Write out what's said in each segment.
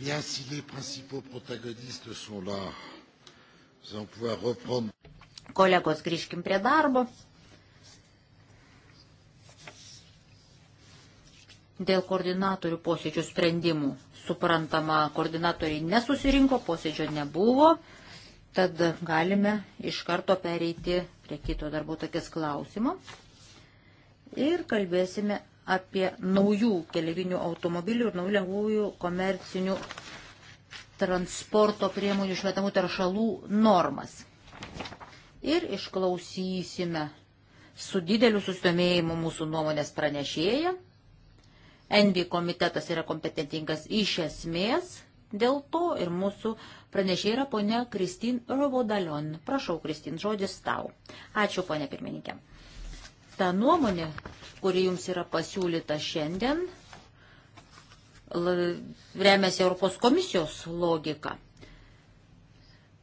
Bien, si les principaux protagonistes sont là, nous allons pouvoir reprendre. Kolegos, grįžkim prie darbo. Dėl koordinatorių posėdžių sprendimų. Suprantama, koordinatoriai nesusirinko, posėdžio nebuvo, tad galime iš karto pereiti prie kito darbo tokias klausimo. Ir kalbėsime apie naujų keliavinių automobilių ir naujų komercinių transporto priemonių išmetamų taršalų normas. Ir išklausysime su dideliu susidomėjimu mūsų nuomonės pranešėją. Envi komitetas yra kompetentingas iš esmės, dėl to ir mūsų pranešė yra ponia Kristin Rovodalion. Prašau, Kristin, žodis tau. Ačiū, ponia pirmininkė ta nuomonė, kuri jums yra pasiūlyta šiandien, remiasi Europos komisijos logika.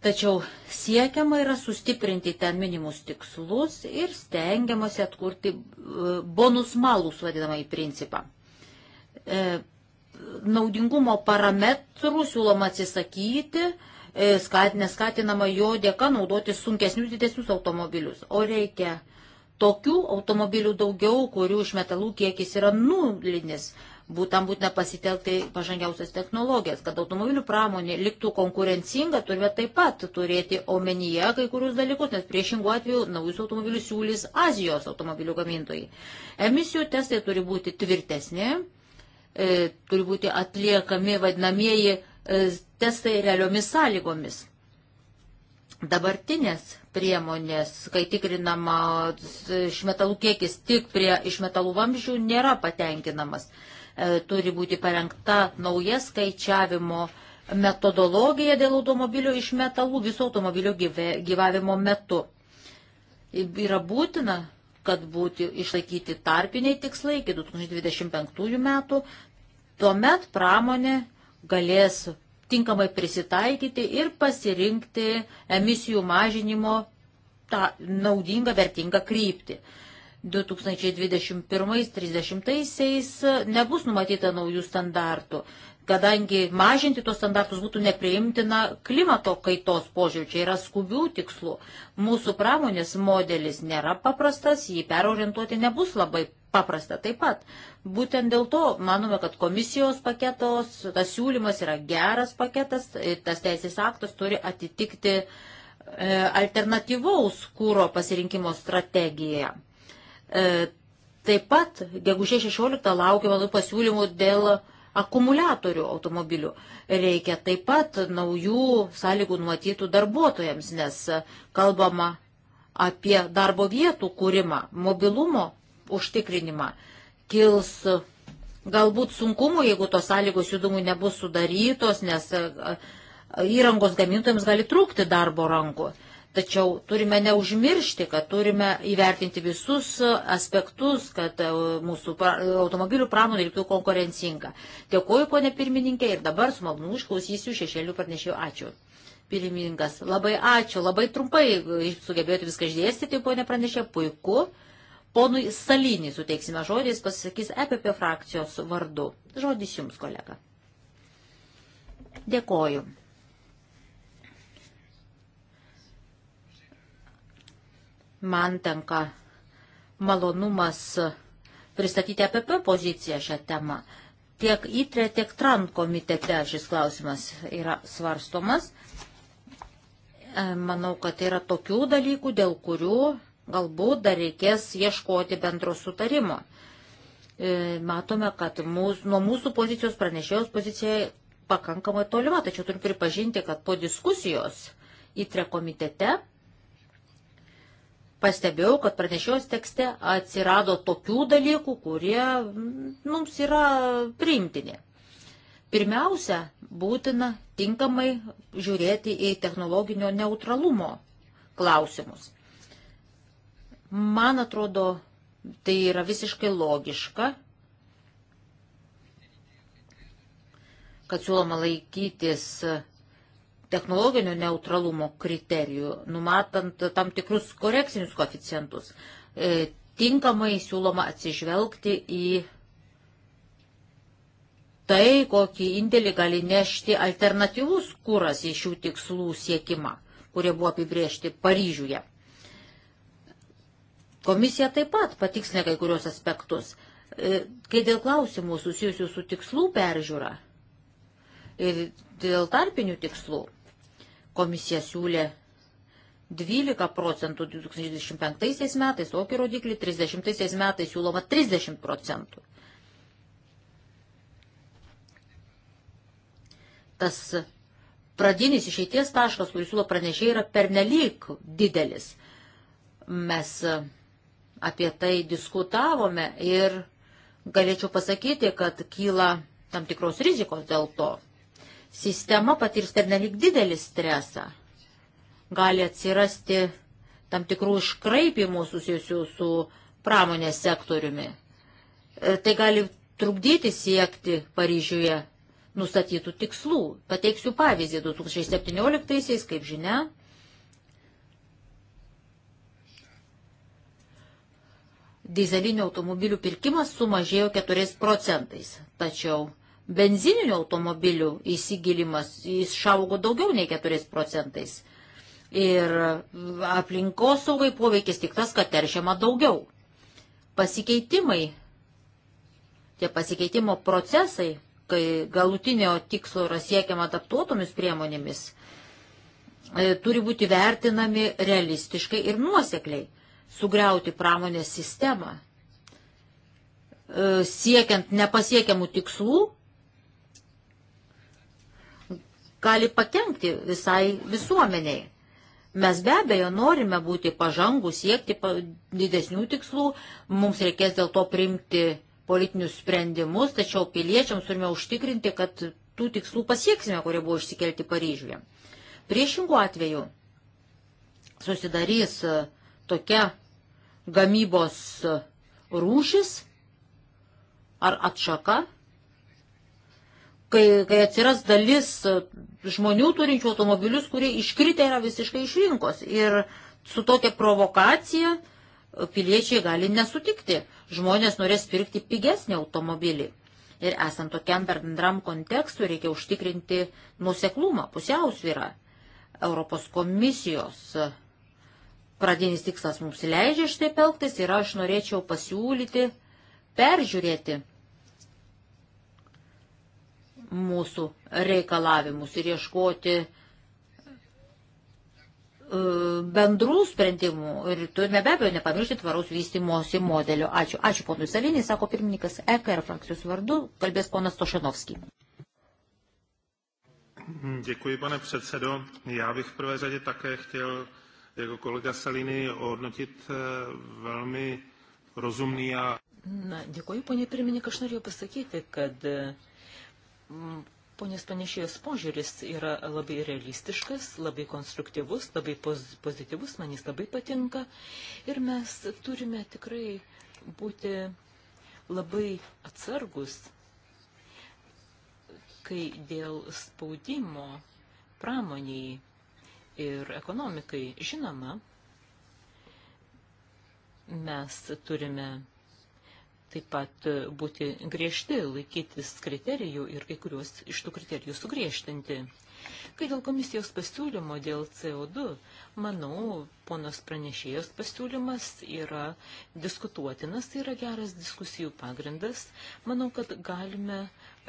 Tačiau siekiama yra sustiprinti ten minimus tikslus ir stengiamasi atkurti e, bonus malus vadinamąjį principą. E, naudingumo parametrų siūloma atsisakyti, e, skat, neskatinama jo dėka naudoti sunkesnius didesnius automobilius, o reikia tokių automobilių daugiau, kurių išmetalų kiekis yra nulinis. Būtent būtina pasitelkti pažangiausias technologijas, kad automobilių pramonė liktų konkurencinga, turime taip pat turėti omenyje kai kurius dalykus, nes priešingų atveju naujus automobilius siūlys Azijos automobilių gamintojai. Emisijų testai turi būti tvirtesni, e, turi būti atliekami vadinamieji e, testai realiomis sąlygomis dabartinės priemonės, kai tikrinama išmetalų kiekis tik prie išmetalų vamzdžių, nėra patenkinamas. E, turi būti parengta nauja skaičiavimo metodologija dėl automobilio išmetalų viso automobilio gyve, gyvavimo metu. Yra būtina, kad būtų išlaikyti tarpiniai tikslai iki 2025 metų, tuomet pramonė galės tinkamai prisitaikyti ir pasirinkti emisijų mažinimo tą naudingą, vertingą kryptį. 2021-2030 nebus numatyta naujų standartų kadangi mažinti tos standartus būtų nepriimtina klimato kaitos požiūrį, čia yra skubių tikslų. Mūsų pramonės modelis nėra paprastas, jį perorientuoti nebus labai paprasta taip pat. Būtent dėl to manome, kad komisijos paketos, tas siūlymas yra geras paketas, tas teisės aktas turi atitikti e, alternatyvaus kūro pasirinkimo strategiją. E, taip pat, gegužė 16 laukiama pasiūlymų dėl uh, akumuliatorių automobilių. Reikia taip pat naujų sąlygų numatytų darbuotojams, nes kalbama apie darbo vietų kūrimą, mobilumo užtikrinimą. Kils galbūt sunkumų, jeigu tos sąlygos judumui nebus sudarytos, nes įrangos gamintojams gali trūkti darbo rankų. Tačiau turime neužmiršti, kad turime įvertinti visus aspektus, kad e, mūsų automobilių pramonė liktų konkurencinga. Dėkuoju, ponė pirmininkė, ir dabar su malonu išklausysiu šešėlių pranešėjų. Ačiū. Pirmininkas, labai ačiū, labai trumpai e, sugebėjote viską išdėstyti, ponė pranešė, puiku. Ponui Salinį suteiksime žodį, jis pasisakys EPP frakcijos vardu. Žodis jums, kolega. Dėkoju. man tenka malonumas pristatyti APP poziciją šią temą. Tiek ITRE, tiek TRAN komitete šis klausimas yra svarstomas. E, manau, kad tai yra tokių dalykų, dėl kurių galbūt dar reikės ieškoti bendro sutarimo. E, matome, kad mūsų, nuo mūsų pozicijos pranešėjos pozicija pakankamai tolima, tačiau turim pripažinti, kad po diskusijos ITRE komitete pastebėjau, kad pranešėjos tekste atsirado tokių dalykų, kurie mm, mums yra priimtini. Pirmiausia, būtina tinkamai žiūrėti į technologinio neutralumo klausimus. Man atrodo, tai yra visiškai logiška, kad siūloma laikytis technologinio neutralumo kriterijų, numatant tam tikrus korekcinius koficijantus. E, tinkamai siūloma atsižvelgti į tai, kokį indėlį gali nešti alternatyvus kūras į šių tikslų siekimą, kurie buvo apibriežti Paryžiuje. Komisija taip pat patiksne kai kurios aspektus. E, kai dėl klausimų susijusių su tikslų peržiūra ir dėl tarpinių tikslų, Komisija siūlė 12 procentų 2025 metais, tokį rodiklį 30 metais siūloma 30 procentų. Tas pradinis išeities taškas, kurį siūlo pranešėjai, yra pernelyg didelis. Mes apie tai diskutavome ir galėčiau pasakyti, kad kyla tam tikros rizikos dėl to sistema patirs pernelyg didelį stresą. Gali atsirasti tam tikrų iškraipimų susijusių su pramonės sektoriumi. E, tai gali trukdyti siekti Paryžiuje nustatytų tikslų. Pateiksiu pavyzdį 2017-aisiais, kaip žinia. Dizelinių automobilių pirkimas sumažėjo 4 procentais, tačiau benzininių automobilių įsigilimas išaugo daugiau nei 4 procentais. Ir aplinkosaugai poveikis tik tas, kad teršiama daugiau. Pasikeitimai, tie pasikeitimo procesai, kai galutinio tikslo yra siekiama adaptuotomis priemonėmis, e, turi būti vertinami realistiškai ir nuosekliai. Sugriauti pramonės sistemą, e, siekiant nepasiekiamų tikslų, gali pakengti visai visuomeniai. Mes be abejo norime būti pažangų, siekti didesnių tikslų, mums reikės dėl to priimti politinius sprendimus, tačiau piliečiams turime užtikrinti, kad tų tikslų pasieksime, kurie buvo išsikelti Paryžiuje. Priešingų atveju susidarys e, tokia gamybos e, rūšis ar atšaka, kai, kai atsiras dalis žmonių turinčių automobilius, kurie iškritę yra visiškai iš rinkos. Ir su tokia provokacija piliečiai gali nesutikti. Žmonės norės pirkti pigesnį automobilį. Ir esant tokiam bendram kontekstui reikia užtikrinti nuseklumą, pusiausvyrą. Europos komisijos pradinis tikslas mums leidžia štai pelktis ir aš norėčiau pasiūlyti peržiūrėti mūsų reikalavimus ir ieškoti e, bendrų sprendimų ir turime be abejo nepamiršti tvaraus vystimosi modelio. Ačiū. Ačiū ponui Salinį, sako pirmininkas EKR frakcijos vardu, kalbės ponas Tošanovskis. Děkuji, pane předsedo. Já bych v prvé řadě také chtěl jako kolega Saliny ohodnotit e, velmi rozumný a... Na, děkuji, paní pirmininkas, aš norėjau pasakyti, kad uh, Mm, ponės panešėjos požiūris yra labai realistiškas, labai konstruktyvus, labai poz pozityvus, man jis labai patinka. Ir mes turime tikrai būti labai atsargus, kai dėl spaudimo pramoniai ir ekonomikai žinoma, mes turime taip pat e, būti griežti, laikytis kriterijų ir kai kuriuos iš tų kriterijų sugriežtinti. Kai dėl komisijos pasiūlymo dėl CO2, manau, ponos pranešėjos pasiūlymas yra diskutuotinas, tai yra geras diskusijų pagrindas. Manau, kad galime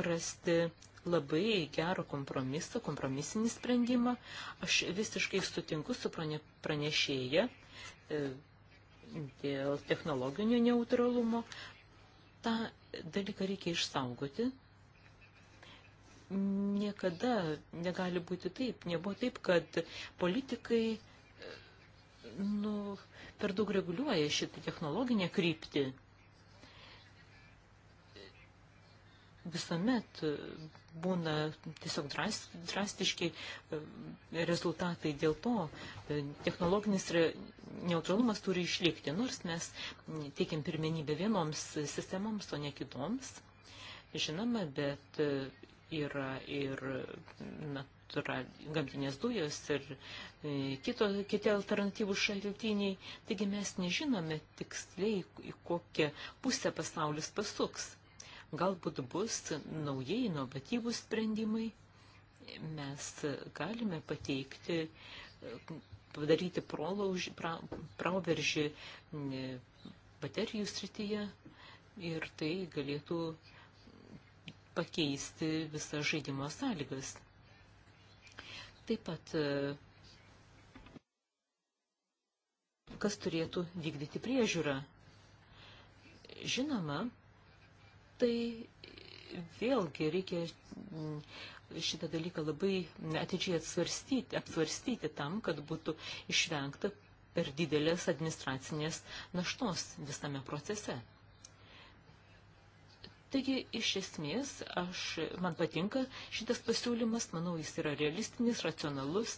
rasti labai gerą kompromisą, kompromisinį sprendimą. Aš visiškai sutinku su pranešėja e, dėl technologinio neutralumo tą dalyką reikia išsaugoti. Niekada negali būti taip. Nebuvo taip, kad politikai nu, per daug reguliuoja šitą technologinę kryptį. Visuomet būna tiesiog drast, drastiški e, rezultatai. Dėl to e, technologinis neutralumas turi išlikti, nors mes teikiam pirmenybę vienoms sistemoms, o ne kitoms. Žinoma, bet e, yra ir natūra, gamtinės dujos ir kito, kiti alternatyvų šaltiniai. Taigi mes nežinome tiksliai, į kokią pusę pasaulis pasuks. Galbūt bus naujai inovatyvūs sprendimai. Mes galime pateikti, padaryti prolaužį, pra, proveržį e, baterijų srityje ir tai galėtų pakeisti visas žaidimo sąlygas. Taip pat, e, kas turėtų vykdyti priežiūrą? Žinoma, tai vėlgi reikia mm, šitą dalyką labai atidžiai atsvarstyti, apsvarstyti tam, kad būtų išvengta per didelės administracinės naštos visame procese. Taigi, iš esmės, aš, man patinka šitas pasiūlymas, manau, jis yra realistinis, racionalus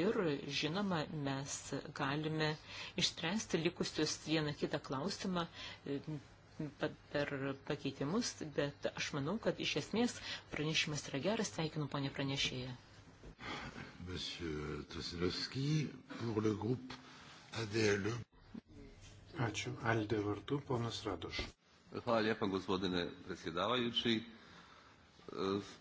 ir, žinoma, mes galime išspręsti likusius vieną kitą klausimą per pakeitimus, bet aš manau, kad iš esmės pranešimas yra geras, sveikinu ponė pranešėją. E. Ačiū. Alde vardu, ponas Radoš. Hvala lijepa, gospodine predsjedavajući.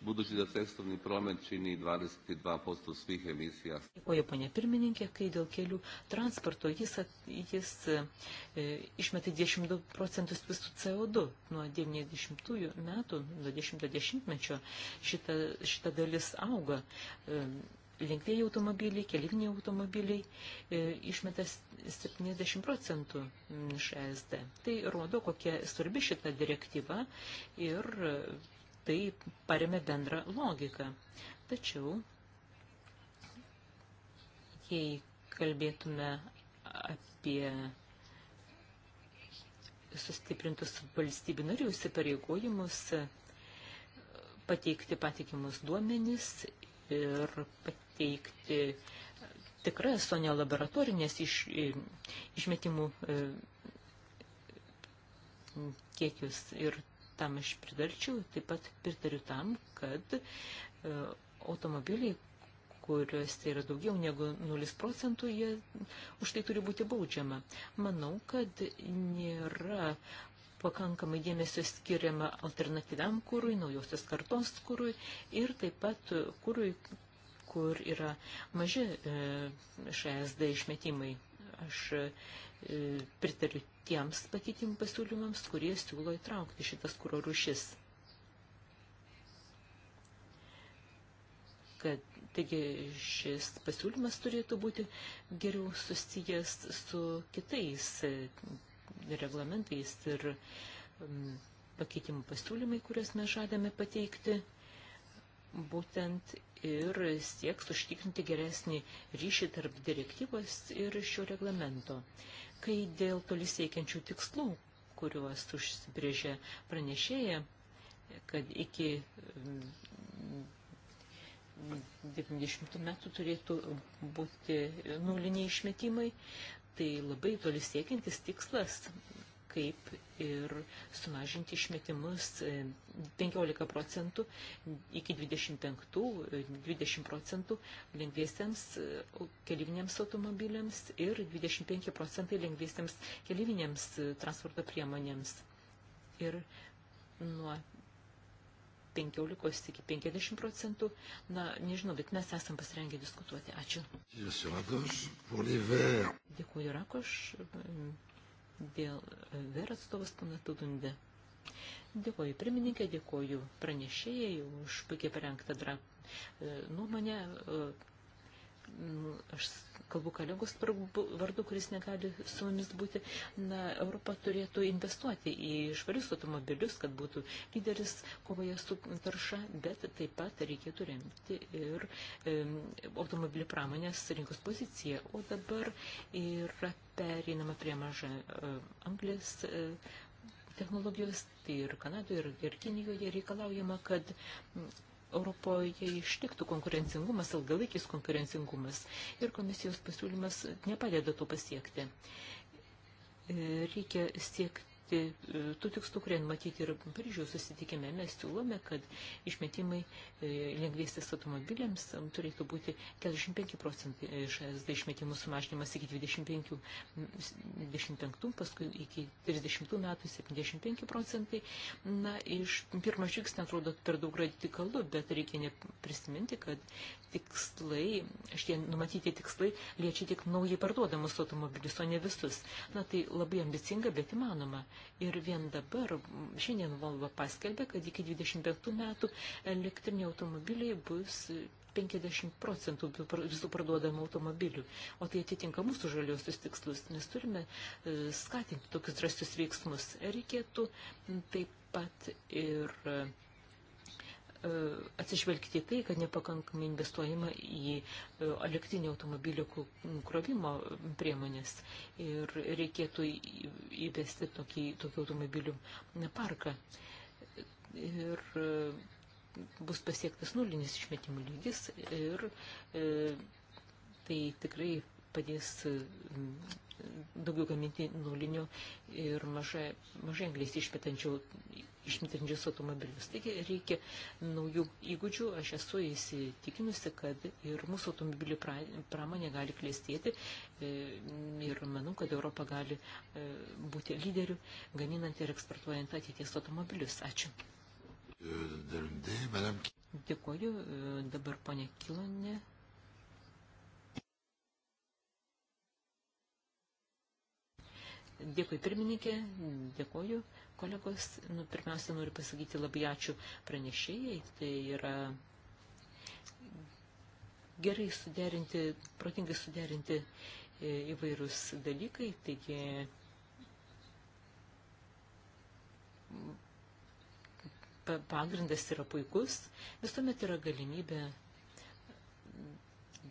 Budući da cestovni promet čini 22% svih emisija. Dėkuoju, ponė pirmininkė, kai dėl kelių transporto jis, at, jis e, išmeta 22 procentus visų CO2 nuo 90 metų, nuo 10 mečio šita, šita dalis auga. E, Lengvėjai automobiliai, keliviniai automobiliai e, išmeta 70 procentų iš ESD. Tai rodo, kokia svarbi šita direktyva ir e, tai paremė bendrą logiką. Tačiau, jei kalbėtume apie sustiprintus valstybių narių įsipareigojimus pateikti patikimus duomenis ir pateikti tikras, o ne laboratorinės iš, išmetimų e, kiekius. Ir tam aš pritarčiau, taip pat pritariu tam, kad e, automobiliai, kuriuose tai yra daugiau negu 0 procentų, jie už tai turi būti baudžiama. Manau, kad nėra pakankamai dėmesio skiriama alternatyviam kūrui, naujosios kartos kūrui ir taip pat kūrui, kur yra maži e, ŠSD išmetimai. Aš e, pritariu tiems pakeitimų pasiūlymams, kurie siūlo įtraukti šitas kūro rušis. Kad, taigi, šis pasiūlymas turėtų būti geriau susijęs su kitais e, reglamentais ir um, pakeitimų pasiūlymai, kuriuos mes žadame pateikti, būtent ir sieks užtikrinti geresnį ryšį tarp direktyvos ir šio reglamento. Kai dėl tolisiekiančių tikslų, kuriuos užsibrėžė pranešėja, kad iki 90 mm, metų turėtų būti nuliniai išmetimai, tai labai tolisiekiantis tikslas kaip ir sumažinti išmetimus 15 e, procentų iki 25-20 e, procentų lengviesiems e, kelyviniams automobiliams ir 25 procentai lengviesiems kelyviniams transporto priemonėms. Ir nuo 15 iki 50 procentų, na, nežinau, bet mes esam pasirengę diskutuoti. Ačiū. Dėkuoju, Rakoš dėl e, verstovas pamatų dunde. Dėkoju pirmininkė, dėkoju pranešėjai už puikiai parengtą e, nuomonę, e, Nu, aš kalbu kolegos vardu, kuris negali su mumis būti, na, Europa turėtų investuoti į švarius automobilius, kad būtų lyderis kovoje su tarša, bet taip pat reikėtų remti ir e, automobilių pramonės rinkos poziciją. O dabar yra pereinama prie mažą e, anglės. E, technologijos, tai ir Kanadoje, ir, ir Kinijoje reikalaujama, kad Europoje ištiktų konkurencingumas, ilgalaikis konkurencingumas ir komisijos pasiūlymas nepadeda to pasiekti. E, reikia siekti siekti e, tų tikslų, kurie matyti ir Paryžiaus susitikime. Mes siūlome, kad išmetimai e, lengvėsis automobiliams turėtų būti 45 procentai iš e, ESD išmetimų sumažinimas iki 25, 25, paskui iki 30 metų 75 procentai. Na, iš pirmo žingsnio atrodo per daug radikalu, bet reikia neprisiminti, kad tikslai, šitie numatyti tikslai liečia tik naujai parduodamus automobilius, o ne visus. Na, tai labai ambicinga, bet įmanoma. Ir vien dabar, šiandien Volvo paskelbė, kad iki 25 metų elektriniai automobiliai bus 50 procentų visų parduodamų automobilių. O tai atitinka mūsų žaliosius tikslus, nes turime e, skatinti tokius drąsius veiksmus. Reikėtų taip pat ir e, E, atsižvelgti į tai, kad nepakankamai investuojama į e, elektrinio automobilių krovimo priemonės ir reikėtų įvesti tokį, tokį automobilių parką. Ir e, bus pasiektas nulinis išmetimų lygis ir e, tai tikrai padės daugiau gaminti nulinių ir mažai, mažai anglės išmetančius automobilius. Taigi reikia naujų įgūdžių. Aš esu įsitikinusi, kad ir mūsų automobilių pramonė gali klėstėti e, ir manau, kad Europa gali e, būti lyderių gaminant ir eksportuojant ateities automobilius. Ačiū. Dėkuoju. E, dabar ponia Kilonė. Dėkui pirmininkė, dėkoju kolegos. Nu, pirmiausia, noriu pasakyti labai ačiū pranešėjai. Tai yra gerai suderinti, protingai suderinti e, įvairūs dalykai. Taigi pagrindas yra puikus, visuomet yra galimybė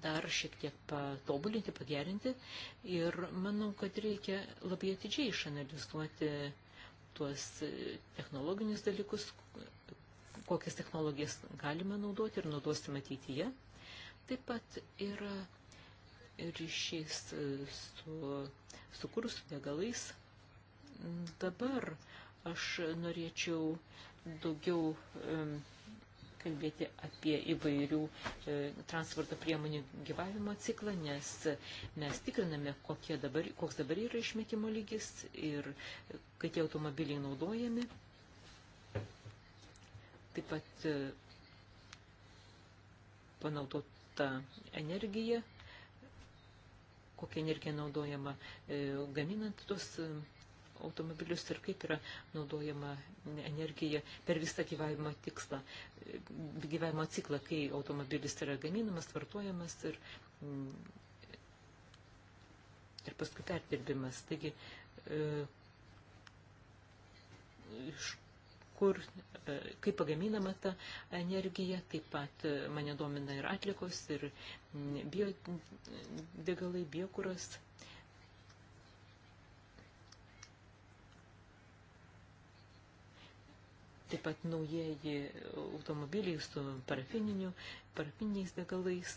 dar šiek tiek patobulinti, pagerinti. Ir manau, kad reikia labai atidžiai išanalizuoti tuos e, technologinius dalykus, kokias technologijas galime naudoti ir naudosime ateityje. Taip pat yra ryšys e, su, su kursų degalais. Dabar aš norėčiau daugiau um, kalbėti apie įvairių e, transporto priemonių gyvavimo ciklą, nes mes tikriname, dabar, koks dabar yra išmetimo lygis ir kai tie automobiliai naudojami. Taip pat e, panaudota energija, kokia energija naudojama e, gaminant tos. E, automobilius ir kaip yra naudojama energija per visą gyvavimo tikslą, gyvavimo ciklą, kai automobilis yra gaminamas, vartojamas ir, mm, ir paskui perdirbimas. Taigi, e, iš kur, e, kaip pagaminama ta energija, taip pat e, mane domina ir atlikos, ir mm, biodegalai, biokuras. Taip pat naujieji automobiliai su parafininiais degalais.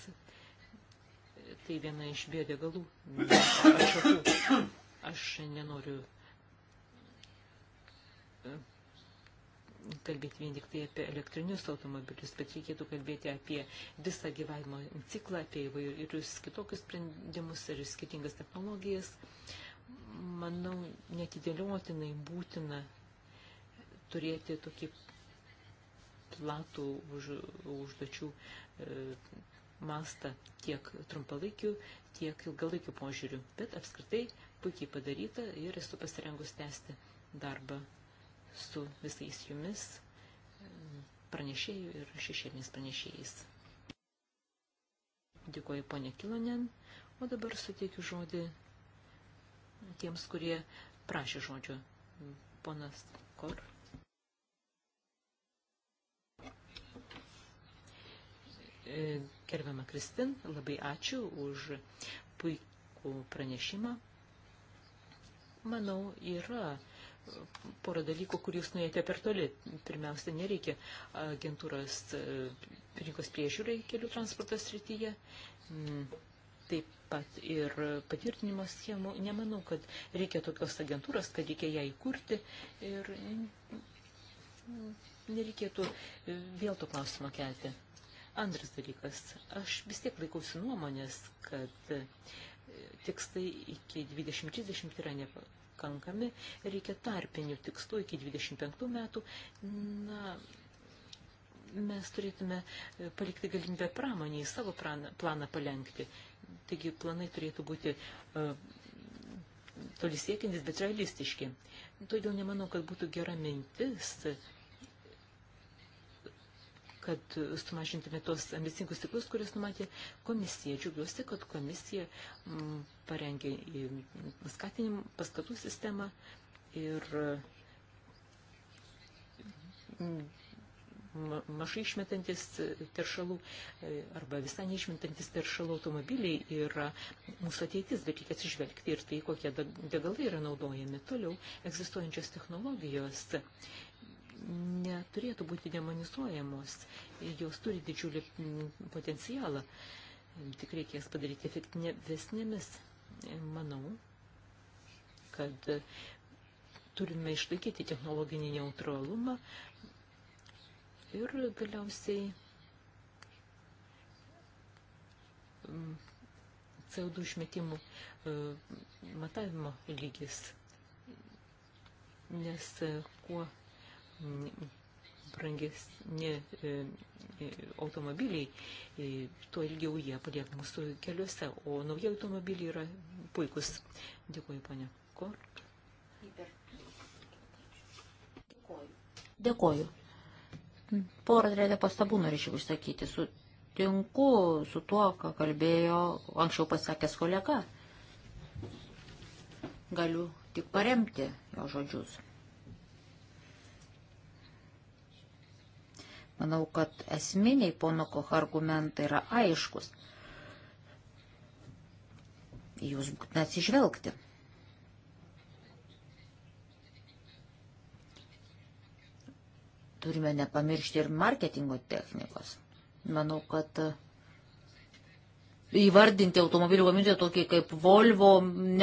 Tai viena iš biodegalų atšakų. Aš nenoriu e, kalbėti vien tik tai apie elektrinius automobilius, bet reikėtų kalbėti apie visą gyvavimo ciklą, apie įvairius kitokius sprendimus ir skirtingas technologijas. Manau, netidėliotinai būtina turėti tokį platų už, užduočių e, mastą tiek trumpalaikių, tiek ilgalaikių požiūrių, bet apskritai puikiai padaryta ir esu pasirengus tęsti darbą su visais jumis pranešėjų ir šešėliniais pranešėjais. Dėkuoju ponė Kilonen, o dabar suteikiu žodį tiems, kurie prašė žodžio. Ponas Kor. E, Gerbama Kristin, labai ačiū už puikų pranešimą. Manau, yra porą dalykų, kur jūs nuėjote per toli. Pirmiausia, nereikia agentūros e, rinkos priežiūrai kelių transporto srityje. Mm, taip pat ir patvirtinimo schemų. Nemanau, kad reikia tokios agentūros, kad reikia ją įkurti. Ir mm, nereikėtų e, vėl to klausimo kelti. Antras dalykas, aš vis tiek laikausi nuomonės, kad e, tikslai iki 2030 yra nepakankami, reikia tarpinių tikslų iki 25 metų. Na, mes turėtume e, palikti galimybę pramoniai savo praną, planą palengti. Taigi planai turėtų būti uh, toli siekintis, bet realistiški. Todėl nemanau, kad būtų gera mintis uh, kad sumažintume tos ambicingus tiklus, kuris numatė komisija. Džiugiuosi, kad komisija mm, parengė skatinimų paskatų sistemą ir mm, mažai išmetantis teršalų e, arba visai neišmetantis teršalų automobiliai yra mūsų ateitis, bet reikia atsižvelgti ir tai, kokie degalai yra naudojami toliau egzistuojančios technologijos neturėtų būti demonizuojamos. Jos turi didžiulį potencialą. Tik reikės padaryti efektyvesnėmis. Manau, kad turime išlaikyti technologinį neutralumą ir galiausiai mm, CO2 išmetimų e, matavimo lygis. Nes e, kuo brangesni e, e, automobiliai, e, tuo ilgiau jie palieka mūsų keliuose, o nauji automobiliai yra puikus. Dėkuoju, ponė Kork. Dėkuoju. Porą trejų pastabų norėčiau išsakyti. Sutinku su tuo, ką kalbėjo anksčiau pasakęs kolega. Galiu tik paremti jo žodžius. Manau, kad esminiai pono Koch argumentai yra aiškus. Jūs būtina atsižvelgti. Turime nepamiršti ir marketingo technikos. Manau, kad įvardinti automobilių gamintoją tokį kaip Volvo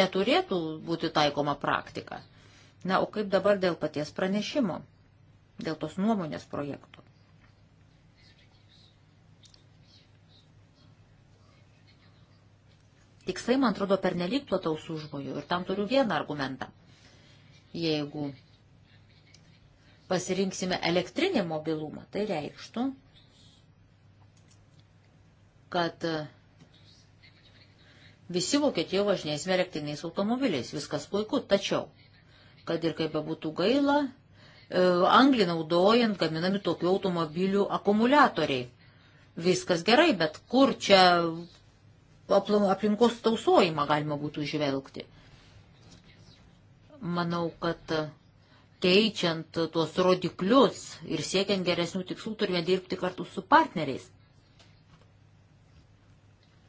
neturėtų būti taikoma praktika. Na, o kaip dabar dėl paties pranešimo, dėl tos nuomonės projektų? tikslai, man atrodo, pernelyg plataus užmojų. Ir tam turiu vieną argumentą. Jeigu pasirinksime elektrinį mobilumą, tai reikštų, kad visi Vokietijoje važinėsime elektriniais automobiliais. Viskas puiku, tačiau, kad ir kaip bebūtų gaila, e, anglį naudojant gaminami tokių automobilių akumuliatoriai. Viskas gerai, bet kur čia aplinkos tausojimą galima būtų išvelgti. Manau, kad keičiant tuos rodiklius ir siekiant geresnių tikslų turime dirbti kartu su partneriais.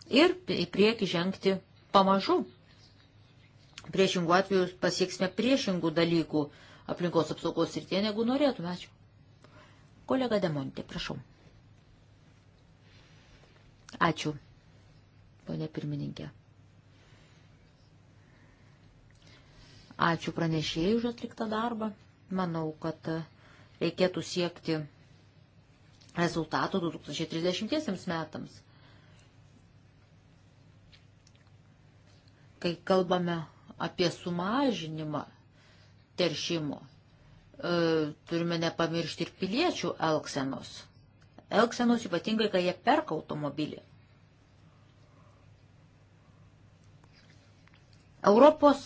Ir į priekį žengti pamažu. Priešingų atveju pasieksime priešingų dalykų aplinkos apsaugos srityje, negu norėtume. Ačiū. Kolega Demontė, prašau. Ačiū ponė pirmininkė. Ačiū pranešėjai už atliktą darbą. Manau, kad reikėtų siekti rezultatų 2030 metams. Kai kalbame apie sumažinimą teršimo, e, turime nepamiršti ir piliečių elksenos. Elksenos ypatingai, kai jie perka automobilį. Europos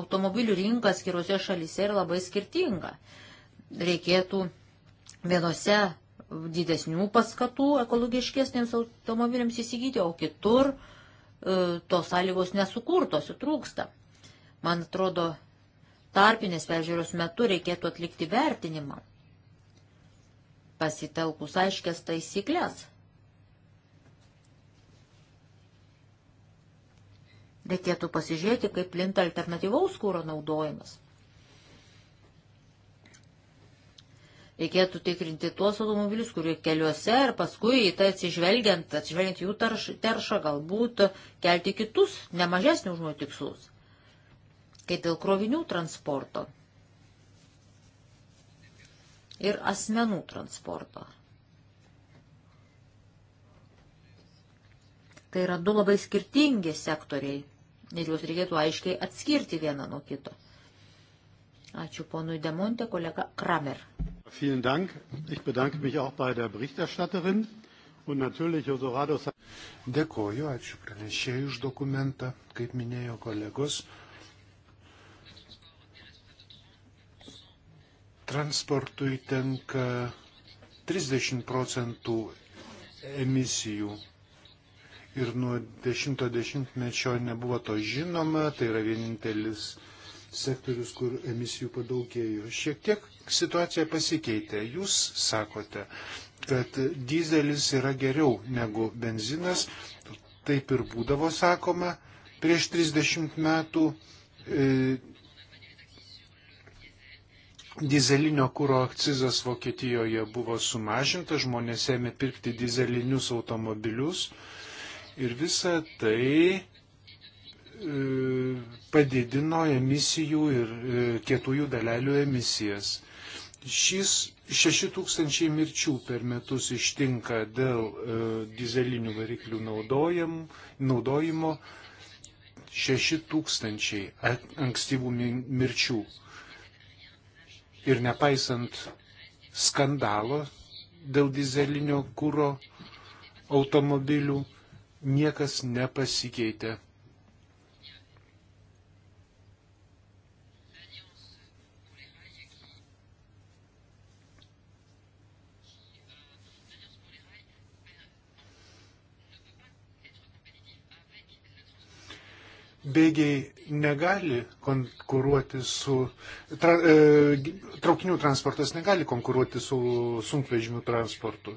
automobilių rinka skiriuose šalyse yra labai skirtinga. Reikėtų vienose didesnių paskatų ekologiškesnėms automobiliams įsigyti, o kitur e, tos sąlygos nesukurtos, jų trūksta. Man atrodo, tarpinės peržiūros metu reikėtų atlikti vertinimą, pasitelkus aiškias taisyklės Reikėtų pasižiūrėti, kaip plinta alternatyvaus kūro naudojimas. Reikėtų tikrinti tuos automobilius, kurie keliuose ir paskui į tai atsižvelgiant, atsižvelgiant jų taršą, taršą galbūt kelti kitus, nemažesnių žmonių tikslus. Kai dėl krovinių transporto ir asmenų transporto. Tai yra du labai skirtingi sektoriai ir juos reikėtų aiškiai atskirti vieną nuo kito. Ačiū ponui Demonte, kolega Kramer. Vielen Dank. Ich bedanke mich auch bei der Berichterstatterin und natürlich Osorados. Dėkoju, ačiū pranešėjai už dokumentą, kaip minėjo kolegos. Transportui tenka 30 procentų emisijų ir nuo 10-mečio nebuvo to žinoma, tai yra vienintelis sektorius, kur emisijų padaugėjo. Šiek tiek situacija pasikeitė. Jūs sakote, kad dizelis yra geriau negu benzinas, taip ir būdavo sakoma prieš 30 metų. E, Dizelinio kūro akcizas Vokietijoje buvo sumažintas, žmonės ėmė pirkti dizelinius automobilius, e, Ir visa tai e, padidino emisijų ir e, kietųjų dalelių emisijas. Šis 6000 mirčių per metus ištinka dėl e, dizelinių variklių naudojim, naudojimo, 6000 ankstyvų mirčių. Ir nepaisant skandalo dėl dizelinio kūro automobilių, Niekas nepasikeitė. bėgiai negali konkuruoti su, tra, e, traukinių transportas negali konkuruoti su sunkvežimių transportu.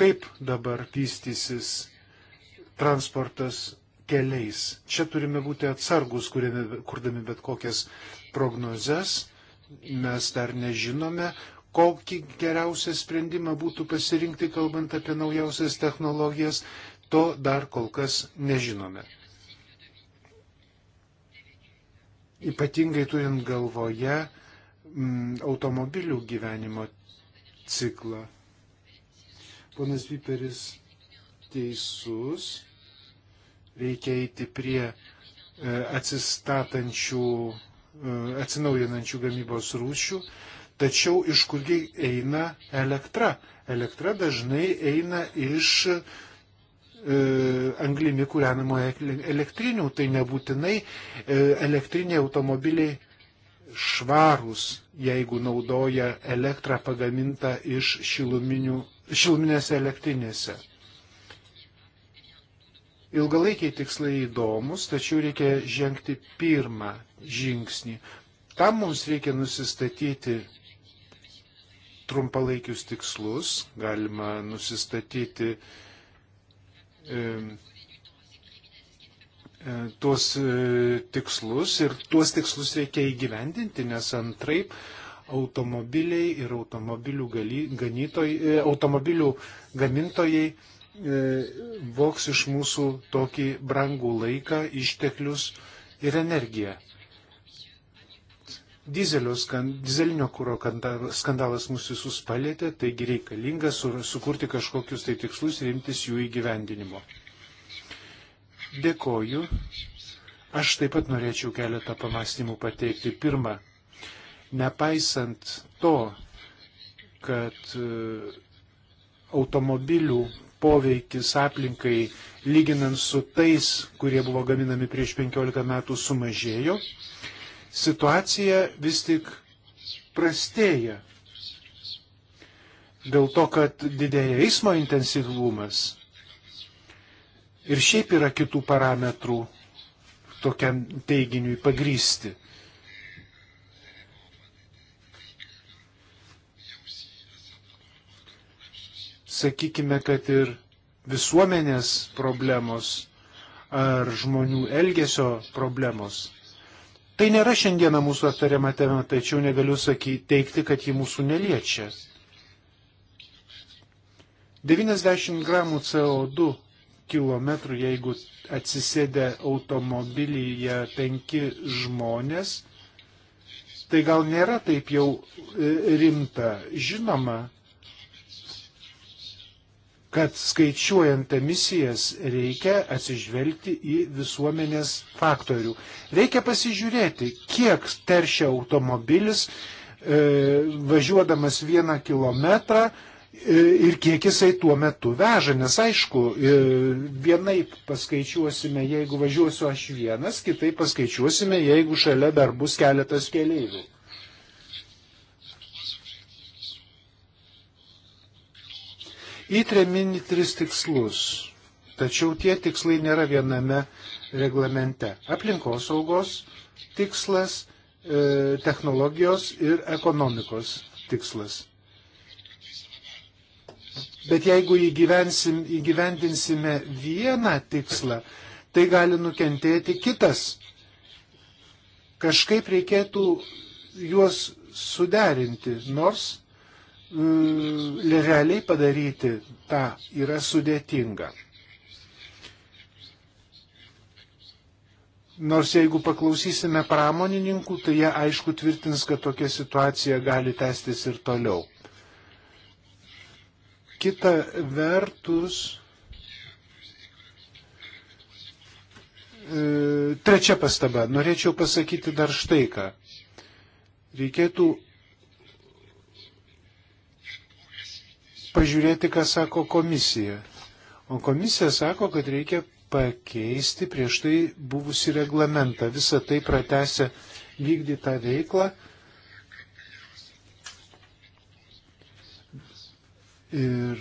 Kaip dabar vystysis transportas keliais. Čia turime būti atsargus, kuriame, kurdami bet kokias prognozes. Mes dar nežinome, kokį geriausią sprendimą būtų pasirinkti, kalbant apie naujausias technologijas. To dar kol kas nežinome. Ypatingai turint galvoje mm, automobilių gyvenimo ciklą. Ponas Viperis teisus reikia eiti prie e, atsistatančių, e, atsinaujinančių gamybos rūšių, tačiau iš kurgi eina elektra. Elektra dažnai eina iš e, anglimi kūrenamo elektrinių, tai nebūtinai e, elektriniai automobiliai švarūs, jeigu naudoja elektrą pagamintą iš šiluminės elektrinėse. Ilgalaikiai tikslai įdomus, tačiau reikia žengti pirmą žingsnį. Tam mums reikia nusistatyti trumpalaikius tikslus, galima nusistatyti e, e tuos e, tikslus ir tuos tikslus reikia įgyvendinti, nes antraip automobiliai ir automobilių, gali, ganytoj, e, automobilių gamintojai E, voks iš mūsų tokį brangų laiką, išteklius ir energiją. Skan, dizelinio kūro skandalas mūsų visus palėtė, taigi reikalinga su, sukurti kažkokius tai tikslus ir imtis jų įgyvendinimo. Dėkoju. Aš taip pat norėčiau keletą pamastymų pateikti. Pirma, nepaisant to, kad e, automobilių poveikis aplinkai, lyginant su tais, kurie buvo gaminami prieš 15 metų, sumažėjo, situacija vis tik prastėja. Dėl to, kad didėja eismo intensyvumas ir šiaip yra kitų parametrų tokiam teiginiui pagrysti. sakykime, kad ir visuomenės problemos ar žmonių elgesio problemos. Tai nėra šiandieną mūsų aptariama tema, tačiau negaliu sakyti, teikti, kad ji mūsų neliečia. 90 gramų CO2 kilometrų, jeigu atsisėdė automobilyje penki žmonės, tai gal nėra taip jau e, rimta. Žinoma, kad skaičiuojant emisijas reikia atsižvelgti į visuomenės faktorių. Reikia pasižiūrėti, kiek teršia automobilis e, važiuodamas vieną kilometrą e, ir kiek jisai tuo metu veža. Nes aišku, e, vienaip paskaičiuosime, jeigu važiuosiu aš vienas, kitaip paskaičiuosime, jeigu šalia dar bus keletas keleivių. Įtrė mini tris tikslus, tačiau tie tikslai nėra viename reglamente. Aplinkosaugos tikslas, e, technologijos ir ekonomikos tikslas. Bet jeigu įgyvendinsime vieną tikslą, tai gali nukentėti kitas. Kažkaip reikėtų juos suderinti, nors Mm, realiai padaryti tą yra sudėtinga. Nors jeigu paklausysime pramonininkų, tai jie aišku tvirtins, kad tokia situacija gali tęstis ir toliau. Kita vertus, e, trečia pastaba, norėčiau pasakyti dar štai ką. Reikėtų pažiūrėti, ką sako komisija. O komisija sako, kad reikia pakeisti prieš tai buvusi reglamentą. Visą tai pratęsia vykdytą veiklą. Ir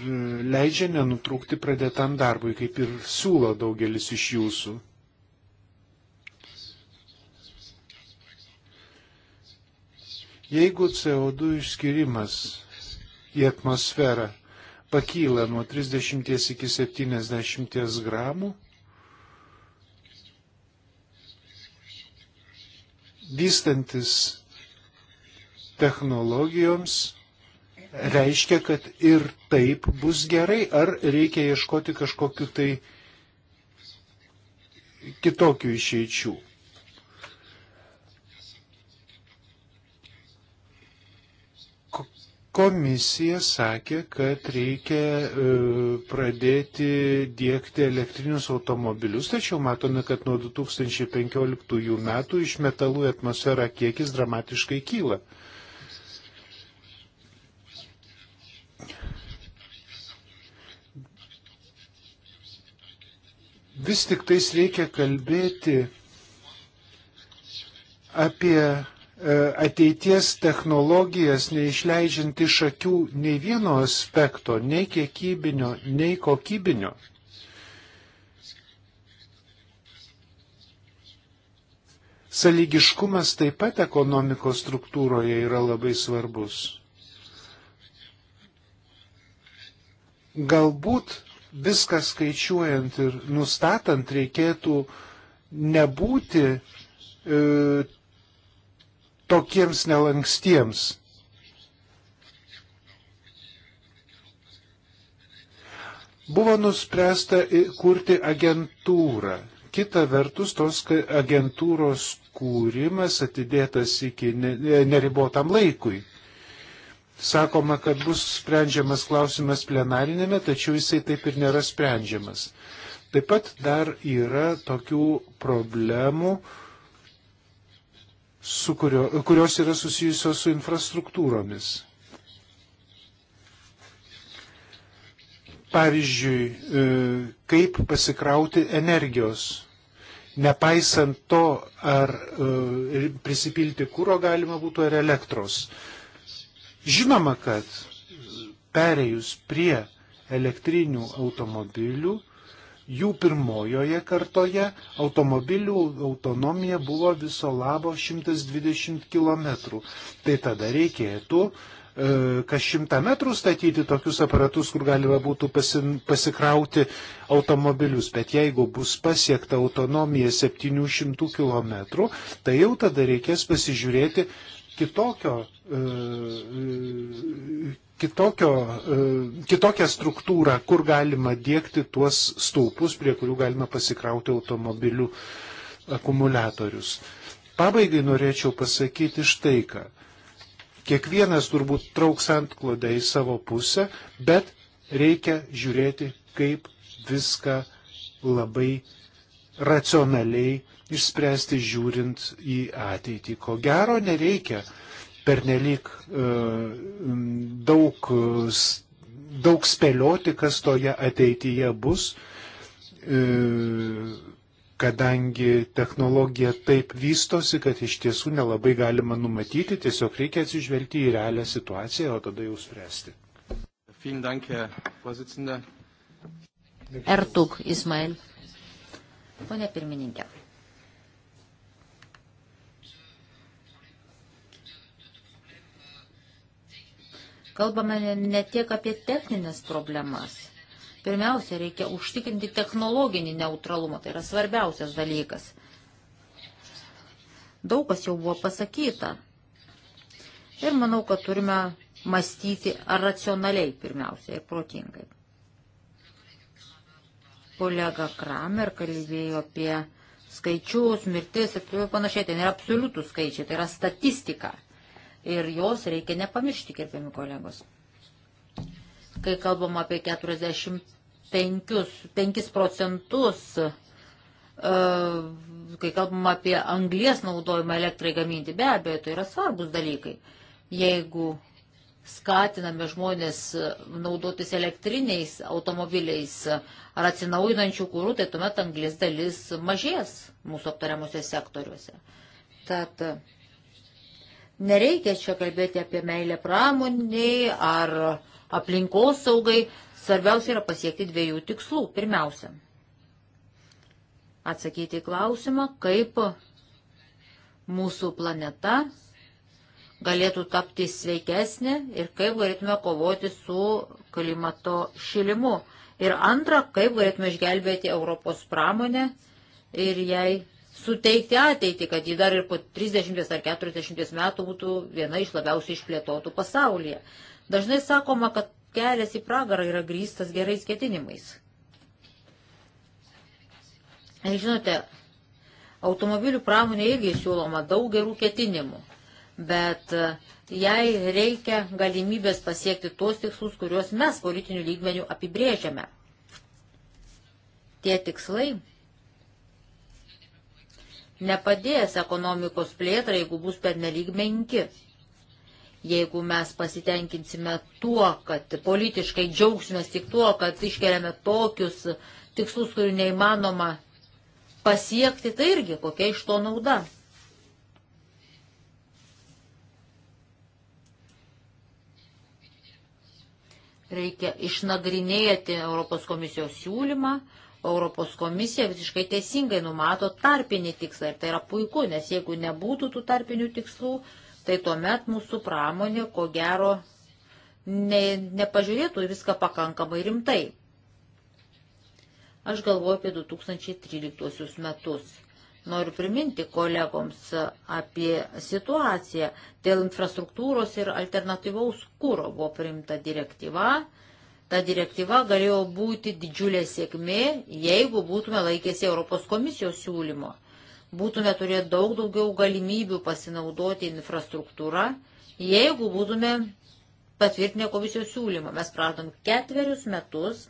leidžia nenutrūkti pradėtam darbui, kaip ir siūlo daugelis iš jūsų. Jeigu CO2 išskirimas į atmosferą pakyla nuo 30 iki 70 gramų. Vystantis technologijoms reiškia, kad ir taip bus gerai, ar reikia ieškoti kažkokiu tai kitokiu išeičiu. Komisija sakė, kad reikia e, pradėti dėkti elektrinius automobilius, tačiau matome, kad nuo 2015 metų iš metalų į atmosferą kiekis dramatiškai kyla. Vis tik tais reikia kalbėti apie E, ateities technologijas, neišleidžiant iš akių nei vieno aspekto, nei kiekybinio, nei kokybinio. Saligiškumas taip pat ekonomikos struktūroje yra labai svarbus. Galbūt viską skaičiuojant ir nustatant reikėtų nebūti e, tokiems nelankstiems. Buvo nuspręsta kurti agentūrą. Kita vertus, tos agentūros kūrimas atidėtas iki neribotam laikui. Sakoma, kad bus sprendžiamas klausimas plenarinėme, tačiau jisai taip ir nėra sprendžiamas. Taip pat dar yra tokių problemų, kurio, kurios yra susijusios su infrastruktūromis. Pavyzdžiui, e, kaip pasikrauti energijos. Nepaisant to, ar e, prisipilti kūro galima būtų ar elektros. Žinoma, kad perėjus prie elektrinių automobilių, Jų pirmojoje kartoje automobilių autonomija buvo viso labo 120 km. Tai tada reikėtų e, kas šimtą metrų statyti tokius aparatus, kur galima būtų pasi, pasikrauti automobilius. Bet jeigu bus pasiekta autonomija 700 km, tai jau tada reikės pasižiūrėti kitokio, e, e, kitokio, e, kitokią struktūrą, kur galima dėkti tuos stulpus, prie kurių galima pasikrauti automobilių akumuliatorius. Pabaigai norėčiau pasakyti štai ką. Kiekvienas turbūt trauks ant klodę į savo pusę, bet reikia žiūrėti, kaip viską labai racionaliai išspręsti žiūrint į ateitį. Ko gero nereikia pernelyg e, daug, daug spėlioti, kas toje ateityje bus, e, kadangi technologija taip vystosi, kad iš tiesų nelabai galima numatyti, tiesiog reikia atsižvelgti į realią situaciją, o tada jau spręsti. Ertuk Ismail. Pone pirmininkė. Kalbame ne tiek apie techninės problemas. Pirmiausia, reikia užtikrinti technologinį neutralumą. Tai yra svarbiausias dalykas. Daug kas jau buvo pasakyta. Ir manau, kad turime mąstyti racionaliai pirmiausia ir protingai. Kolega Kramer kalbėjo apie skaičius, mirtis ir panašiai. Tai nėra absoliutų skaičiai, tai yra statistika ir jos reikia nepamiršti, gerbiami kolegos. Kai kalbam apie 45 procentus, e, kai kalbam apie anglies naudojimą elektrai gaminti, be abejo, tai yra svarbus dalykai. Jeigu skatiname žmonės naudotis elektriniais automobiliais ar atsinaujinančių kūrų, tai tuomet anglis dalis mažės mūsų aptariamuose sektoriuose. Tad Nereikia čia kalbėti apie meilę pramoniai ar aplinkos saugai. Svarbiausia yra pasiekti dviejų tikslų. Pirmiausia, atsakyti klausimą, kaip mūsų planeta galėtų tapti sveikesnė ir kaip galėtume kovoti su klimato šilimu. Ir antra, kaip galėtume išgelbėti Europos pramonę ir jai suteikti ateitį, kad ji dar ir po 30 ar 40 metų būtų viena iš labiausiai išplėtotų pasaulyje. Dažnai sakoma, kad kelias į pragarą yra grįstas gerais ketinimais. Ir žinote, automobilių pramonė irgi siūloma daug gerų ketinimų, bet e, jai reikia galimybės pasiekti tuos tikslus, kuriuos mes politinių lygmenių apibrėžiame. Tie tikslai nepadės ekonomikos plėtrai, jeigu bus pernelyg menki. Jeigu mes pasitenkinsime tuo, kad politiškai džiaugsimės tik tuo, kad iškeliame tokius tikslus, kurių neįmanoma pasiekti, tai irgi kokia iš to nauda. Reikia išnagrinėti Europos komisijos siūlymą, Europos komisija visiškai teisingai numato tarpinį tikslą ir tai yra puiku, nes jeigu nebūtų tų tarpinių tikslų, tai tuomet mūsų pramonė ko gero ne, nepažiūrėtų viską pakankamai rimtai. Aš galvoju apie 2013 metus. Noriu priminti kolegoms apie situaciją. Dėl infrastruktūros ir alternatyvaus kūro buvo priimta direktyva Ta direktyva galėjo būti didžiulė sėkmė, jeigu būtume laikėsi Europos komisijos siūlymo. Būtume turėję daug daugiau galimybių pasinaudoti infrastruktūrą, jeigu būtume patvirtinę komisijos siūlymą. Mes praradom ketverius metus,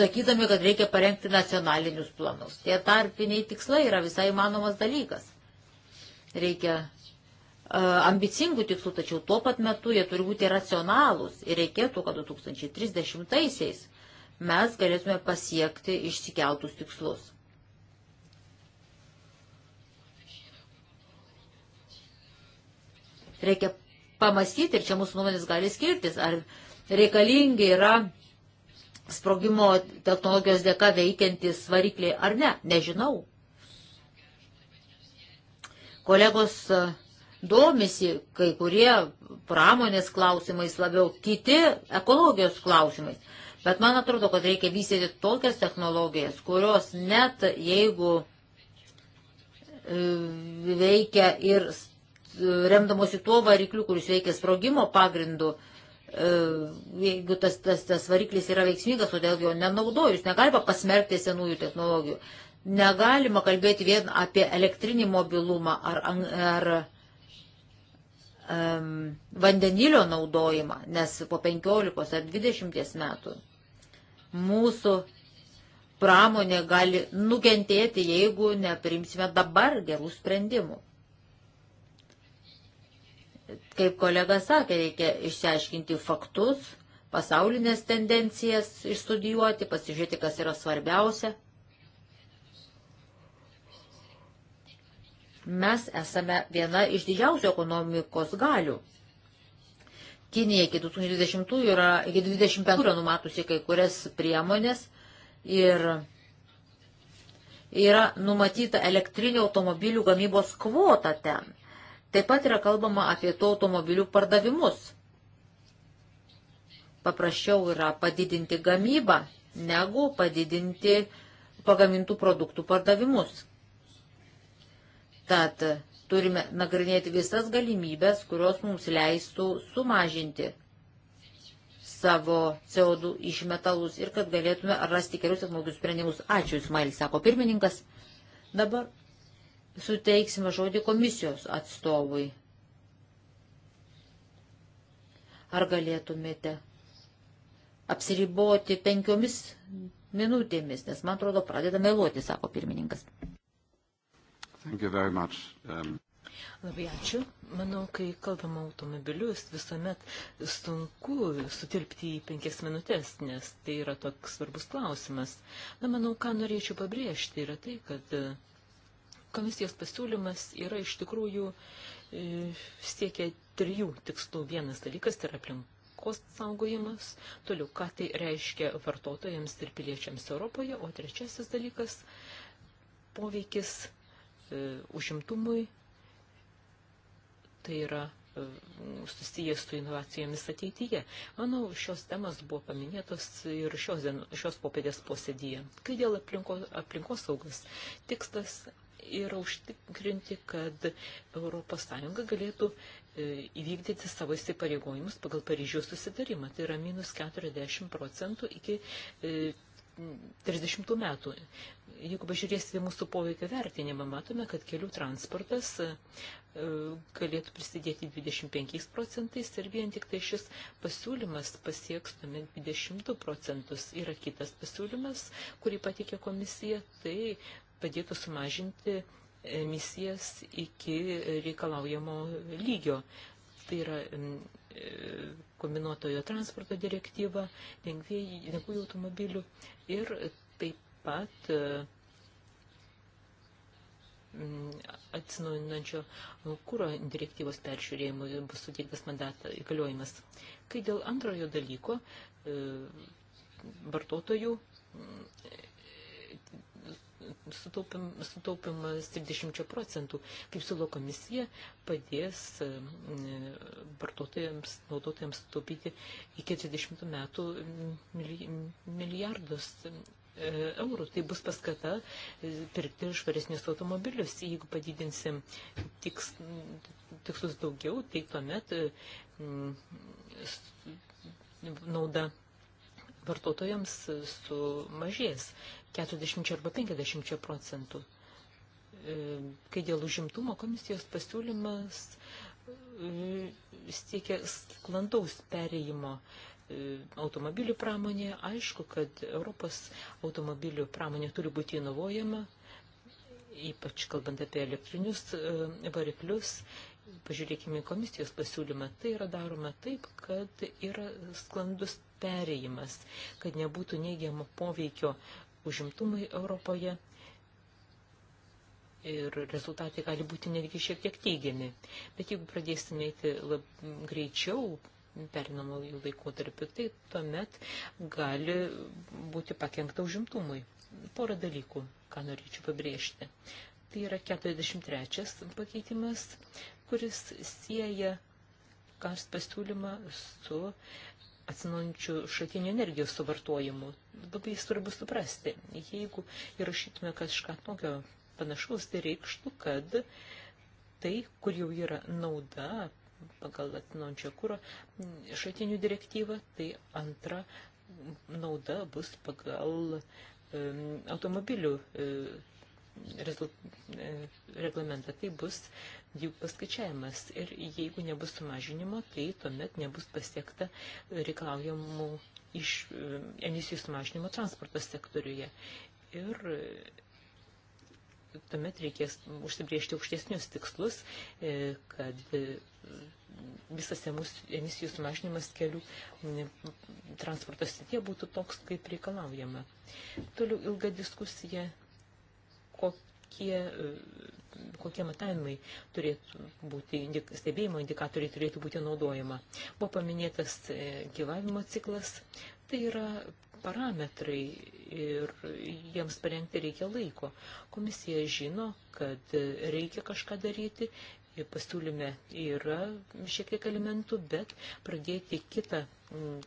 sakydami, kad reikia parengti nacionalinius planus. Tie tarpiniai tikslai yra visai įmanomas dalykas. Reikia E, ambicingų tikslų, tačiau tuo pat metu jie turi būti racionalūs ir reikėtų, kad 2030-aisiais mes galėtume pasiekti išsikeltus tikslus. Reikia pamastyti ir čia mūsų nuomonės gali skirtis, ar reikalingi yra sprogimo technologijos dėka veikiantis varikliai ar ne, nežinau. Kolegos uh, domisi kai kurie pramonės klausimais labiau, kiti ekologijos klausimais. Bet man atrodo, kad reikia vystyti tokias technologijas, kurios net jeigu e, veikia ir remdamosi tuo varikliu, kuris veikia sprogimo pagrindu, e, jeigu tas, tas, tas variklis yra veiksmingas, todėl jo nenaudojus, negalima pasmerkti senųjų technologijų. Negalima kalbėti vien apie elektrinį mobilumą ar, ar um, vandenilio naudojimą, nes po 15 ar 20 metų mūsų pramonė gali nukentėti, jeigu neprimsime dabar gerų sprendimų. Kaip kolega sakė, reikia išsiaiškinti faktus, pasaulinės tendencijas išstudijuoti, pasižiūrėti, kas yra svarbiausia. Mes esame viena iš didžiausių ekonomikos galių. Kinija iki 2020 yra, iki 2025 yra numatusi kai kurias priemonės ir yra numatyta elektrinių automobilių gamybos kvota ten. Taip pat yra kalbama apie to automobilių pardavimus. Paprasčiau yra padidinti gamybą, negu padidinti pagamintų produktų pardavimus. Tad turime nagrinėti visas galimybės, kurios mums leistų sumažinti savo CO2 išmetalus ir kad galėtume rasti gerus atmokius sprendimus. Ačiū, Ismailis, sako pirmininkas. Dabar suteiksime žodį komisijos atstovui. Ar galėtumėte apsiriboti penkiomis minutėmis, nes man atrodo pradeda meluoti, sako pirmininkas. Um... Labai ačiū. Manau, kai kalbama automobilius, visuomet sunku sutilpti į penkias minutės, nes tai yra toks svarbus klausimas. Na, manau, ką norėčiau pabrėžti, yra tai, kad e, komisijos pasiūlymas yra iš tikrųjų e, siekia trijų tikslų. Vienas dalykas tai yra aplink aplinkos saugojimas, toliau, ką tai reiškia vartotojams ir piliečiams Europoje, o trečiasis dalykas – poveikis E, užimtumui, tai yra e, susijęs su inovacijomis ateityje. Manau, šios temas buvo paminėtos ir šios, dien, šios popietės posėdyje. Kai dėl aplinko, aplinkos saugas, tikslas yra užtikrinti, kad ES galėtų e, įvykdyti savo įsipareigojimus pagal Paryžiaus susitarimą. Tai yra minus 40 procentų iki 30 metų. Jeigu pažiūrėsime mūsų poveikio vertinimą, matome, kad kelių transportas e, galėtų prisidėti 25 procentais ir vien tik tai šis pasiūlymas pasieks tuomet 22 procentus. Yra kitas pasiūlymas, kurį patikė komisija, tai padėtų sumažinti emisijas iki reikalaujamo lygio. Tai yra e, kombinuotojo transporto direktyva, lengvųjų automobilių ir taip pat mm, atsinaujinančio kūro direktyvos peržiūrėjimui bus suteiktas mandatą įgaliojimas. Kai dėl antrojo dalyko e, vartotojų sutaupimas 30 procentų, kaip siūlo komisija, padės e, vartotojams, naudotojams sutaupyti iki 40 metų milijardus e, eurų. Tai bus paskata e, pirkti švaresnius automobilius. Jeigu padidinsim tiks, tikslus daugiau, tai tuomet nauda vartotojams sumažės. 40 arba 50 procentų. E, kai dėl užimtumo komisijos pasiūlymas e, siekia sklandaus perėjimo e, automobilių pramonė, aišku, kad Europos automobilių pramonė turi būti inovuojama, ypač kalbant apie elektrinius variklius pažiūrėkime komisijos pasiūlymą, tai yra daroma taip, kad yra sklandus perėjimas, kad nebūtų neigiamo poveikio užimtumui Europoje ir rezultatai gali būti netgi šiek tiek teigiami. Bet jeigu pradėsime eiti lab, greičiau perinamųjų laikotarpių, tai tuomet gali būti pakengta užimtumui. Porą dalykų, ką norėčiau pabrėžti. Tai yra 43 pakeitimas, kuris sieja kars pasiūlymą su atsinaujančių šaltinių energijos suvartojimu. Labai svarbu suprasti, jeigu įrašytume kažką tokio panašaus, tai reikštų, kad tai, kur jau yra nauda pagal atsinaujančio kūro šaltinių direktyvą, tai antra nauda bus pagal um, automobilių um, E, reglamentą, tai bus jų paskaičiavimas. Ir jeigu nebus sumažinimo, tai tuomet nebus pasiekta reikalaujamų iš e, emisijų sumažinimo transporto sektoriuje. Ir e, tuomet reikės užsibriežti aukštesnius tikslus, kad visas emisijų sumažinimas kelių transporto srityje būtų toks, kaip reikalaujama. Toliau ilga diskusija kokie, e, kokie matavimai turėtų būti, stebėjimo indikatoriai turėtų būti naudojama. Buvo paminėtas e, gyvavimo ciklas, tai yra parametrai ir jiems parengti reikia laiko. Komisija žino, kad reikia kažką daryti pasiūlyme yra šiek tiek elementų, bet pradėti kitą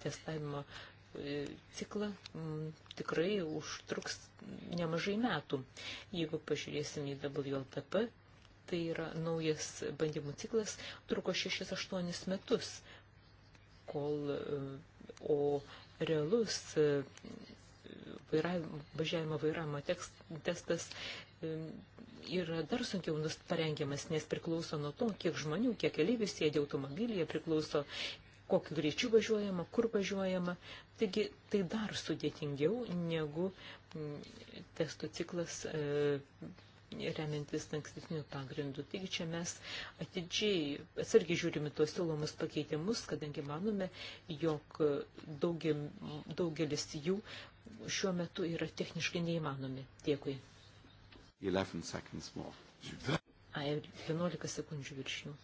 testavimo E, ciklą tikrai užtruks nemažai metų. Jeigu pažiūrėsim į WLTP, tai yra naujas bandymų ciklas, truko 6-8 metus, kol e, o realus e, vairavimo, važiavimo vairavimo tekst, testas yra dar sunkiau parengiamas, nes priklauso nuo to, kiek žmonių, kiek keleivių sėdi automobilyje, priklauso kokiu greičiu važiuojama, kur važiuojama. Taigi tai dar sudėtingiau negu mm, testų ciklas e, remiantis ankstesnių pagrindų. Taigi čia mes atidžiai, atsargiai žiūrime tuos siūlomus pakeitimus, kadangi manome, jog daugiam, daugelis jų šiuo metu yra techniškai neįmanomi. Dėkui. 11 11 sekundžių virš jų.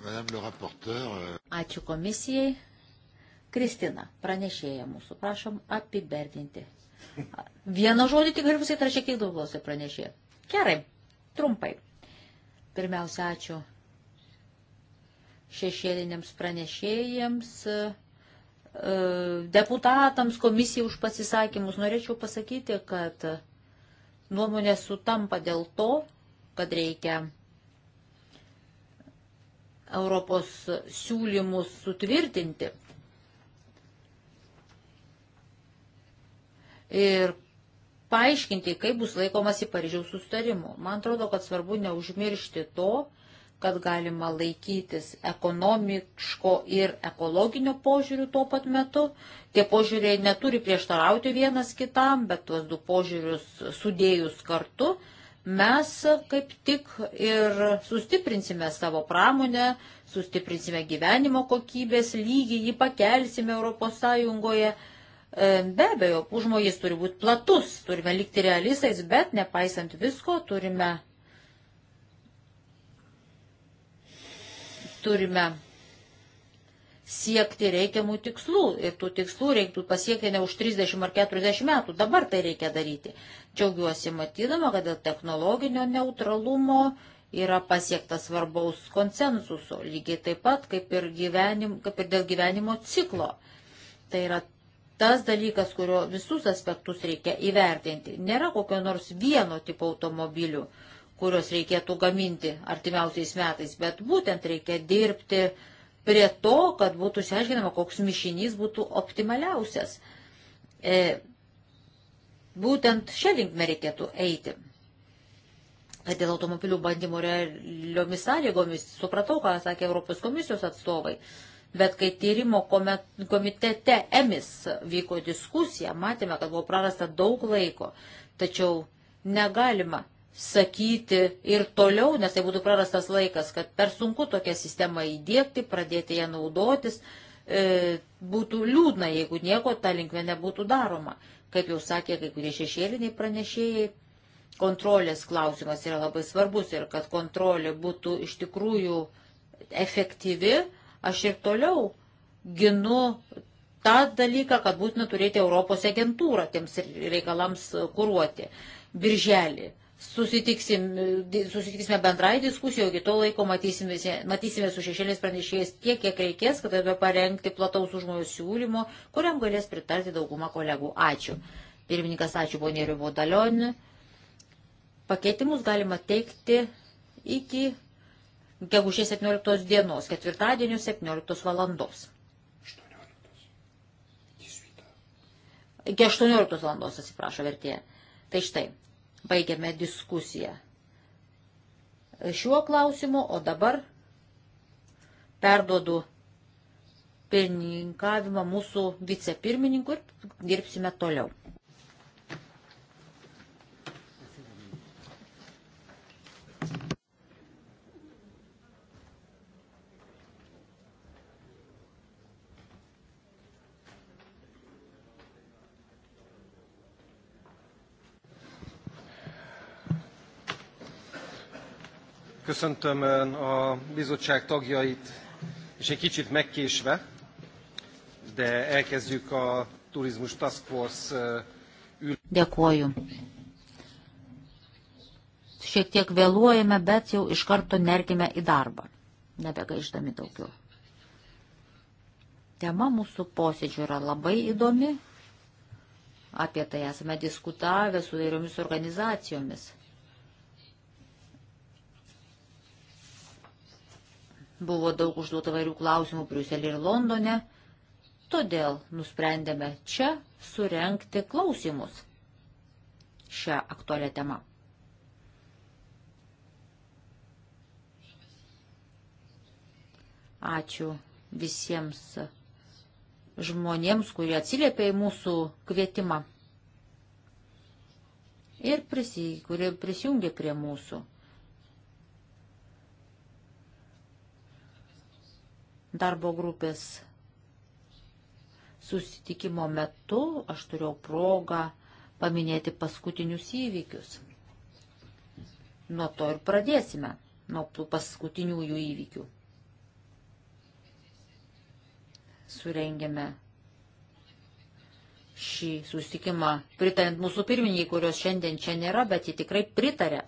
Euh, ačiū komisijai. Kristina, pranešėja mūsų, prašom apibendrinti. Vieną žodį tik galiu pasakyti, ar šiek tiek daugiau klausė pranešėja. Gerai, trumpai. Pirmiausia, ačiū šešėliniams pranešėjams, e, deputatams, komisijai už pasisakymus. Norėčiau pasakyti, kad nuomonė sutampa dėl to, kad reikia Europos siūlymus sutvirtinti. Ir paaiškinti, kaip bus laikomasi Paryžiaus sustarimu. Man atrodo, kad svarbu neužmiršti to, kad galima laikytis ekonomiško ir ekologinio požiūrių tuo pat metu. Tie požiūriai neturi prieštarauti vienas kitam, bet tuos du požiūrius sudėjus kartu Mes kaip tik ir sustiprinsime savo pramonę, sustiprinsime gyvenimo kokybės lygį, jį pakelsime ES. E, be abejo, užmojis turi būti platus, turime likti realistais, bet nepaisant visko turime, turime siekti reikiamų tikslų. Ir tų tikslų reiktų pasiekti ne už 30 ar 40 metų, dabar tai reikia daryti. Džiaugiuosi matydama, kad dėl technologinio neutralumo yra pasiektas svarbaus konsensuso, lygiai taip pat kaip ir, gyvenim, kaip ir dėl gyvenimo ciklo. Tai yra tas dalykas, kurio visus aspektus reikia įvertinti. Nėra kokio nors vieno tipo automobilių, kuriuos reikėtų gaminti artimiausiais metais, bet būtent reikia dirbti prie to, kad būtų išaiškinama, koks mišinys būtų optimaliausias. E, Būtent šią linkmę reikėtų eiti. Kad dėl automobilių bandymų realiomis sąlygomis supratau, ką sakė Europos komisijos atstovai. Bet kai tyrimo komitete EMIS vyko diskusija, matėme, kad buvo prarasta daug laiko. Tačiau negalima sakyti ir toliau, nes tai būtų prarastas laikas, kad per sunku tokią sistemą įdėkti, pradėti ją naudotis. E, būtų liūdna, jeigu nieko tą linkmę nebūtų daroma. Kaip jau sakė kai kurie šešėliniai pranešėjai, kontrolės klausimas yra labai svarbus ir kad kontrolė būtų iš tikrųjų efektyvi, aš ir toliau ginu tą dalyką, kad būtina turėti Europos agentūrą tiems reikalams kūruoti. Birželį susitiksim, susitiksime bendrai diskusijoje, iki to laiko matysime, matysime su šešėlės pranešėjais tiek, kiek reikės, kad apie parengti plataus užmojo siūlymo, kuriam galės pritarti dauguma kolegų. Ačiū. Pirmininkas, ačiū ponėriu Vodalioni. Pakeitimus galima teikti iki gegužės 17 dienos, ketvirtadienio 17 valandos. Iki 18 valandos, atsiprašo vertėja. Tai štai. Baigiame diskusiją šiuo klausimu, o dabar perduodu pirmininkavimą mūsų vicepirmininkui ir dirbsime toliau. Köszöntöm a bizottság tagjait, és egy kicsit megkésve, de elkezdjük a Turizmus Task Force ül... Dėkuoju. Šiek tiek vėluojame, bet jau iš karto nerkime į darbą, nebegaiždami daugiau. Tema mūsų posėdžio yra labai įdomi. Apie tai esame diskutavę su įvairiomis organizacijomis Buvo daug užduota vairių klausimų Briuselį ir Londone, todėl nusprendėme čia surenkti klausimus šią aktualią temą. Ačiū visiems žmonėms, kurie atsiliepė į mūsų kvietimą ir prisi, kurie prisijungė prie mūsų. darbo grupės susitikimo metu aš turėjau progą paminėti paskutinius įvykius. Nuo to ir pradėsime, nuo tų paskutinių jų įvykių. Surengėme šį susitikimą, pritarint mūsų pirminiai, kurios šiandien čia nėra, bet ji tikrai pritarė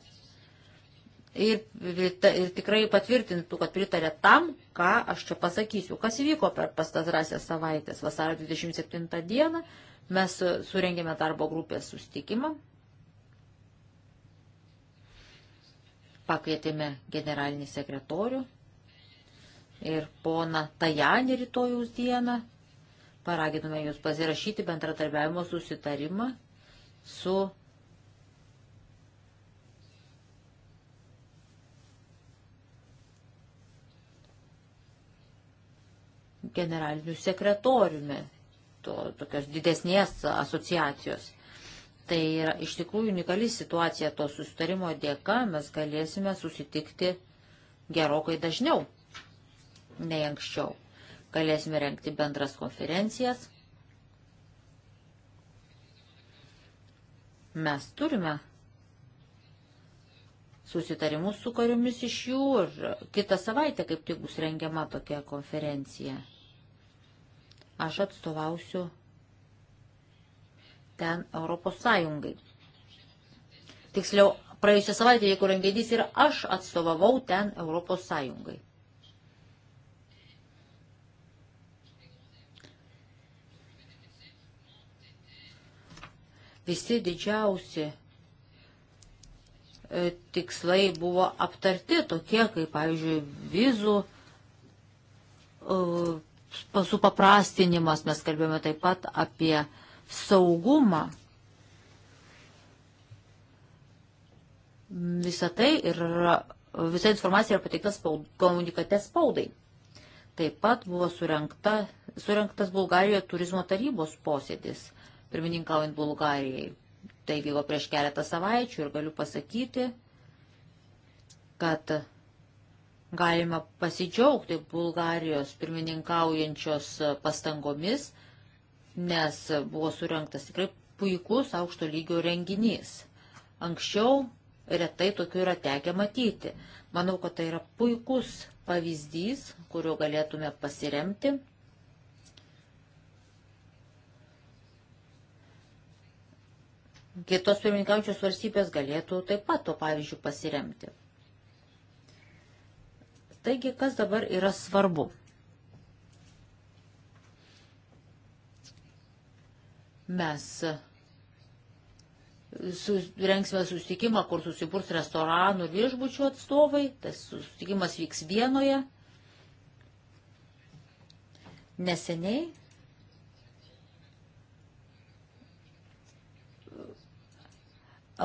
ir, ir tikrai patvirtintų, kad pritarė tam, ką aš čia pasakysiu, kas įvyko per pastarąsias savaitės. Vasario 27 dieną mes surengėme darbo grupės sustikimą, pakvietėme generalinį sekretorių ir pona Tajanį rytojus dieną, paraginome jūs pasirašyti bendratarbiavimo susitarimą su generaliniu sekretoriumi to, tokios didesnės asociacijos. Tai yra iš tikrųjų unikali situacija to susitarimo dėka, mes galėsime susitikti gerokai dažniau nei anksčiau. Galėsime renkti bendras konferencijas. Mes turime susitarimus su kariumis iš jų ir kitą savaitę kaip tik bus rengiama tokia konferencija. Aš atstovausiu ten Europos Sąjungai. Tiksliau, praėjusią savaitę, jeigu rengėdys ir aš atstovavau ten Europos Sąjungai. Visi didžiausi e, tikslai buvo aptarti, tokie kaip, pavyzdžiui, vizų e, supaprastinimas, mes kalbėjome taip pat apie saugumą. Visą tai ir visa informacija yra pateikta spaud, komunikate spaudai. Taip pat buvo surenkta, surenktas Bulgarijoje turizmo tarybos posėdis, pirmininkaujant Bulgarijai. Tai vyko prieš keletą savaičių ir galiu pasakyti, kad Galima pasidžiaugti Bulgarijos pirmininkaujančios pastangomis, nes buvo surinktas tikrai puikus aukšto lygio renginys. Anksčiau retai tokių yra tekę matyti. Manau, kad tai yra puikus pavyzdys, kuriuo galėtume pasiremti. Kitos pirmininkaujančios valstybės galėtų taip pat to pavyzdžių pasiremti. Taigi, kas dabar yra svarbu? Mes surengsime susitikimą, kur susiburs restoranų ir viešbučių atstovai. Tas susitikimas vyks Vienoje. Neseniai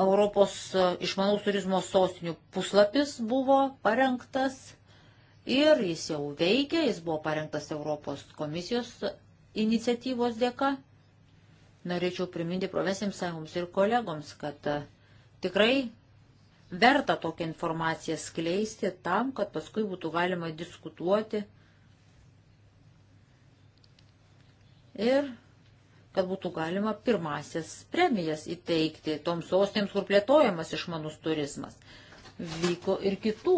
Europos išmanaus turizmo sostinių puslapis buvo parengtas ir jis jau veikia, jis buvo parengtas Europos komisijos iniciatyvos dėka. Norėčiau priminti profesiniams sąjungoms ir kolegoms, kad e, tikrai verta tokią informaciją skleisti tam, kad paskui būtų galima diskutuoti ir kad būtų galima pirmasias premijas įteikti toms sostėms, kur plėtojamas išmanus turizmas. Vyko ir kitų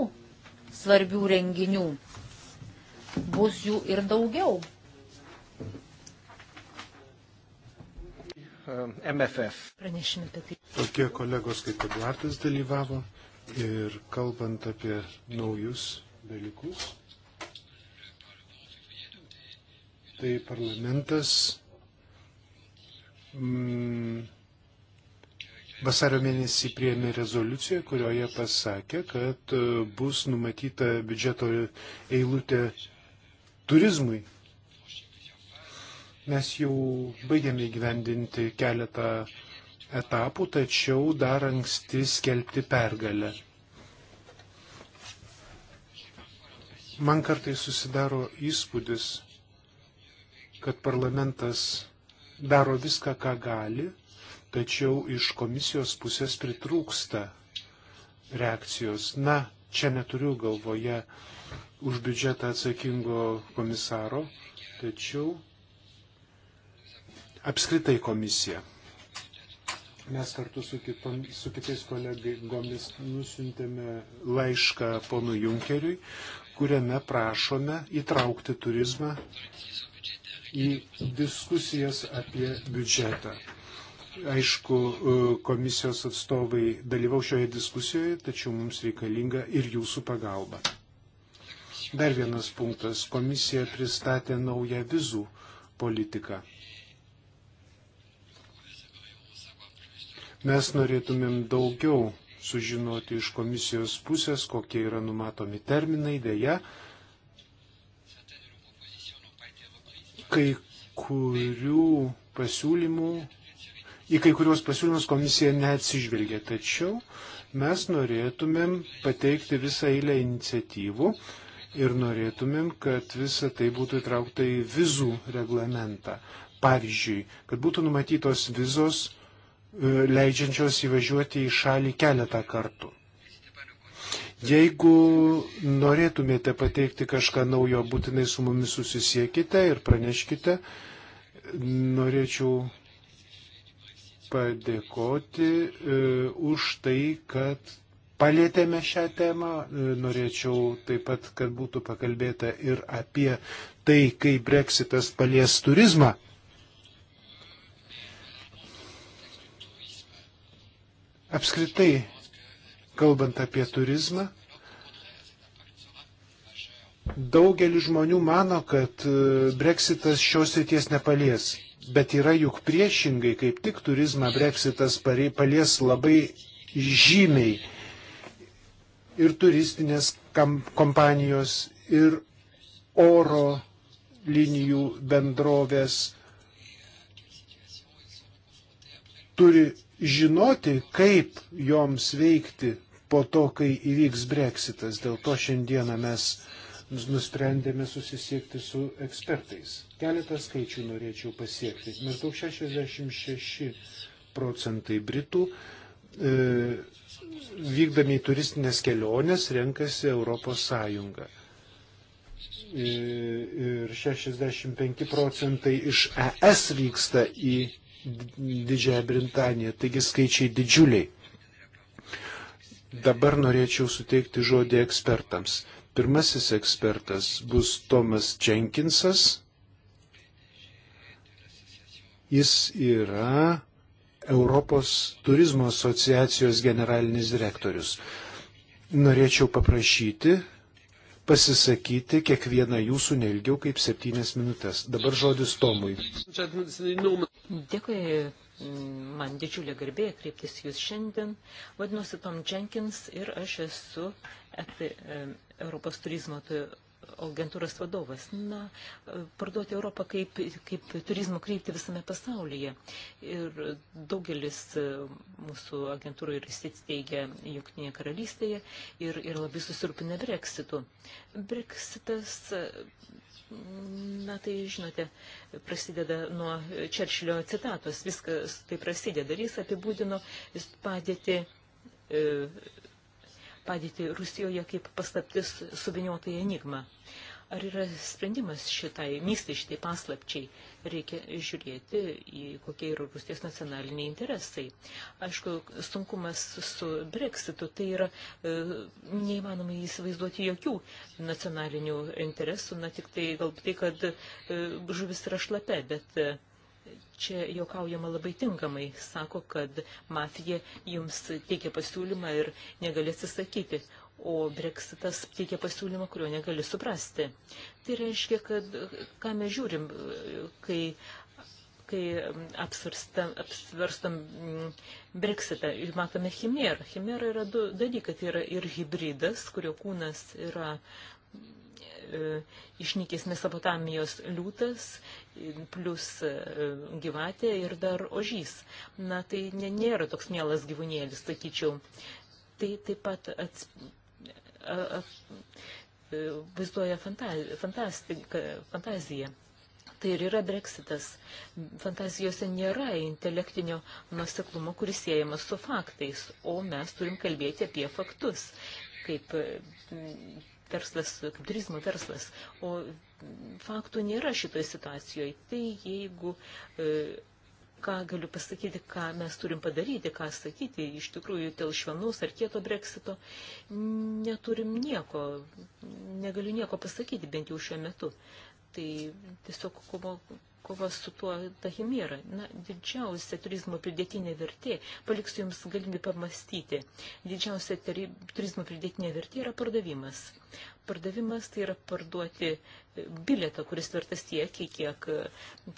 svarbių renginių. Bus jų ir daugiau. MFF. Pranešime apie tai. Tokie kolegos kaip Eduardas dalyvavo ir kalbant apie naujus dalykus. Tai parlamentas. Mm, Vasario mėnesį prieėmė rezoliuciją, kurioje pasakė, kad e, bus numatyta biudžeto eilutė turizmui. Mes jau baigėme įgyvendinti keletą etapų, tačiau dar anksti skelbti pergalę. Man kartai susidaro įspūdis, kad parlamentas daro viską, ką gali, tačiau iš komisijos pusės pritrūksta reakcijos. Na, čia neturiu galvoje už biudžetą atsakingo komisaro, tačiau apskritai komisija. Mes kartu su, kitom, su kitais kolegomis nusintėme laišką ponu Junkeriui, kuriame prašome įtraukti turizmą į diskusijas apie biudžetą. Aišku, e, komisijos atstovai dalyvau šioje diskusijoje, tačiau mums reikalinga ir jūsų pagalba. Dar vienas punktas. Komisija pristatė naują vizų politiką. Mes norėtumėm daugiau sužinoti iš komisijos pusės, kokie yra numatomi terminai, dėja. Kai kurių pasiūlymų į kai kuriuos pasiūlymus komisija neatsižvelgia, tačiau mes norėtumėm pateikti visą eilę iniciatyvų ir norėtumėm, kad visa tai būtų įtraukta į vizų reglamentą. Pavyzdžiui, kad būtų numatytos vizos e, leidžiančios įvažiuoti į šalį keletą kartų. Jeigu norėtumėte pateikti kažką naujo, būtinai su mumis susisiekite ir praneškite. Norėčiau padėkoti e, už tai, kad palėtėme šią temą. E, norėčiau taip pat, kad būtų pakalbėta ir apie tai, kaip breksitas palies turizmą. Apskritai, kalbant apie turizmą, daugelis žmonių mano, kad e, breksitas šios ryties nepalies. Bet yra juk priešingai, kaip tik turizmą breksitas palies labai žymiai ir turistinės kompanijos, ir oro linijų bendrovės turi žinoti, kaip joms veikti po to, kai įvyks breksitas. Dėl to šiandieną mes uh, nusprendėme susisiekti su ekspertais. Keletą skaičių norėčiau pasiekti. Maždaug 66 procentai Britų e, vykdami į turistinės keliones renkasi Europos Sąjungą. E, ir 65 procentai iš ES vyksta į Didžiąją Britaniją, taigi skaičiai didžiuliai. Dabar norėčiau suteikti žodį ekspertams. Pirmasis ekspertas bus Tomas Jenkinsas. Jis yra Europos turizmo asociacijos generalinis direktorius. Norėčiau paprašyti pasisakyti kiekvieną jūsų neilgiau kaip septynias minutės. Dabar žodis Tomui. Dėkui, man didžiulė garbė kreiptis jūs šiandien. Vadinuosi Tom Jenkins ir aš esu apie Europos turizmo agentūros vadovas. Na, e, parduoti Europą kaip, kaip turizmo krypti visame pasaulyje. Ir daugelis e, mūsų agentūrų yra įsiteigia Junktinėje karalystėje ir, ir labai susirūpinę Brexitu. Brexitas, e, na tai žinote, prasideda nuo Čerčilio citatos, viskas tai prasideda. Jis apibūdino jis padėti. E, padėtį Rusijoje kaip paslaptis suviniotai enigma. Ar yra sprendimas šitai, mystai šitai paslapčiai? Reikia žiūrėti, į kokie yra Rusijos nacionaliniai interesai. Aišku, sunkumas su Brexitu, tai yra e, neįmanoma įsivaizduoti jokių nacionalinių interesų, na tik tai galbūt tai, kad e, žuvis yra šlape, bet e, čia jokaujama labai tinkamai, sako, kad mafija jums teikia pasiūlymą ir negali atsisakyti, o breksitas teikia pasiūlymą, kurio negali suprasti. Tai reiškia, kad ką mes žiūrim, kai, kai apsvarstam mm, breksitą, matome chimerą. Chimera yra du dalykai, tai yra ir hybridas, kurio kūnas yra e, išnykęs Mesopotamijos liūtas plus e, gyvatė ir dar ožys. Na, tai nėra toks mielas gyvūnėlis, sakyčiau. Tai taip pat ats, a, a, e, vaizduoja fantaziją. Tai ir yra breksitas. Fantazijose nėra intelektinio nuseklumo, kuris siejamas su faktais, o mes turim kalbėti apie faktus, kaip verslas, kaip turizmo verslas, o faktų nėra šitoje situacijoje. Tai jeigu, e, ką galiu pasakyti, ką mes turim padaryti, ką sakyti, iš tikrųjų dėl švelnaus ar kieto breksito, neturim nieko, negaliu nieko pasakyti, bent jau šiuo metu. Tai tiesiog kova su tuo Tahimyra. Na, didžiausia turizmo pridėtinė vertė, paliksiu Jums galimybę pamastyti, didžiausia turizmo pridėtinė vertė yra pardavimas. Pardavimas tai yra parduoti e, bilietą, kuris vertas tiek, kiek,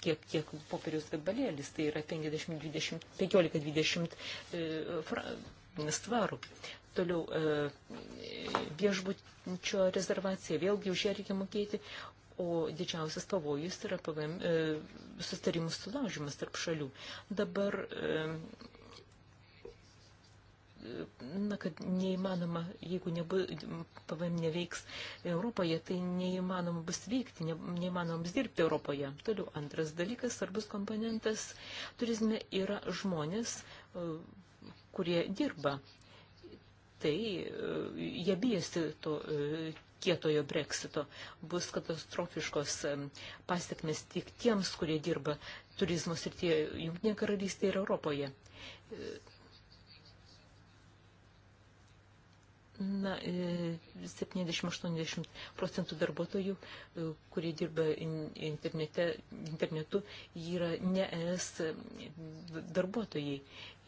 kiek, kiek popieriaus gabalėlis, tai yra 15-20 e, svarų. Toliau e, viešbučio rezervacija, vėlgi už ją reikia mokėti, o didžiausias pavojus yra PVM e, sustarimų sulaužimas tarp šalių. Dabar, e, e na, kad neįmanoma, jeigu nebu, PVM neveiks Europoje, tai neįmanoma bus veikti, ne, neįmanoma bus dirbti Europoje. Toliau, antras dalykas, svarbus komponentas turizme yra žmonės, e, kurie dirba. Tai e, jie bijasi to e, kietojo breksito. Bus katastrofiškos pasiekmes tik tiems, kurie dirba turizmo srityje Junktinėje karalystėje ir Europoje. Na, 70-80 e, procentų darbuotojų, e, kurie dirba internete, internetu, yra ne ES darbuotojai.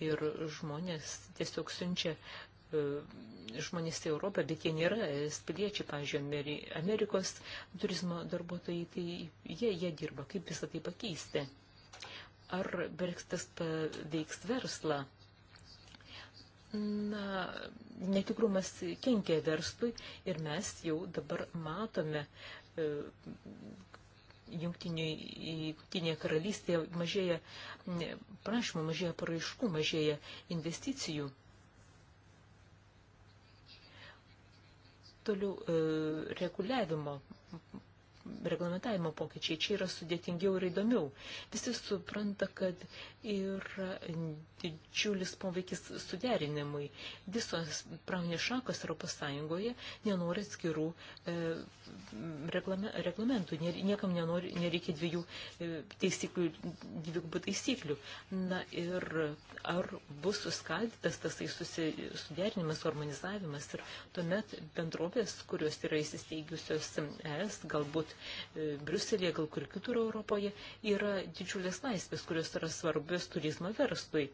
Ir žmonės tiesiog siunčia E, žmonės į Europą, bet jie nėra piliečiai, pavyzdžiui, Amerikos turizmo darbuotojai, tai jie, jie dirba. Kaip visą tai pakeisti? Ar Brexitas paveiks verslą? Na, netikrumas kenkia verslui ir mes jau dabar matome, e, jungtinėje karalystėje mažėja prašymų, mažėja paraiškų, mažėja investicijų. toliau e, reguliavimo reglamentavimo pokyčiai. Čia yra sudėtingiau ir įdomiau. Visi supranta, kad yra Tai didžiulis poveikis suderinimui. Visos pramonės šakos Europos Sąjungoje nenori atskirų e, reglame, reglamentų, niekam nenori, nereikia dviejų e, taisyklių, dvigubų taisyklių. Na ir ar bus suskaldytas tas tai susi, suderinimas, harmonizavimas ir tuomet bendrovės, kurios yra įsisteigiusios ES, galbūt e, Briuselėje, gal kur kitur Europoje, yra didžiulės laisvės, kurios yra svarbios turizmo verslui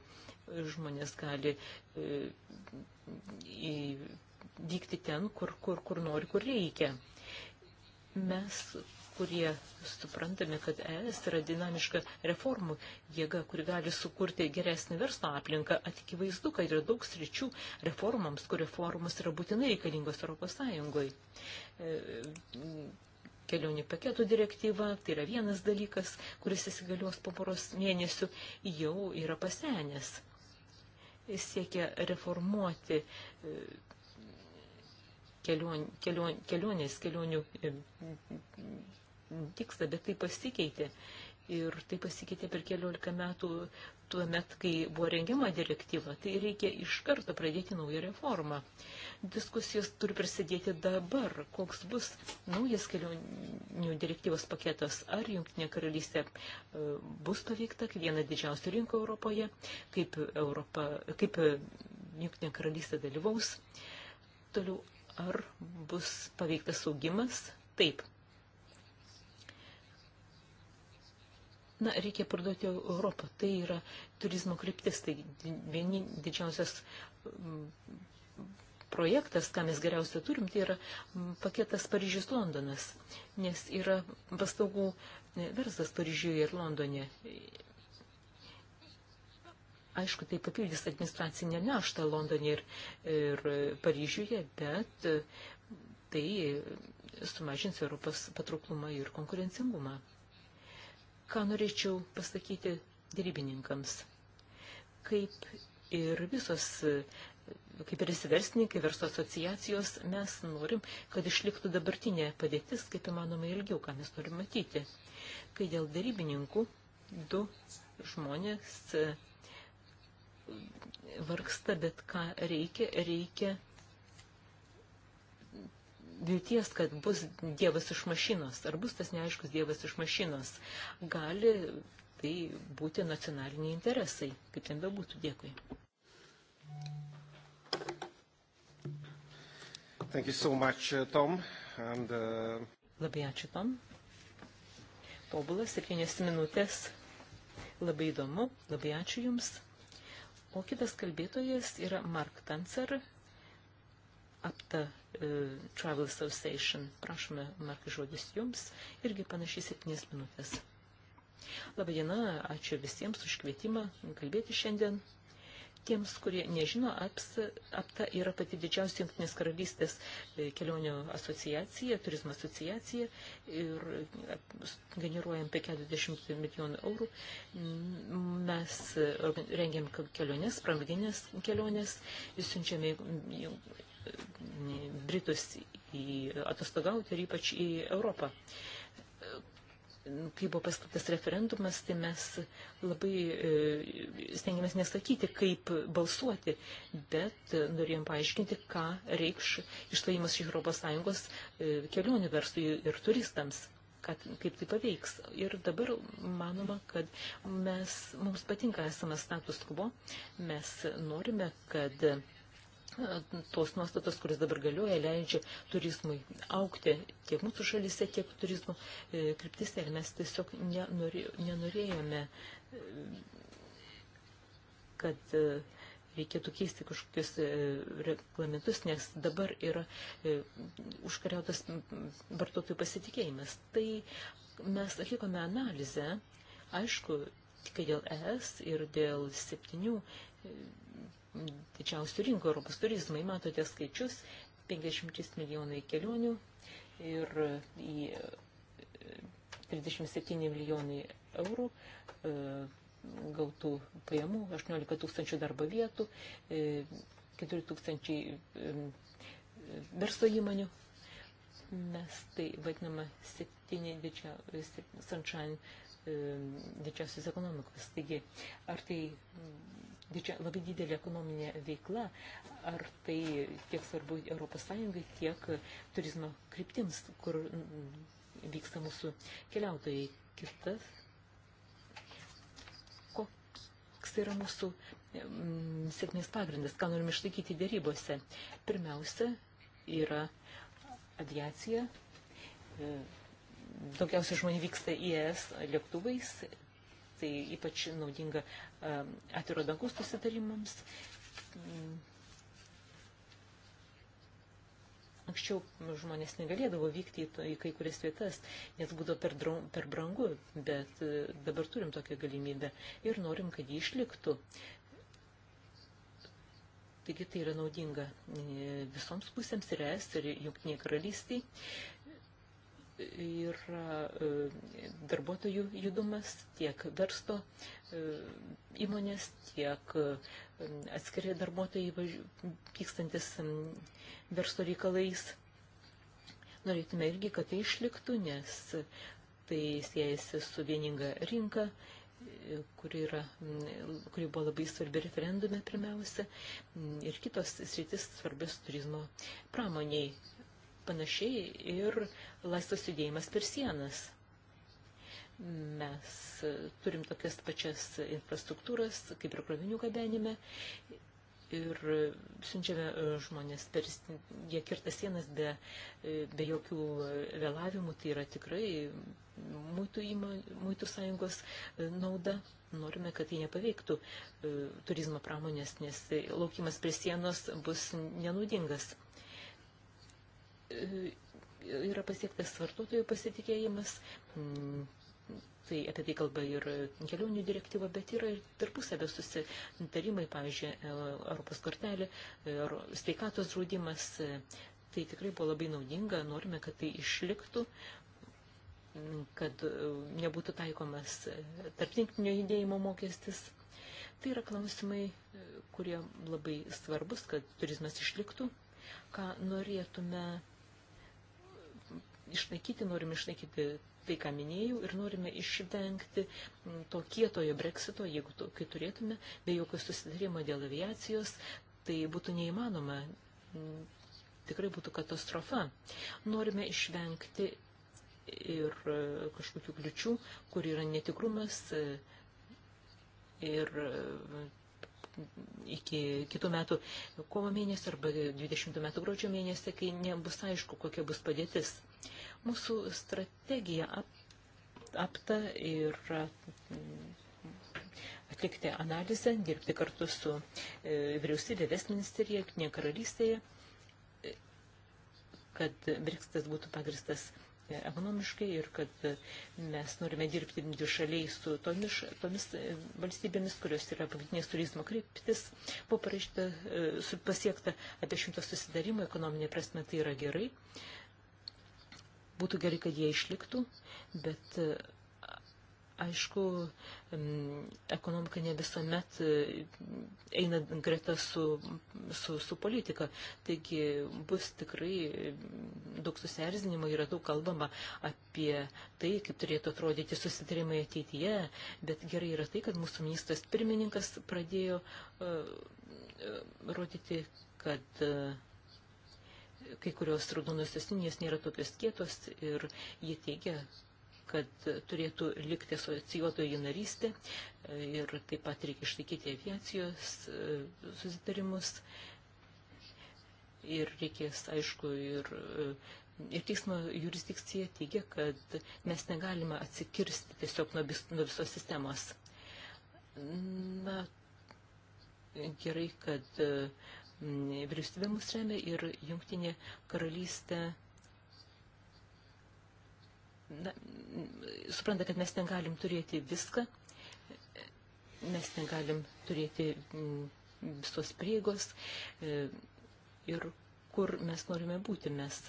žmonės gali e, vykti ten, kur, kur, kur nori, kur reikia. Mes, kurie suprantame, kad ES yra dinamiška reformų jėga, kuri gali sukurti geresnį verslo aplinką, atikivaizdu, kad yra daug sričių reformams, kur reformos yra būtinai reikalingos Europos Sąjungoje. Kelionių paketų direktyva, tai yra vienas dalykas, kuris įsigalios po poros mėnesių, jau yra pasenęs siekia reformuoti e, kelion, kelion, kelionės, kelionių e, tikslą, bet tai pasikeitė. Ir tai pasikeitė per keliolika metų tuo met, kai buvo rengiama direktyva. Tai reikia iš karto pradėti naują reformą. Diskusijos turi prasidėti dabar. Koks bus naujas kelionių direktyvos paketas? Ar Junktinė karalystė e, bus paveikta kaip viena didžiausių rinkų Europoje? Kaip, Europa, kaip Junktinė karalystė dalyvaus? Toliau, ar bus paveiktas augimas? Taip, Na, reikia parduoti Europą. Tai yra turizmo kryptis. Tai vieni didžiausias mm, projektas, ką mes geriausia turim, tai yra mm, paketas Paryžius-Londonas. Nes yra paslaugų e, verslas Paryžiuje ir Londone. Aišku, tai papildys administracinę naštą Londone ir, ir Paryžiuje, bet e, tai e, sumažins Europos patrauklumą ir konkurencingumą. Ką norėčiau pasakyti dėrybininkams? Kaip ir visos, kaip ir įsiversnininkai, verslo asociacijos, mes norim, kad išliktų dabartinė padėtis, kaip įmanoma ilgiau, ką mes norim matyti. Kai dėl dėrybininkų du žmonės e, vargsta, bet ką reikia, reikia vilties, kad bus Dievas iš mašinos, ar bus tas neaiškus Dievas iš mašinos, gali tai būti nacionaliniai interesai, kaip ten bebūtų. Dėkui. Thank you so much, uh, Tom. And, uh... Labai ačiū, Tom. Tobulas, septynės minutės. Labai įdomu, labai ačiū Jums. O kitas kalbėtojas yra Mark Tancer, APTA e, Travel Association. Prašome, Markai, žodis jums irgi panašiai septynės minutės. Labai diena, ačiū visiems už kvietimą kalbėti šiandien. Tiems, kurie nežino, APTA yra pati didžiausia Junktinės karalystės e, kelionių asociacija, turizmo asociacija ir e, generuojam apie 40 milijonų eurų. Mes rengiam keliones, pramoginės keliones, siunčiame Britus į atostogauti ir ypač į Europą. Kai buvo paskaptas referendumas, tai mes labai e, stengiamės nesakyti, kaip balsuoti, bet norėjom paaiškinti, ką reikš išstojimas iš Europos Sąjungos e, kelionių verslui ir turistams kad, kaip tai paveiks. Ir dabar manoma, kad mes, mums patinka esamas status quo, mes norime, kad tos nuostatos, kuris dabar galioja, leidžia turizmui aukti tiek mūsų šalyse, tiek turizmo e, kryptise. Ir mes tiesiog nenorė, nenorėjome, e, kad e, reikėtų keisti kažkokius reglamentus, nes dabar yra užkariautas vartotojų pasitikėjimas. Tai mes atlikome analizę, aišku, tik dėl ES ir dėl septynių didžiausių rinkų Europos turizmai. Matote skaičius 50 milijonai kelionių ir į 37 e, milijonai eurų e, gautų pajamų, 18 tūkstančių darbo vietų, 4 e, tūkstančiai verslo įmonių. Mes tai vadinama septyni didžia, sunshine didžiausios ekonomikos. Taigi, ar tai didžia, labai didelė ekonominė veikla, ar tai tiek svarbu Europos Sąjungai, tiek turizmo kryptims, kur mm, vyksta mūsų keliautojai. Kitas, koks yra mūsų mm, sėkmės pagrindas, ką norime išlaikyti dėrybose. Pirmiausia yra aviacija. E, daugiausia žmonių vyksta į ES lėktuvais tai ypač naudinga atviro dangaus susitarimams. Mm. Anksčiau žmonės negalėdavo vykti į, to, į kai kurias vietas, nes būdavo per, draug, per brangu, bet e, dabar turim tokią galimybę ir norim, kad jį išliktų. Taigi tai yra naudinga e, visoms pusėms ir es, ir jungtiniai karalystiai yra e, darbuotojų judumas, tiek versto e, įmonės, tiek e, atskiri darbuotojai vykstantis versto reikalais. Norėtume irgi, kad tai išliktų, nes tai siejasi su vieninga rinka, kuri, yra, kuri buvo labai svarbi referendume pirmiausia, ir kitos sritis svarbios turizmo pramoniai panašiai ir laisvas judėjimas per sienas. Mes turim tokias pačias infrastruktūras, kaip ir krovinių gabenime, ir siunčiame žmonės per, jie kirta sienas be, be jokių vėlavimų, tai yra tikrai mūtų, įmo, mūtų sąjungos nauda. Norime, kad tai nepaveiktų e, turizmo pramonės, nes laukimas prie sienos bus nenaudingas. E, yra pasiektas vartotojų pasitikėjimas, mm, tai apie tai kalba ir kelionių direktyva, bet yra ir tarpusavio susitarimai, pavyzdžiui, e, Europos kortelė, e, sveikatos draudimas, tai tikrai buvo labai naudinga, norime, kad tai išliktų kad nebūtų taikomas tarptinklinio judėjimo mokestis. Tai yra klausimai, kurie labai svarbus, kad turizmas išliktų, ką norėtume išlaikyti, norim išlaikyti tai, ką minėjau, ir norime išvengti mm, to kietojo breksito, jeigu tokį turėtume, be jokio susidarimo dėl aviacijos, tai būtų neįmanoma, mm, tikrai būtų katastrofa. Norime išvengti ir e, kažkokių kliučių, kur yra netikrumas e, ir e, iki kitų metų kovo mėnesio arba 20 metų gruodžio mėnesį, kai nebus aišku, kokia bus padėtis. Mūsų strategija apta ir mm, atlikti analizę, dirbti kartu su e, vyriausybė Vestministerija, Knie karalystėje, kad Brikstas būtų pagristas e, ekonomiškai ir kad mes norime dirbti dvišaliai su tomis, tomis e, valstybėmis, kurios yra pagrindinės turizmo kryptis. Buvo parašyta, pasiekta apie šimtą susidarimų, ekonominė prasme tai yra gerai. E, Būtų gerai, kad jie išliktų, bet e, aišku, ekonomika ne visuomet e, eina greta su, su, su politika. Taigi bus tikrai daug susierzinimo, yra daug kalbama apie tai, kaip turėtų atrodyti susitarimai ateityje, bet gerai yra tai, kad mūsų ministras pirmininkas pradėjo uh, uh, rodyti, kad uh, kai kurios raudonosios linijos nėra tokios kietos ir jie teigia, kad turėtų likti asocijuotoji narystė e, ir taip pat reikia išlaikyti aviacijos e, susitarimus ir reikės, aišku, ir, e, ir teismo jurisdikcija teigia, kad mes negalime atsikirsti tiesiog nuo, vis, nuo visos sistemos. Na, gerai, kad uh, vyriausybė mus remia ir jungtinė karalystė. Na, supranta, kad mes ten galim turėti viską, mes ten galim turėti mm, visos prieigos e, ir kur mes norime būti. Mes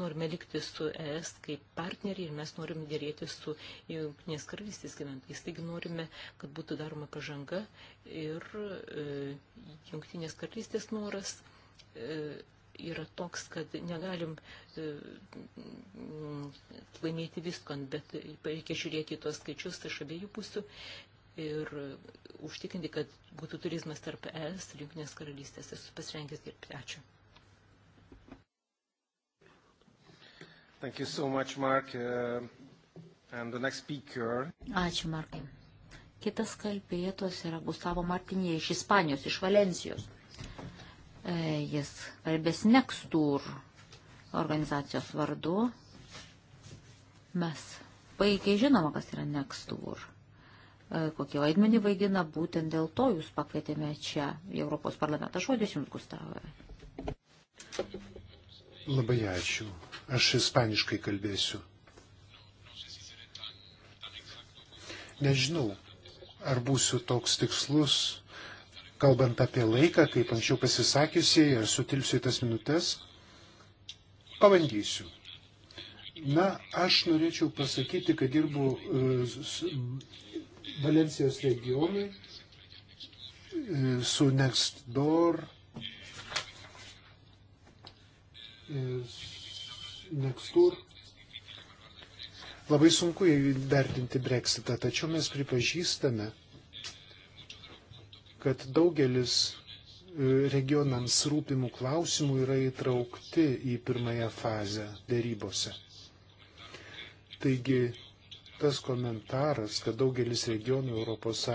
Norime likti su ES kaip partneriai ir mes norim dėrėti su Junktinės karalystės gyventojais. Taigi norime, kad būtų daroma pažanga ir e, Junktinės karalystės noras e, yra toks, kad negalim e, laimėti visko, bet reikia žiūrėti į tuos skaičius iš abiejų pusių ir užtikrinti, kad būtų turizmas tarp ES ir Junktinės karalystės. Esu pasirengęs dirbti. Ačiū. Thank you so much, Mark. Uh, and the next speaker. Ačiū, Markai. Kitas kalbėtos yra Gustavo Martinė iš Ispanijos, iš Valencijos. E, jis kalbės Nextur organizacijos vardu. Mes puikiai žinoma, kas yra Nextur e, kokį vaidmenį vaidina, būtent dėl to jūs pakvietėme čia į Europos parlamentą. Žodis jums, Gustavai. Labai ačiū Aš ispaniškai kalbėsiu. Nežinau, ar būsiu toks tikslus, kalbant apie laiką, kaip anksčiau pasisakiusiai, ar sutilpsiu į tas minutės. Pabandysiu. Na, aš norėčiau pasakyti, kad dirbu e, Valencijos regionui e, su Nextdoor ir e, Nextur. Labai sunku įvertinti breksitą, tačiau mes pripažįstame, kad daugelis e, regionams rūpimų klausimų yra įtraukti į pirmąją fazę dėrybose. Taigi tas komentaras, kad daugelis regionų ES e,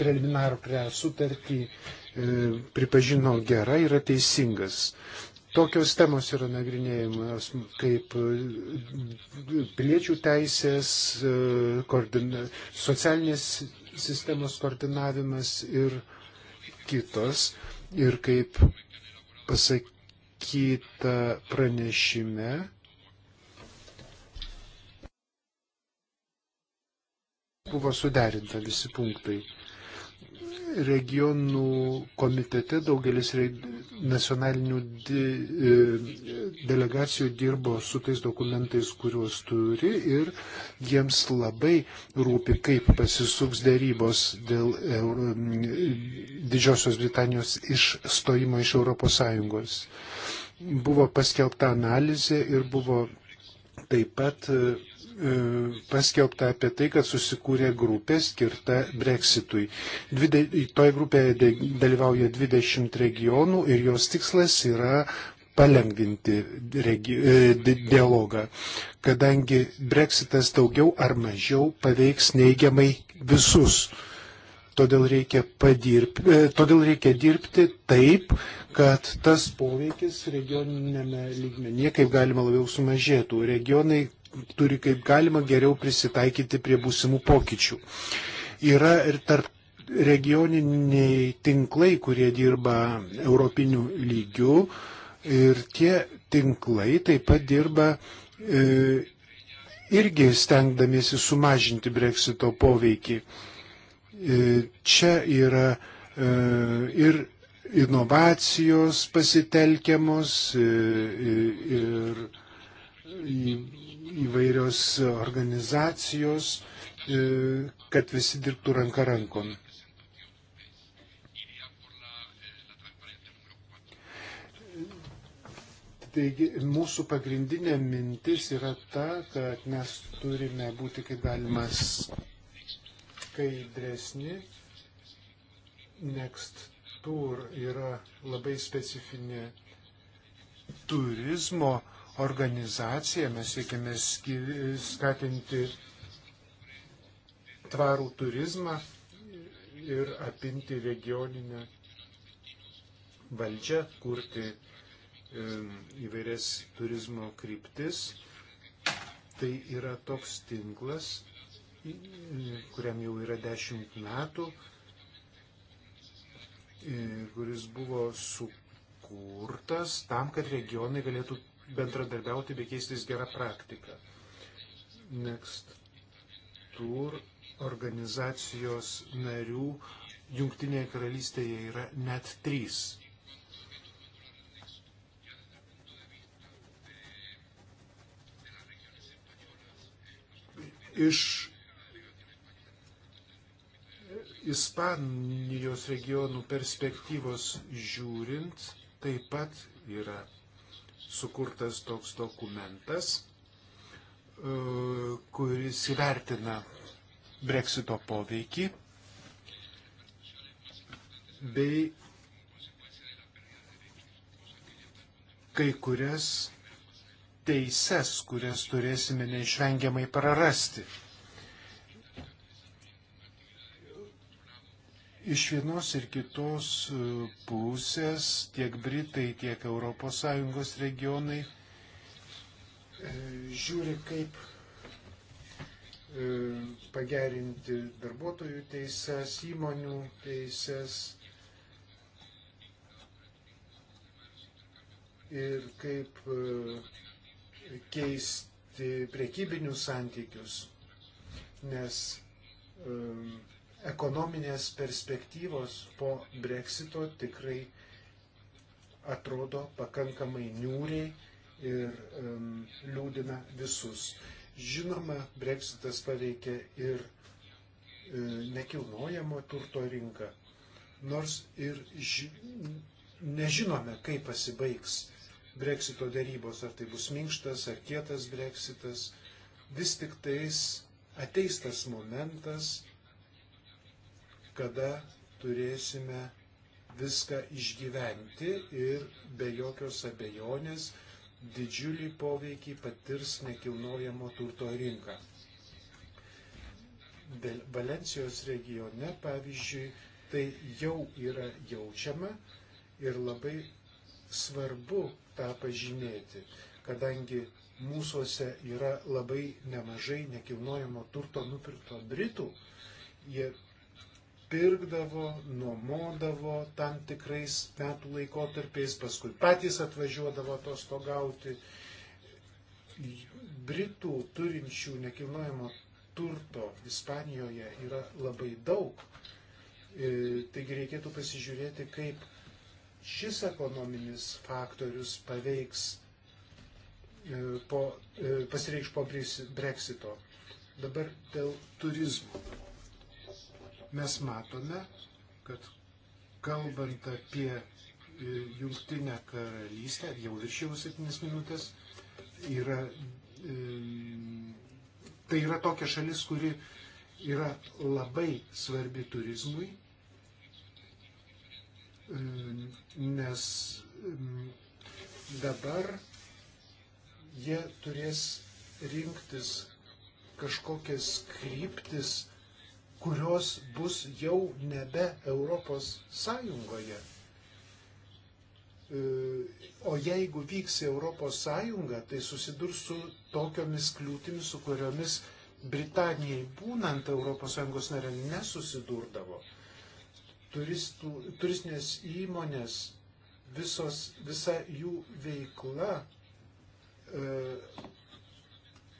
preliminarų prie sutartį E, pripažino gera yra teisingas. Tokios temos yra nagrinėjimas kaip e, piliečių teisės, e, koordina, socialinės sistemos koordinavimas ir kitos. Ir kaip pasakyta pranešime, buvo suderinta visi punktai regionų komitete daugelis nacionalinių di e, delegacijų dirbo su tais dokumentais, kuriuos turi ir jiems labai rūpi, kaip pasisuks dėrybos dėl Euro, Didžiosios Britanijos išstojimo iš ES. Buvo paskelbta analizė ir buvo taip pat e, E, paskelbta apie tai, kad susikūrė grupė skirta Brexitui. Dvide, toje grupėje dalyvauja 20 regionų ir jos tikslas yra palengvinti regi, e, di, dialogą, kadangi Brexitas daugiau ar mažiau paveiks neigiamai visus. Todėl reikia, padirb, e, todėl reikia dirbti taip, kad tas poveikis regioninėme lygmenyje kaip galima labiau sumažėtų. Regionai turi kaip galima geriau prisitaikyti prie būsimų pokyčių. Yra ir tarp regioniniai tinklai, kurie dirba europinių lygių ir tie tinklai taip pat dirba e, irgi stengdamiesi sumažinti breksito poveikį. E, čia yra e, ir inovacijos pasitelkiamos e, e, ir įvairios organizacijos, e, kad visi dirbtų ranka rankon. Taigi mūsų pagrindinė mintis yra ta, kad mes turime būti kaip galima skaidresni. Next Tour yra labai specifinė turizmo organizacija, mes siekime skatinti tvarų turizmą ir apimti regioninę valdžią, kurti įvairias turizmo kryptis. Tai yra toks tinklas, kuriam jau yra dešimt metų, kuris buvo sukurtas tam, kad regionai galėtų bendradarbiauti bei keistis gerą praktiką. Next Tour organizacijos narių Junktinėje karalystėje yra net trys. Iš Ispanijos regionų perspektyvos žiūrint, taip pat yra sukurtas toks dokumentas, e, kuris įvertina breksito poveikį bei kai kurias teises, kurias turėsime neišvengiamai prarasti Iš vienos ir kitos e, pusės tiek Britai, tiek ES regionai e, žiūri, kaip e, pagerinti darbuotojų teises, įmonių teises ir kaip keisti priekybinius santykius, nes um, ekonominės perspektyvos po breksito tikrai atrodo pakankamai niūriai ir um, liūdina visus. Žinoma, breksitas paveikia ir e, nekilnojamo turto rinką, nors ir ži nežinome, kaip pasibaigs breksito dėrybos, ar tai bus minkštas ar kietas breksitas, vis tik tais ateis tas momentas, kada turėsime viską išgyventi ir be jokios abejonės didžiulį poveikį patirs nekilnojamo turto rinka. Valencijos regione, pavyzdžiui, tai jau yra jaučiama ir labai svarbu tą pažymėti, kadangi mūsųse yra labai nemažai nekilnojamo turto nupirkto Britų, jie pirkdavo, nuomodavo tam tikrais metų laikotarpiais, paskui patys atvažiuodavo atostogauti. Britų turinčių nekilnojamo turto Ispanijoje yra labai daug. E, taigi reikėtų pasižiūrėti, kaip šis ekonominis faktorius paveiks e, po, e, pasireikš po Brexito. Dabar dėl turizmo mes matome, kad kalbant apie e, jungtinę karalystę, jau viršiau 7 minutės, yra, e, tai yra tokia šalis, kuri yra labai svarbi turizmui, e, nes dabar jie turės rinktis kažkokias kryptis, kurios bus jau nebe Europos Sąjungoje. E, o jeigu vyks į Europos Sąjungą, tai susidurs su tokiomis kliūtimis, su kuriomis Britanijai būnant Europos Sąjungos narė nesusidurdavo. Turistų, turistinės įmonės, visos, visa jų veikla e,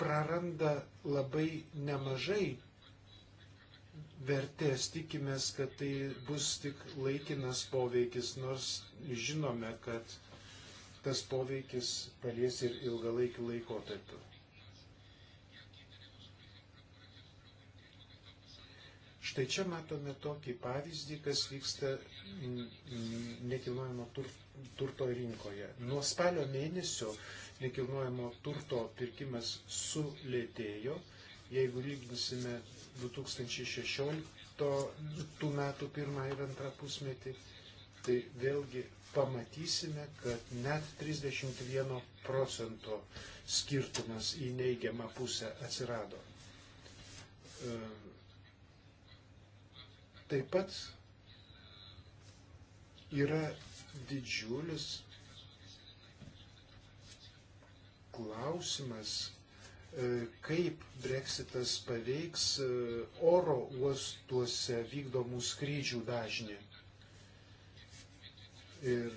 praranda labai nemažai vertės. Tikimės, kad tai bus tik laikinas poveikis, nors žinome, kad tas poveikis palies ir ilgalaikį laikotarpį. Štai čia matome tokį pavyzdį, kas vyksta nekilnojamo tur, turto rinkoje. Nuo spalio mėnesio nekilnojamo turto pirkimas sulėtėjo. Jeigu lyginsime 2016 metų pirmą ir antrą pusmetį, tai vėlgi pamatysime, kad net 31 procento skirtumas į neigiamą pusę atsirado. E, taip pat yra didžiulis klausimas, E, kaip breksitas paveiks e, oro uostuose vykdomų skrydžių dažnį. Ir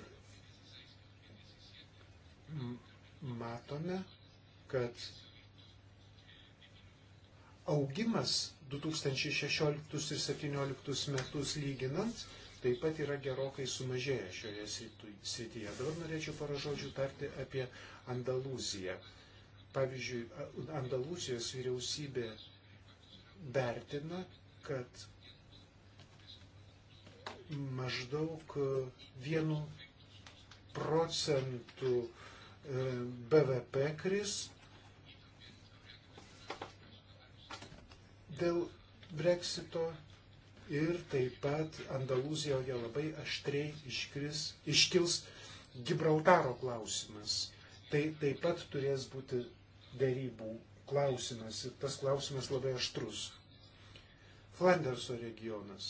matome, kad augimas 2016 ir 2017 metus lyginant taip pat yra gerokai sumažėjęs šioje srityje. Dabar norėčiau paražodžių tarti apie Andalūziją. Pavyzdžiui, Andalūzijos vyriausybė vertina, kad maždaug vienu procentų e, BVP kris dėl breksito ir taip pat Andalūzijoje labai aštriai iškris, iškils Gibraltaro klausimas. Tai taip pat turės būti dėrybų klausimas ir tas klausimas labai aštrus. Flanderso regionas.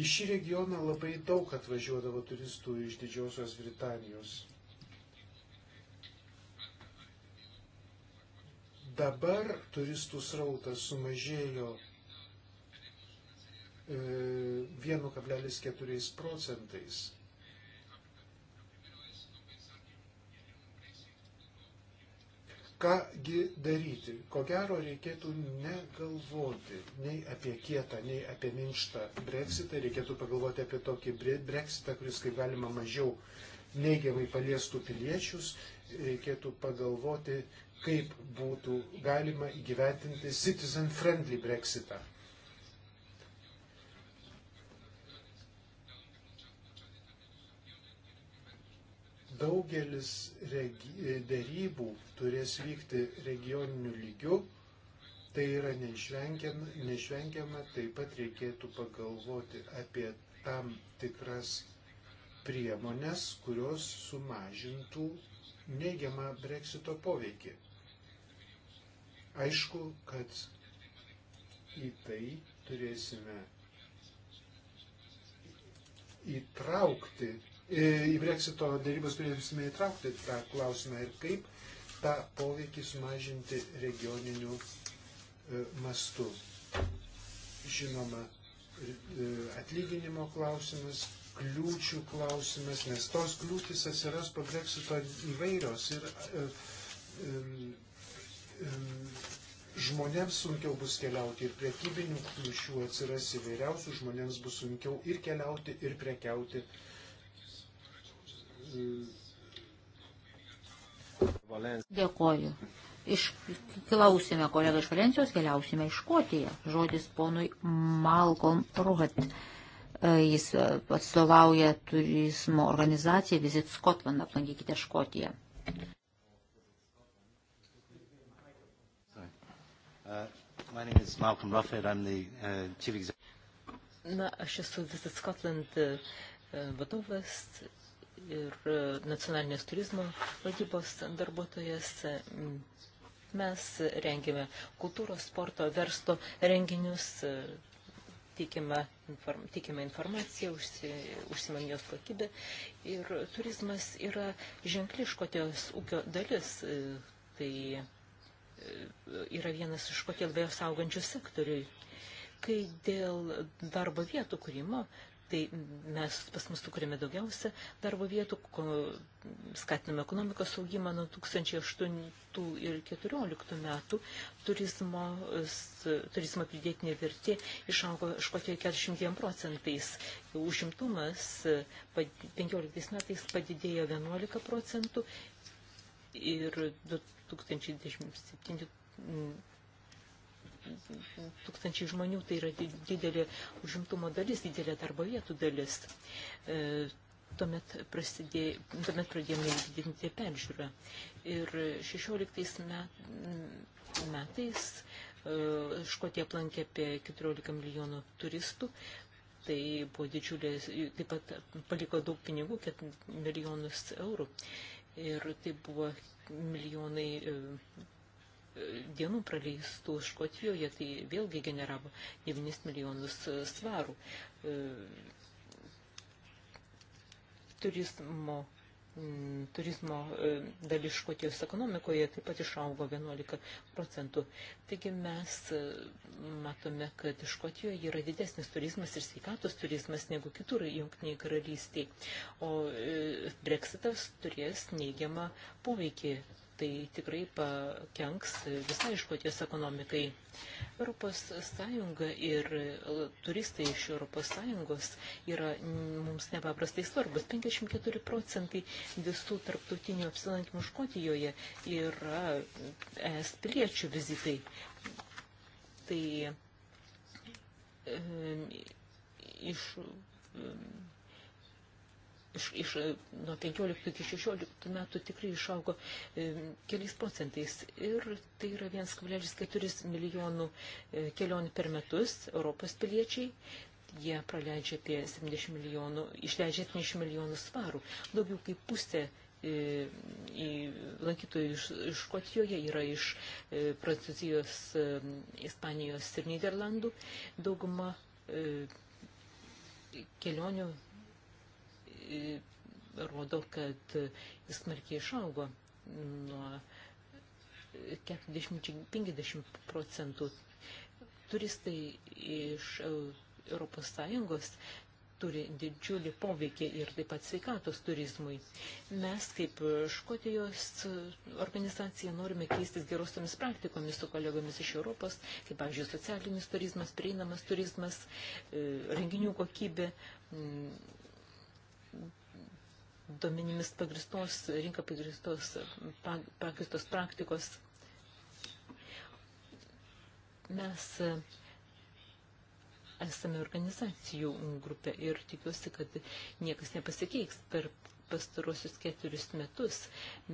Į šį regioną labai daug atvažiuodavo turistų iš Didžiosios Britanijos. Dabar turistų srautas sumažėjo 1,4 e, procentais. kągi daryti. Ko gero reikėtų negalvoti nei apie kietą, nei apie minkštą breksitą, reikėtų pagalvoti apie tokį breksitą, kuris kaip galima mažiau neigiamai paliestų piliečius, reikėtų pagalvoti, kaip būtų galima įgyventinti citizen friendly breksitą. daugelis regi, dėrybų turės vykti regioniniu lygiu, tai yra neišvengiama, neišvengiama, taip pat reikėtų pagalvoti apie tam tikras priemonės, kurios sumažintų neigiamą breksito poveikį. Aišku, kad į tai turėsime įtraukti E, į breksito dėrybas turėsime įtraukti tą klausimą ir kaip tą poveikį sumažinti regioniniu e, mastu. Žinoma, e, atlyginimo klausimas, kliūčių klausimas, nes tos kliūtis atsiras po breksito įvairios ir žmonėms sunkiau bus keliauti ir priekybinių kliūčių atsiras įvairiausių, žmonėms bus sunkiau ir keliauti, ir prekiauti. Dėkoju. Išklausime kolegą iš Valencijos, keliausime į Škotiją. Žodis ponui Malcolm Ruhat. E, jis atstovauja turizmo organizaciją Visit Scotland. Aplankykite Škotiją. Uh, uh, Na, aš esu Visit Scotland uh, vadovas ir e, nacionalinės turizmo vadybos darbuotojas. Mes rengiame kultūros, sporto, versto renginius, e, teikime, inform, teikime informaciją, užsi, užsimam jos kokybę. Ir turizmas yra ženkli škotijos ūkio dalis. E, tai yra vienas iš škotijos augančių sektorių. Kai dėl darbo vietų kūrimo, tai mes pas mus sukūrėme daugiausia darbo vietų, skatiname ekonomikos augimą nuo 2008 ir 2014 metų, turizmo, turizmo pridėtinė vertė išaugo Škotijoje 42 procentais, užimtumas 15 e, metais padidėjo 11 procentų ir 2017 tūkstančiai žmonių, tai yra didelė užimtumo dalis, didelė darbo vietų dalis. E, tuomet, prasidė, tuomet pradėjome didinti peržiūrą. Ir 16 met, metais e, Škotija aplankė apie 14 milijonų turistų, tai buvo didžiulė, taip pat paliko daug pinigų, 4 milijonus eurų. Ir tai buvo milijonai e, dienų praleistų Škotijoje, tai vėlgi generavo 9 milijonus e, svarų. E, turizmo turizmo e, dalis Škotijos ekonomikoje taip pat išaugo 11 procentų. Taigi mes matome, kad Škotijoje yra didesnis turizmas ir sveikatos turizmas negu kitur jungtiniai karalystiai, o Brexitas turės neigiamą poveikį tai tikrai pakenks visai škoties ekonomikai. Europos Sąjunga ir turistai iš Europos Sąjungos yra mums nepaprastai svarbus. 54 procentai visų tarptautinių apsilankimų Škotijoje yra es piliečių vizitai. Tai e, iš e, iš, iš, nuo 15 iki 16 metų tikrai išaugo e, keliais procentais ir tai yra 1,4 milijonų e, kelionių per metus Europos piliečiai. Jie praleidžia apie 70 milijonų, išleidžia 70 milijonų svarų. Daugiau kaip pusė e, į lankytojų iš Škotijoje, yra iš e, Prancūzijos, e, Ispanijos ir Niderlandų. Dauguma kelionių rodo, kad jis smarkiai išaugo nuo 40-50 procentų. Turistai iš Europos Sąjungos turi didžiulį poveikį ir taip pat sveikatos turizmui. Mes kaip Škotijos organizacija norime keistis gerosiamis praktikomis su kolegomis iš Europos, kaip, pavyzdžiui, socialinis turizmas, prieinamas turizmas, renginių kokybė, duomenimis pagristos, rinka pagristos, pagristos praktikos. Mes e, esame organizacijų grupė ir tikiuosi, kad niekas nepasikeis. Per pastarosius keturis metus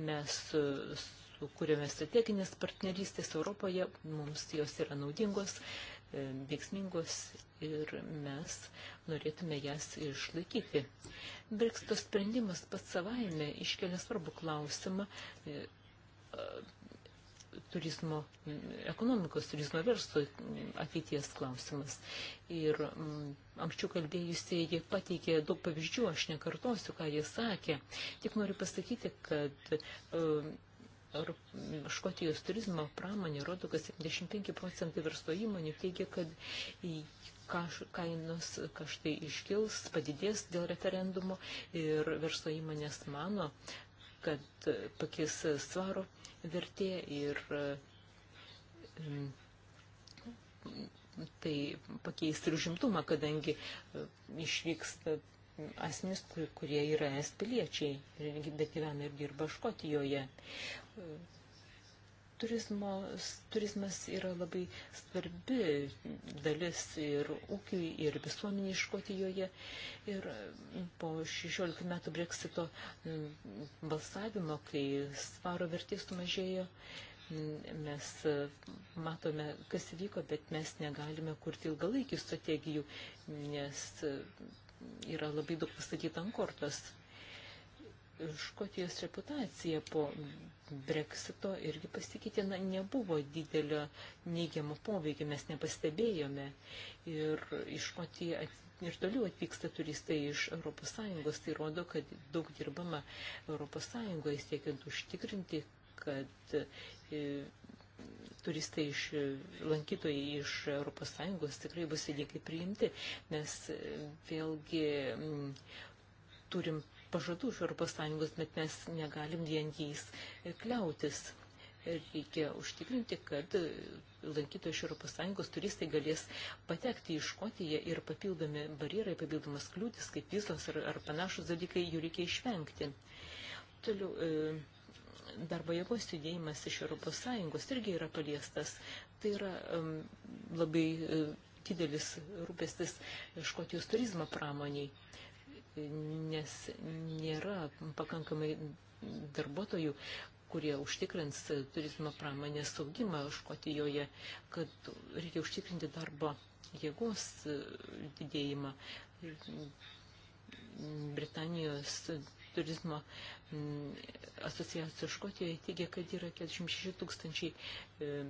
mes e, sukūrėme strateginės partnerystės Europoje, mums jos yra naudingos, e, veiksmingos ir mes norėtume jas išlaikyti. Brexito sprendimas pats savaime iškelia svarbų klausimą e, turizmo, ekonomikos turizmo verslo ateities klausimas. Ir m, mm, anksčiau kalbėjusieji pateikė daug pavyzdžių, aš nekartosiu, ką jie sakė. Tik noriu pasakyti, kad m, e, Ar Škotijos turizmo pramonė rodo, kad 75 procentai verslo įmonių teigia, kad kaš, kainos kaštai iškils, padidės dėl referendumo ir verslo įmonės mano, kad pakis svaro vertė ir tai pakeis ir žimtumą, kadangi e, išvyksta asmenys, kurie yra es piliečiai, bet gyvena ir dirba Škotijoje. Turizmo, turizmas yra labai svarbi dalis ir ūkiui, ir visuomeniai Škotijoje. Ir po 16 metų breksito balsavimo, kai svaro vertės sumažėjo, mes matome, kas vyko, bet mes negalime kurti ilgalaikių strategijų, nes yra labai daug pastatyta ant kortos. Škotijos reputacija po Brexito irgi pasikeitė, na, nebuvo didelio neigiamo poveikio, mes nepastebėjome. Ir iš Škotiją ir toliau atvyksta turistai iš ES, tai rodo, kad daug dirbama ES siekiant užtikrinti, kad e, turistai iš lankytojai iš ES tikrai bus įdėkai priimti, nes e, vėlgi m, turim pažadų iš Europos Sąjungos, bet mes negalim vien jais e, kliautis. Reikia užtikrinti, kad e, lankytojai iš Europos Sąjungos turistai galės patekti į Škotiją ir papildomi barjerai, papildomas kliūtis, kaip vizos ar, ar panašus dalykai, jų reikia išvengti. Toliau, e, darbo jėgos judėjimas iš Europos Sąjungos irgi yra paliestas. Tai yra um, labai um, didelis rūpestis Škotijos turizmo pramoniai. Uh, nes nėra pakankamai darbuotojų, kurie užtikrins turizmo pramonės saugimą Škotijoje, kad reikia užtikrinti darbo jėgos didėjimą. Britanijos turizmo mm, asociacija Škotijoje teigia, kad yra 46 tūkstančiai e,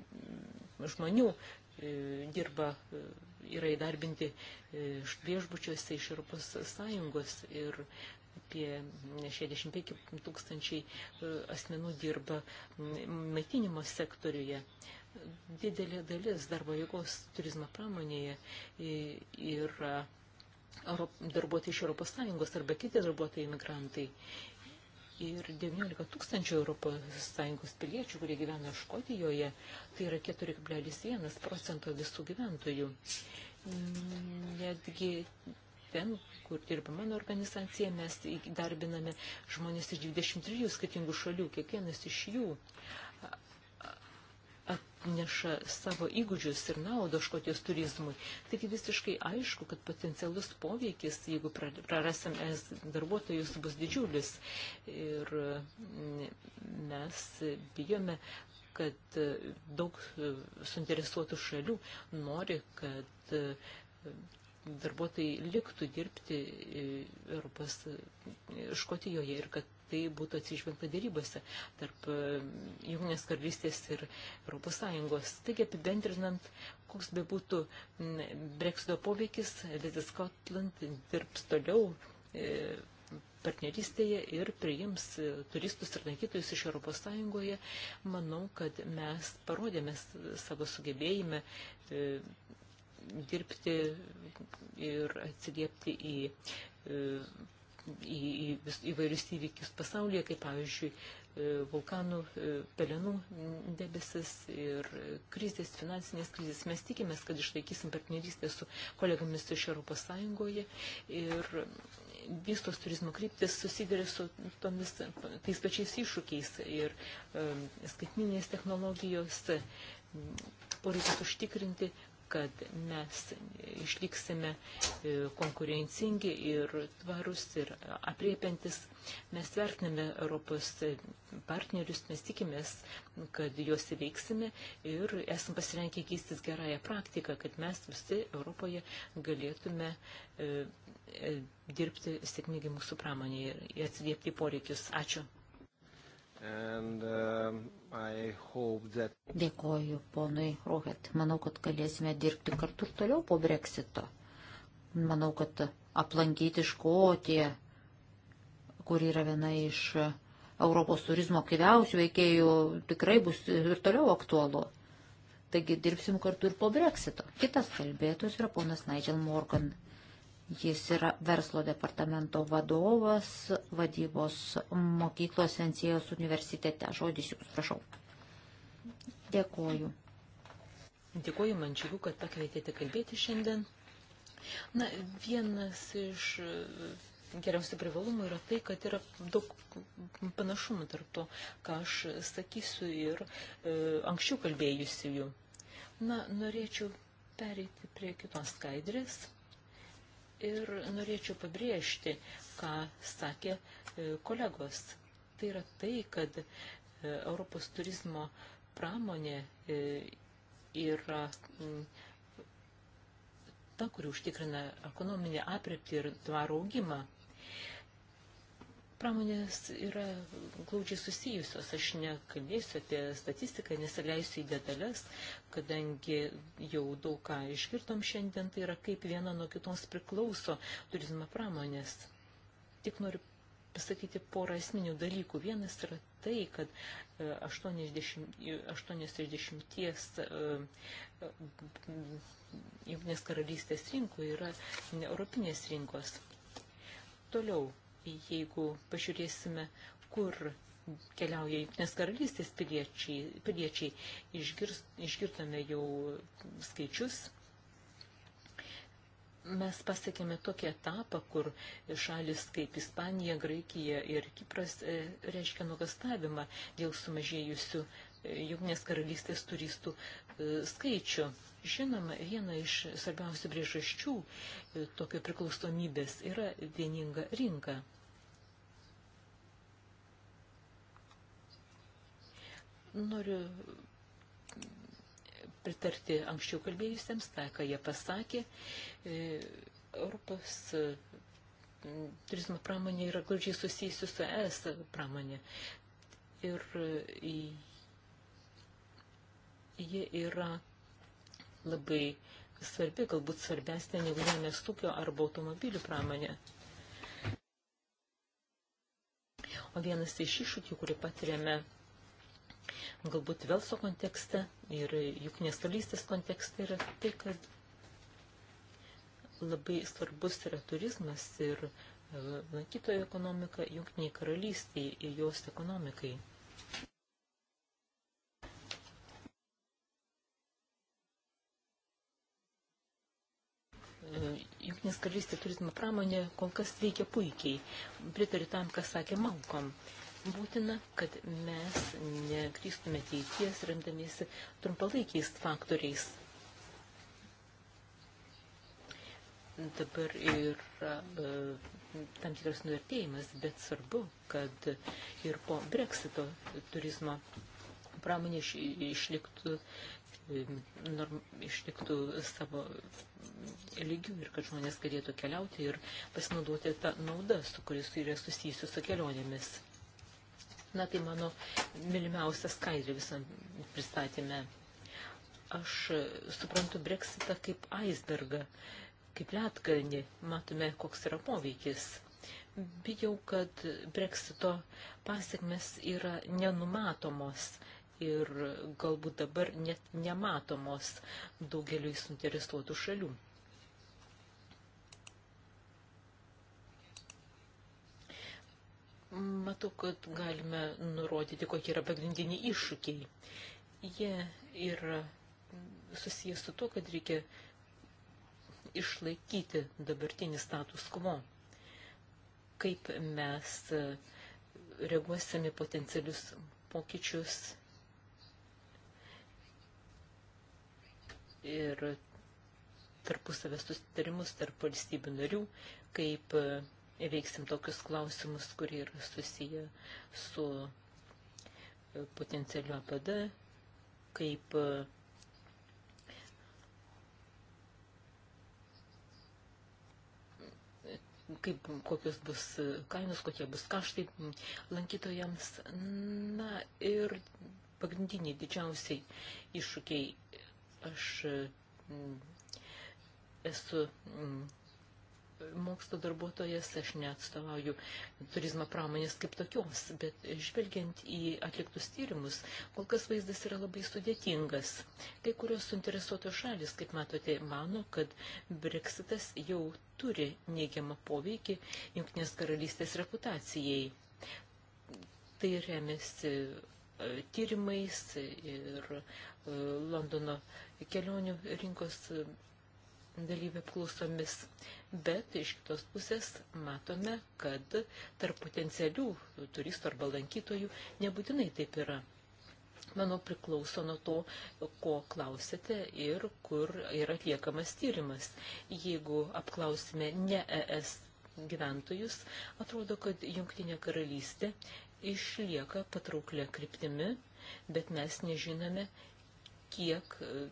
žmonių e, dirba e, yra įdarbinti e, viešbučiuose iš Europos Sąjungos ir apie 65 tūkstančiai e, asmenų dirba maitinimo sektoriuje. Didelė dalis darbo jėgos turizmo pramonėje e, yra darbuotojai iš Europos Sąjungos arba kiti darbuotojai imigrantai ir 19 tūkstančių ES piliečių, kurie gyvena Škotijoje, tai yra 4,1 procento visų gyventojų. Mm, netgi ten, kur dirba mano organizacija, mes darbiname žmonės iš 23 skirtingų šalių, kiekvienas iš jų neša savo įgūdžius ir naudą škotijos turizmui. Taigi visiškai aišku, kad potencialus poveikis, jeigu prarasim es darbuotojus, bus didžiulis. Ir mes bijome, kad daug suinteresuotų šalių nori, kad darbuotojai liktų dirbti e, Europos e, Škotijoje ir kad tai būtų atsižvelgta dėrybose tarp e, Junginės karalystės ir Europos Sąjungos. Taigi apibendrinant, koks be būtų breksito poveikis, Lizzie Scotland dirbs toliau e, partnerystėje ir priims e, turistus ir lankytojus iš Europos Sąjungoje. Manau, kad mes parodėme savo sugebėjime dirbti ir atsiliepti į į, į vis, įvairius įvykius pasaulyje, kaip pavyzdžiui e, vulkanų e, pelenų debesis ir krizės, finansinės krizės. Mes tikimės, kad išlaikysim partnerystę su kolegomis iš Europos Sąjungoje ir vystos turizmo kryptis susiduria su tomis, tais pačiais iššūkiais ir um, e, skaitminės technologijos poreikis užtikrinti kad mes išliksime e, konkurencingi ir tvarus ir apriepiantis. Mes vertiname Europos partnerius, mes tikimės, kad juos įveiksime ir esam pasirenkę keistis gerąją praktiką, kad mes visi Europoje galėtume e, e, dirbti sėkmingai mūsų pramonėje ir atsiliepti poreikius. Ačiū. And, um, that... Dėkoju ponui Rohet. Manau, kad galėsime dirbti kartu ir toliau po breksito. Manau, kad aplankyti Škotiją, kur yra viena iš Europos turizmo aktyviausių veikėjų, tikrai bus ir toliau aktualu. Taigi dirbsim kartu ir po breksito. Kitas kalbėtojas yra ponas Nigel Morgan. Jis yra verslo departamento vadovas vadybos mokyklos Vencijos universitete. Žodis jums, prašau. Dėkoju. Dėkoju, man džiugu, kad pakvietėte kalbėti šiandien. Na, vienas iš e, geriausių privalumų yra tai, kad yra daug panašumų tarp to, ką aš sakysiu ir e, anksčiau kalbėjusiųjų. Na, norėčiau pereiti prie kitos skaidrės ir norėčiau pabrėžti, ką sakė e, kolegos. Tai yra tai, kad e, Europos turizmo pramonė e, yra ta, kuri užtikrina ekonominį aprepti ir tvarų augimą pramonės yra glaudžiai susijusios. Aš nekalbėsiu apie statistiką, nesileisiu į detalės, kadangi jau daug ką išgirdom šiandien, tai yra kaip viena nuo kitos priklauso turizmo pramonės. Tik noriu pasakyti porą esminių dalykų. Vienas yra tai, kad 80, e, 80 e, e, Junktinės karalystės rinkų yra europinės rinkos. Toliau jeigu pažiūrėsime, kur keliauja Junktinės karalystės piliečiai, piliečiai išgirs, išgirdome jau skaičius. Mes pasiekėme tokį etapą, kur šalis kaip Ispanija, Graikija ir Kipras e, reiškia nugastavimą dėl sumažėjusių e, Junktinės karalystės turistų E, skaičių. Žinoma, viena iš svarbiausių priežasčių e, tokio priklausomybės yra vieninga rinka. Noriu pritarti anksčiau kalbėjusiems, tą, ką jie pasakė. E, Europos turizmo pramonė yra glaudžiai susijusi su ES pramonė. Ir ji yra labai svarbi, galbūt svarbesnė negu žemės ūkio arba automobilių pramonė. O vienas iš iššūkių, kurį patiriame galbūt Velso kontekste ir Jukinės karalystės kontekste yra tai, kad labai svarbus yra turizmas ir e, lankytojo ekonomika Junkiniai karalystiai ir jos ekonomikai. Junktinės karalystė turizmo pramonė kol kas veikia puikiai. Pritariu tam, kas sakė Malkom. Būtina, kad mes nekrystume ateities, remdamiesi trumpalaikiais faktoriais. Dabar yra e, tam tikras nuvertėjimas, bet svarbu, kad ir po Brexito turizmo pramonė išliktų norm, išliktų savo lygių ir kad žmonės galėtų keliauti ir pasinaudoti tą naudą, su kuris yra susijusi su kelionėmis. Na, tai mano mylimiausia skaidrė visam pristatymė. Aš suprantu breksitą kaip aisbergą, kaip lietkalnį, matome, koks yra poveikis. Bijau, kad breksito pasiekmes yra nenumatomos ir galbūt dabar net nematomos daugeliui suinteresuotų šalių. Matau, kad galime nurodyti, kokie yra pagrindiniai iššūkiai. Jie yra susijęs su to, kad reikia išlaikyti dabartinį status quo. Kaip mes reaguosime potencialius pokyčius ir tarpusavės susitarimus tarp valstybių narių, kaip e, veiksim tokius klausimus, kurie yra susiję su e, potencialiu APD, kaip e, kaip kokios bus kainos, kokie bus kaštai lankytojams. Na ir pagrindiniai didžiausiai iššūkiai Aš mm, esu mm, mokslo darbuotojas, aš neatstovauju turizmo pramonės kaip tokios, bet žvelgiant į atliktus tyrimus, kol kas vaizdas yra labai sudėtingas. Kai kurios suinteresuotos šalis, kaip matote, mano, kad Brexitas jau turi neigiamą poveikį Junktinės karalystės reputacijai. Tai remiasi e, tyrimais ir e, Londono kelionių rinkos e, dalyvių apklausomis, bet iš kitos pusės matome, kad tarp potencialių turistų arba lankytojų nebūtinai taip yra. Manau, priklauso nuo to, ko klausėte ir kur yra atliekamas tyrimas. Jeigu apklausime ne ES gyventojus, atrodo, kad Junktinė karalystė išlieka patrauklę kryptimi, bet mes nežinome, kiek e,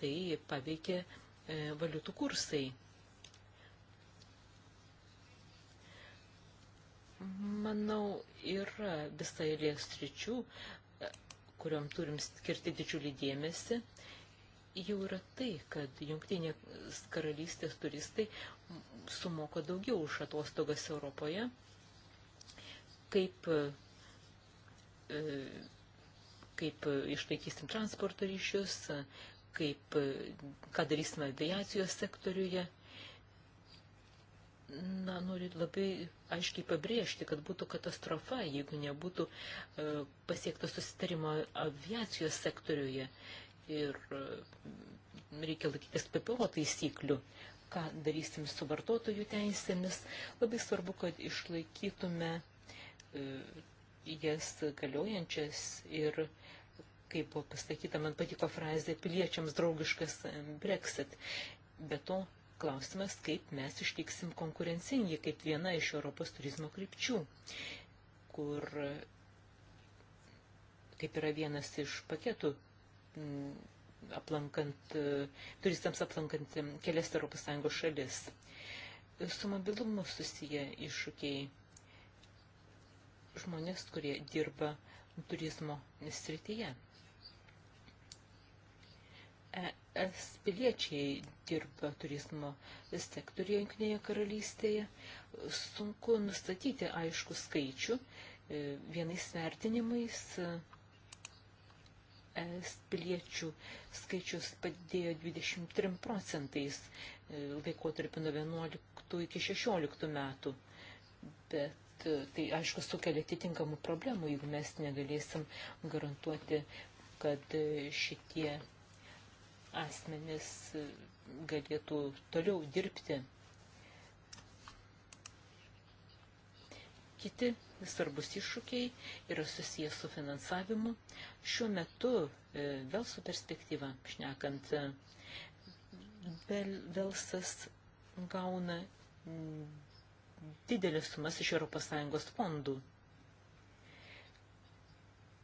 tai paveikė e, valiutų kursai. Manau, yra visa eilė sričių, e, kuriuom turim skirti didžiulį dėmesį. Jau yra tai, kad jungtinės karalystės turistai sumoka daugiau už atostogas Europoje, kaip, e, kaip išlaikysim transporto ryšius, kaip, ką darysime aviacijos sektoriuje. Na, noriu labai aiškiai pabrėžti, kad būtų katastrofa, jeigu nebūtų e, pasiektas susitarimo aviacijos sektoriuje. Ir e, reikia laikytis PPO taisyklių, ką darysim su vartotojų teisėmis. Labai svarbu, kad išlaikytume e, jas galiojančias ir uh, kaip buvo pasakyta, man patiko frazė piliečiams draugiškas Brexit. Be to, klausimas, kaip mes ištiksim konkurencingi, kaip viena iš Europos turizmo krypčių, kur kaip yra vienas iš paketų mm, aplankant, e, turistams aplankant kelias Europos Sąjungos šalis. Su mobilumu susiję iššūkiai žmonės, kurie dirba turizmo srityje. ES piliečiai dirba turizmo sektoriuje Junktinėje karalystėje. Sunku nustatyti aišku skaičių e, vienais vertinimais. ES e piliečių skaičius padidėjo 23 procentais e, laikotarpiu nuo 11 iki 16 metų. Bet tai aišku sukelia atitinkamų problemų, jeigu mes negalėsim garantuoti, kad šitie asmenys galėtų toliau dirbti. Kiti svarbus iššūkiai yra susijęs su finansavimu. Šiuo metu e, vėl su perspektyva, šnekant, e, Velsas gauna didelės sumas iš ES fondų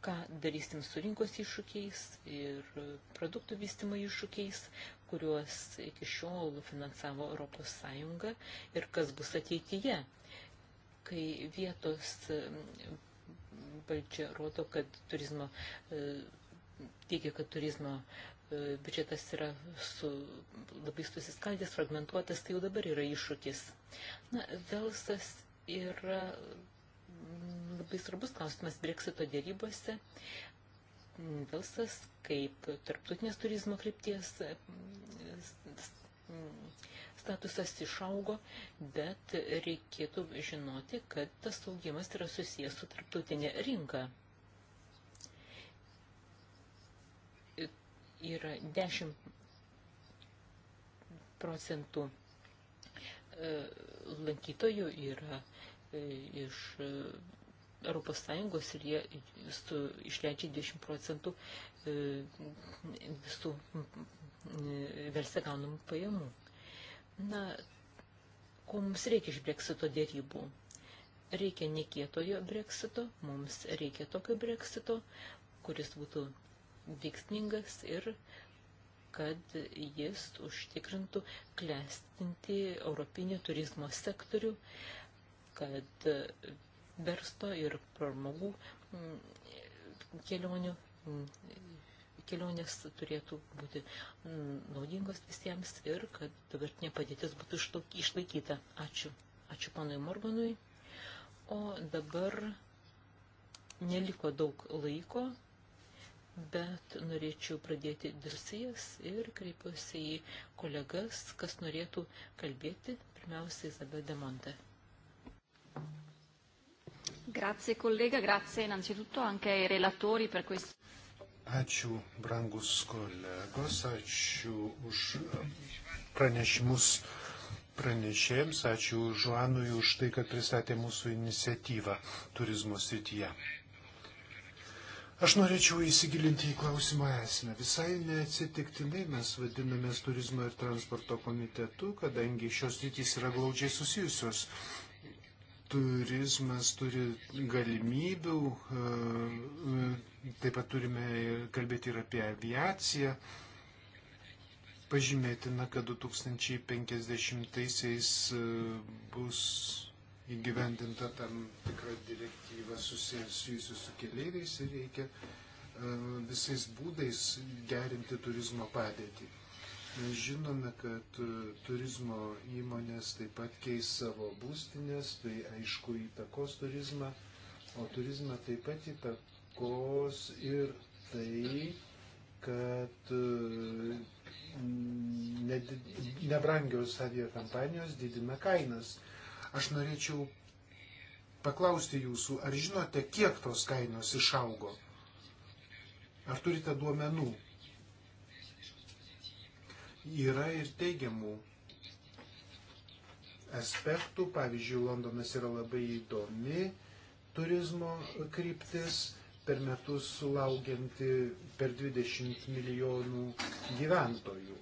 ką darysim su rinkos iššūkiais ir produktų vystimo iššūkiais, kuriuos iki šiol finansavo Europos Sąjunga ir kas bus ateityje, kai vietos mm, valdžia rodo, kad turizmo, e, teigia, kad turizmo e, biudžetas yra su, labai susiskaldęs, fragmentuotas, tai jau dabar yra iššūkis. Na, Velsas yra labai svarbus klausimas Brexito dėrybose. Velsas kaip tarptautinės turizmo krypties statusas išaugo, bet reikėtų žinoti, kad tas augimas yra susijęs su tarptautinė rinka. Yra 10 procentų e, lankytojų yra iš e, Europos Sąjungos ir jie e, visų, išleidžia 20 procentų visų verse gaunamų pajamų. Na, ko mums reikia iš breksito dėrybų? Reikia nekietojo breksito, mums reikia tokio breksito, kuris būtų veiksmingas ir kad jis užtikrintų klestinti europinį turizmo sektorių, uh, kad versto ir pramogų mm, kelionių mm, kelionės turėtų būti mm, naudingos visiems ir kad dabartinė padėtis būtų išlaikyta. Ačiū. Ačiū panui Morganui. O dabar neliko daug laiko, bet norėčiau pradėti diskusijas ir kreipiuosi į kolegas, kas norėtų kalbėti. Pirmiausia, Izabel Demonte. Grazie collega, grazie innanzitutto anche ai relatori per questo. Ačiū, brangus kolegos, ačiū už eh, pranešimus pranešėjams, ačiū Žuanui už tai, kad pristatė mūsų iniciatyvą turizmo srityje. Aš norėčiau įsigilinti į klausimo esmę. Visai neatsitiktinai mes vadinamės turizmo ir transporto komitetu, kadangi šios rytys yra glaudžiai susijusios turizmas turi galimybių, e, e, taip pat turime kalbėti ir apie aviaciją. Pažymėtina, kad 2050-aisiais e, bus įgyvendinta tam tikra direktyva susijusi su keliaiviais ir reikia visais būdais gerinti turizmo padėtį. Mes žinome, kad e, turizmo įmonės taip pat keis savo būstinės, tai aišku įtakos turizmą, o turizmą taip pat įtakos ir tai, kad e, ne, nebrangios aviakompanijos didina kainas. Aš norėčiau paklausti jūsų, ar žinote, kiek tos kainos išaugo? Ar turite duomenų? Yra ir teigiamų aspektų, pavyzdžiui, Londonas yra labai įdomi turizmo kryptis, per metus sulaukianti per 20 milijonų gyventojų.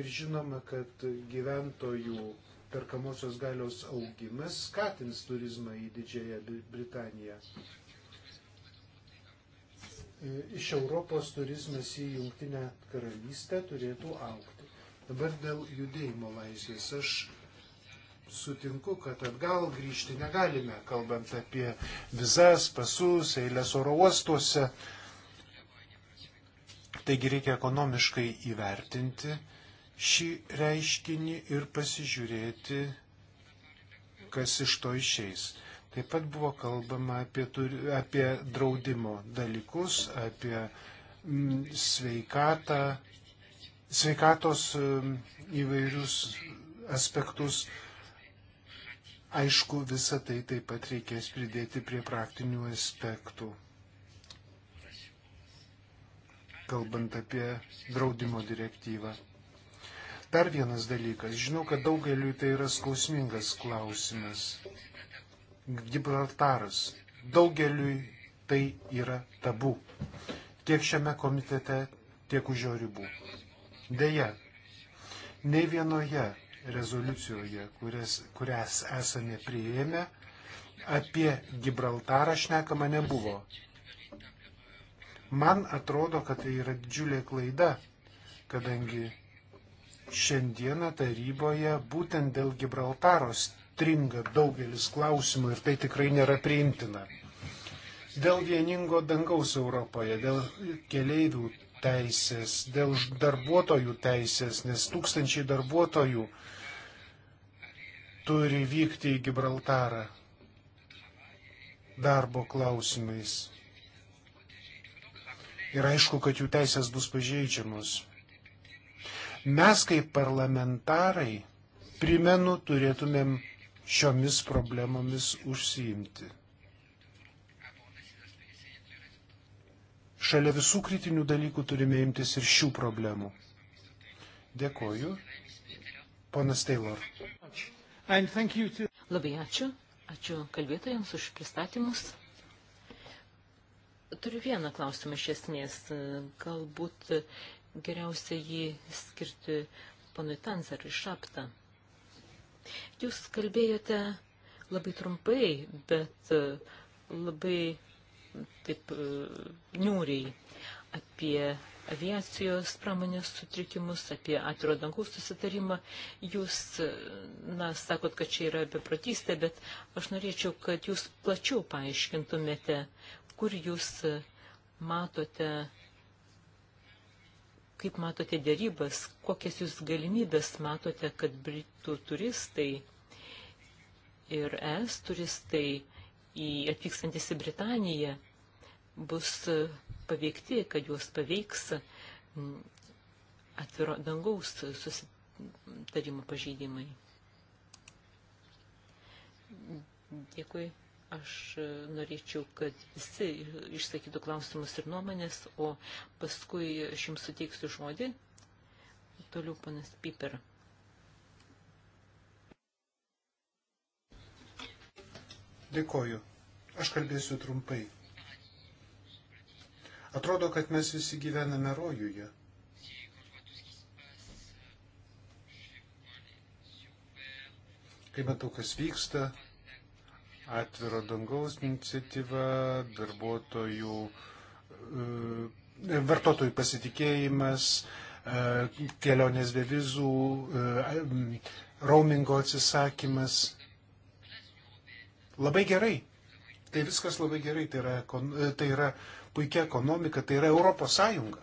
Ir žinoma, kad gyventojų perkamosios galios augimas skatins turizmą į Didžiąją Britaniją. Iš Europos turizmas į Jungtinę karalystę turėtų aukti. Dabar dėl judėjimo laisvės. Aš sutinku, kad atgal grįžti negalime, kalbant apie vizas, pasus, eilės oro uostuose. Taigi reikia ekonomiškai įvertinti šį reiškinį ir pasižiūrėti, kas iš to išeis. Taip pat buvo kalbama apie, turi, apie draudimo dalykus, apie m, mm, sveikatą, sveikatos įvairius aspektus. Aišku, visą tai taip pat reikės pridėti prie praktinių aspektų, kalbant apie draudimo direktyvą. Dar vienas dalykas. Žinau, kad daugeliu tai yra skausmingas klausimas. Gibraltaras. Daugeliu tai yra tabu. Tiek šiame komitete, tiek už jo ribų. Deja, nei vienoje rezoliucijoje, kurias, kurias esame prieėmę, apie Gibraltarą šnekama nebuvo. Man atrodo, kad tai yra didžiulė klaida, kadangi šiandieną taryboje būtent dėl Gibraltaro stringa daugelis klausimų ir tai tikrai nėra priimtina. Dėl vieningo dangaus Europoje, dėl keleivių teisės, dėl darbuotojų teisės, nes tūkstančiai darbuotojų turi vykti į Gibraltarą darbo klausimais. Ir aišku, kad jų teisės bus pažeidžiamos. Mes kaip parlamentarai, primenu, turėtumėm šiomis problemomis užsiimti. Šalia visų kritinių dalykų turime imtis ir šių problemų. Dėkoju. Ponas Taylor. Labai ačiū. Ačiū kalbėtojams už pristatymus. Turiu vieną klausimą iš esmės. Galbūt geriausia jį skirti panui Tanzarui Šaptą. Jūs kalbėjote labai trumpai, bet labai taip e, niūriai apie aviacijos pramonės sutrikimus, apie atviro dangaus susitarimą. Jūs, e, na, sakot, kad čia yra beprotystė, bet aš norėčiau, kad jūs plačiau paaiškintumėte, kur jūs e, matote, kaip matote dėrybas, kokias jūs galimybės matote, kad britų turistai ir es turistai į atvykstantis į Britaniją bus paveikti, kad juos paveiks mm, atviro dangaus susitarimo pažeidimai. Dėkui. Aš norėčiau, kad visi išsakytų klausimus ir nuomonės, o paskui aš jums suteiksiu žodį. Toliau panas Piper. Dėkoju. Aš kalbėsiu trumpai. Atrodo, kad mes visi gyvename rojuje. Kai matau, kas vyksta, atviro dangaus iniciatyva, darbuotojų, e, vartotojų pasitikėjimas, e, kelionės be vizų, e, roamingo atsisakymas. Labai gerai. Tai viskas labai gerai. Tai yra, e, tai yra puikia ekonomika, tai yra Europos Sąjunga.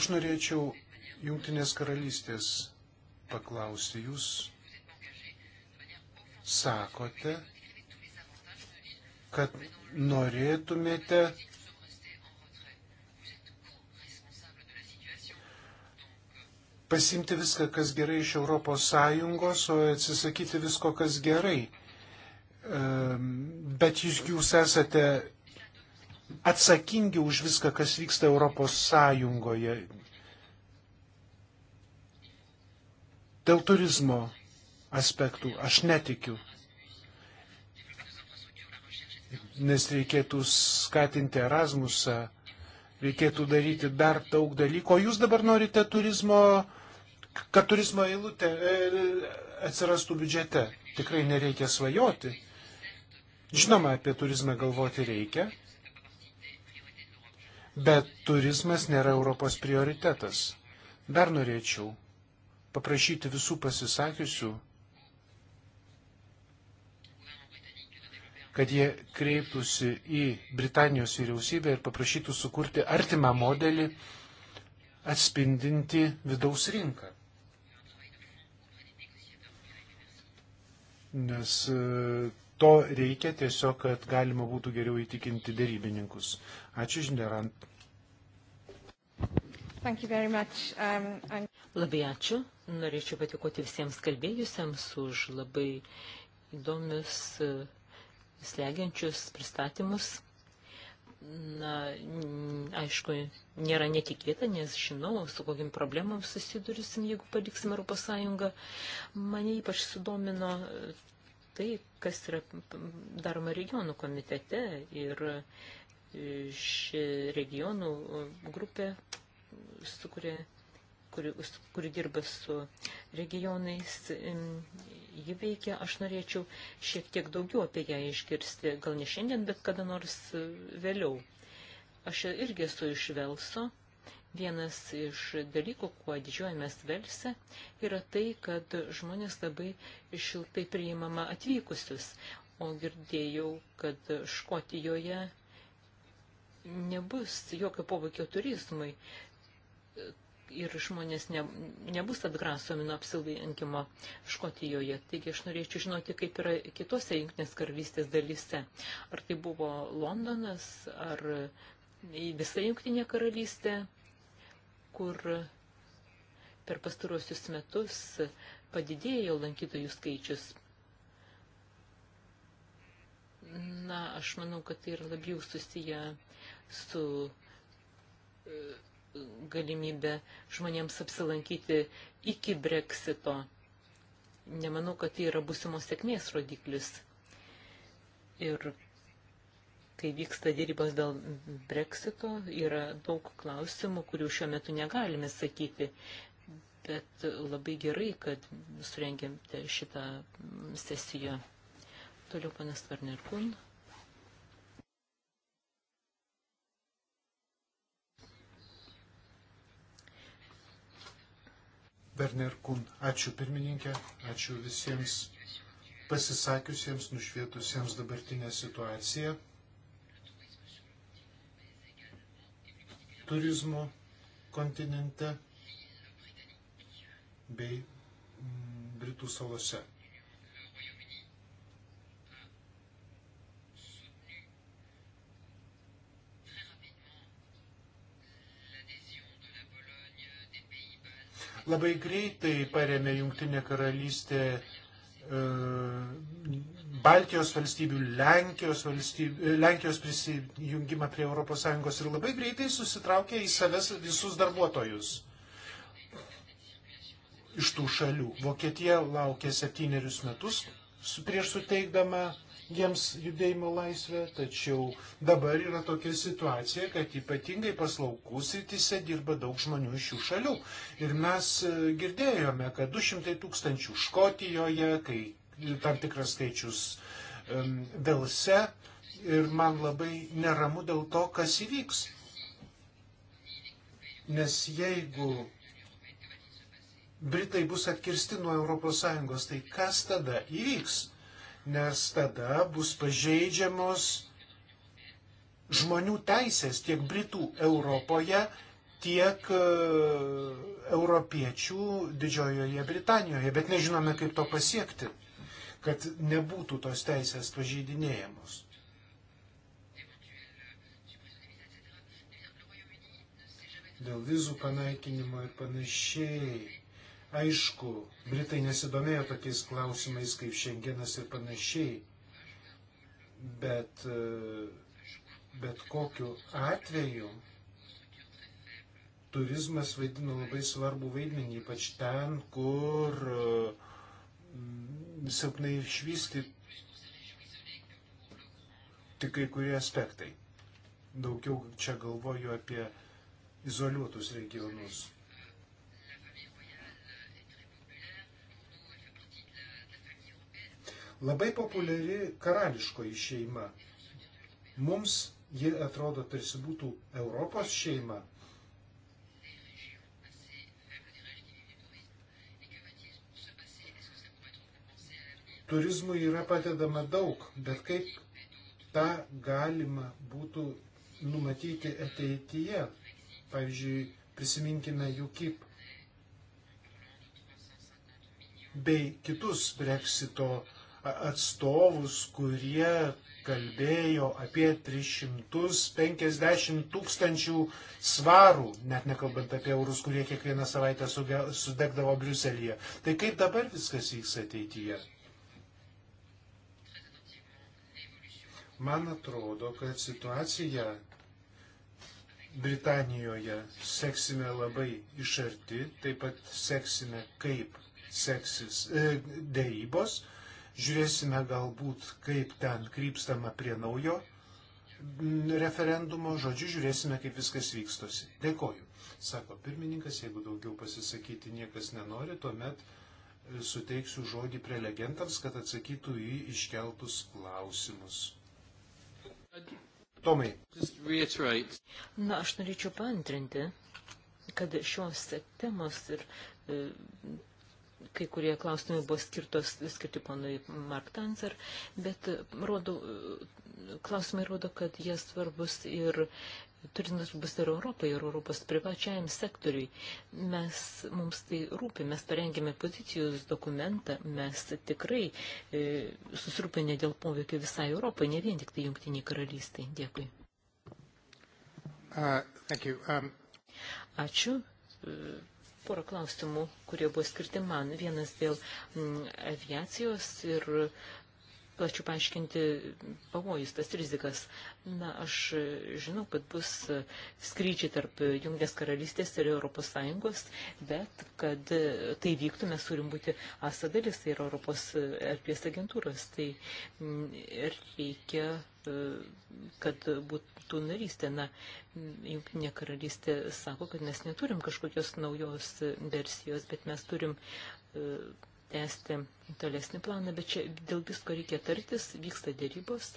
Aš norėčiau Jungtinės karalystės paklausti. Jūs sakote, kad norėtumėte pasimti viską, kas gerai iš Europos Sąjungos, o atsisakyti visko, kas gerai. Ehm, bet jūs, jūs esate atsakingi už viską, kas vyksta Europos Sąjungoje. Dėl turizmo aspektų aš netikiu, nes reikėtų skatinti Erasmusą, reikėtų daryti dar daug dalykų. O jūs dabar norite turizmo kad turizmo eilutė e, atsirastų biudžete. Tikrai nereikia svajoti. Žinoma, apie turizmą galvoti reikia, bet turizmas nėra Europos prioritetas. Dar norėčiau paprašyti visų pasisakiusių, kad jie kreiptųsi į Britanijos vyriausybę ir paprašytų sukurti artimą modelį atspindinti vidaus rinką. nes e, to reikia tiesiog, kad galima būtų geriau įtikinti dėrybininkus. Ačiū Žinderant. Um, and... Labai ačiū. Norėčiau patikoti visiems kalbėjusiems už labai įdomius, e, slegiančius pristatymus na, aišku, nėra netikėta, nes žinau, su kokiam problemam susidurisim, jeigu paliksim Europos Sąjungą. Mane ypač sudomino tai, kas yra daroma regionų komitete ir e, ši regionų grupė, su kuria kuri, kuri dirba su regionais, ji veikia, aš norėčiau šiek tiek daugiau apie ją išgirsti, gal ne šiandien, bet kada nors e, vėliau. Aš irgi esu iš Velso. Vienas iš dalykų, kuo didžiuojamės Velse, yra tai, kad žmonės labai šiltai priimama atvykusius. O girdėjau, kad Škotijoje nebus jokio poveikio turizmui ir žmonės ne, nebus atgrasomi nuo apsilankimo Škotijoje. Taigi aš norėčiau žinoti, kaip yra kitose jungtinės karalystės dalyse. Ar tai buvo Londonas, ar visa jungtinė karalystė, kur per pastaruosius metus padidėjo lankytojų skaičius. Na, aš manau, kad tai yra labiau susiję su galimybę žmonėms apsilankyti iki breksito. Nemanau, kad tai yra būsimos sėkmės rodiklis. Ir kai vyksta dėrybos dėl breksito, yra daug klausimų, kurių šiuo metu negalime sakyti. Bet labai gerai, kad surengėmte šitą sesiją. Toliau panas Varnerkūnas. Berner Kun. Ačiū pirmininkė, ačiū visiems pasisakiusiems, nušvietusiems dabartinę situaciją. Turizmo kontinente bei mm, Britų salose. Labai greitai paremė Junktinė karalystė e, Baltijos valstybių, Lenkijos, valstybių, e, Lenkijos prisijungimą prie ES ir labai greitai susitraukė į savęs visus darbuotojus iš tų šalių. Vokietija laukė septynerius metus prieš suteikdama jiems judėjimo laisvę, tačiau dabar yra tokia situacija, kad ypatingai paslaugų srityse dirba daug žmonių iš šių šalių. Ir mes e, girdėjome, kad 200 tūkstančių Škotijoje, kai tam tikras skaičius um, Velse, ir man labai neramu dėl to, kas įvyks. Nes jeigu Britai bus atkirsti nuo ES, tai kas tada įvyks? nes tada bus pažeidžiamos žmonių teisės tiek Britų Europoje, tiek e, europiečių Didžiojoje Britanijoje, bet nežinome, kaip to pasiekti, kad nebūtų tos teisės pažeidinėjamos. Dėl vizų panaikinimo ir panašiai. Aišku, Britai nesidomėjo tokiais klausimais kaip šiandienas ir panašiai, bet, e, bet kokiu atveju turizmas vaidina labai svarbu vaidmenį, ypač ten, kur e, silpnai išvysti tik kai kurie aspektai. Daugiau čia galvoju apie izoliuotus regionus. Labai populiari karališkoji šeima. Mums ji atrodo tarsi būtų Europos šeima. Turizmui yra padedama daug, bet kaip tą galima būtų numatyti ateityje. Pavyzdžiui, prisiminkime UKIP bei kitus breksito atstovus, kurie kalbėjo apie 350 tūkstančių svarų, net nekalbant apie eurus, kurie kiekvieną savaitę sudegdavo Briuselėje. Tai kaip dabar viskas vyks ateityje? Man atrodo, kad situacija Britanijoje seksime labai iš arti, taip pat seksime, kaip seksis e, dėrybos. E, Žiūrėsime galbūt, kaip ten krypstama prie naujo referendumo, žodžiu, žiūrėsime, kaip viskas vykstosi. Dėkoju. Sako pirmininkas, jeigu daugiau pasisakyti niekas nenori, tuomet e, suteiksiu žodį prelegentams, kad atsakytų į iškeltus klausimus. Tomai. Na, aš norėčiau paantrinti, kad šios temos ir e, kai kurie klausimai buvo skirtos, skirti ponui Mark Tanzer, bet rodo, klausimai rodo, kad jie svarbus ir turintas bus ir Europai, ir Europos privačiajam sektoriui. Mes, mums tai rūpi, mes parengėme pozicijos dokumentą, mes tikrai e, susirūpinę dėl poveikio visai Europai, ne vien tik tai jungtiniai karalystiai. Dėkui. Uh, um... Ačiū porą klausimų, kurie buvo skirti man. Vienas dėl mm, aviacijos ir plačių paaiškinti pavojus, tas rizikas. Na, aš žinau, kad bus skrydžiai tarp Junginės karalystės ir Europos Sąjungos, bet kad tai vyktų, mes turim būti ASA dalis, tai yra Europos erdvės agentūros. Tai mm, reikia E, kad būtų narystė. Na, jungtinė karalystė sako, kad mes neturim kažkokios naujos versijos, bet mes turim e, tęsti tolesnį planą, bet čia dėl visko reikia tartis, vyksta dėrybos.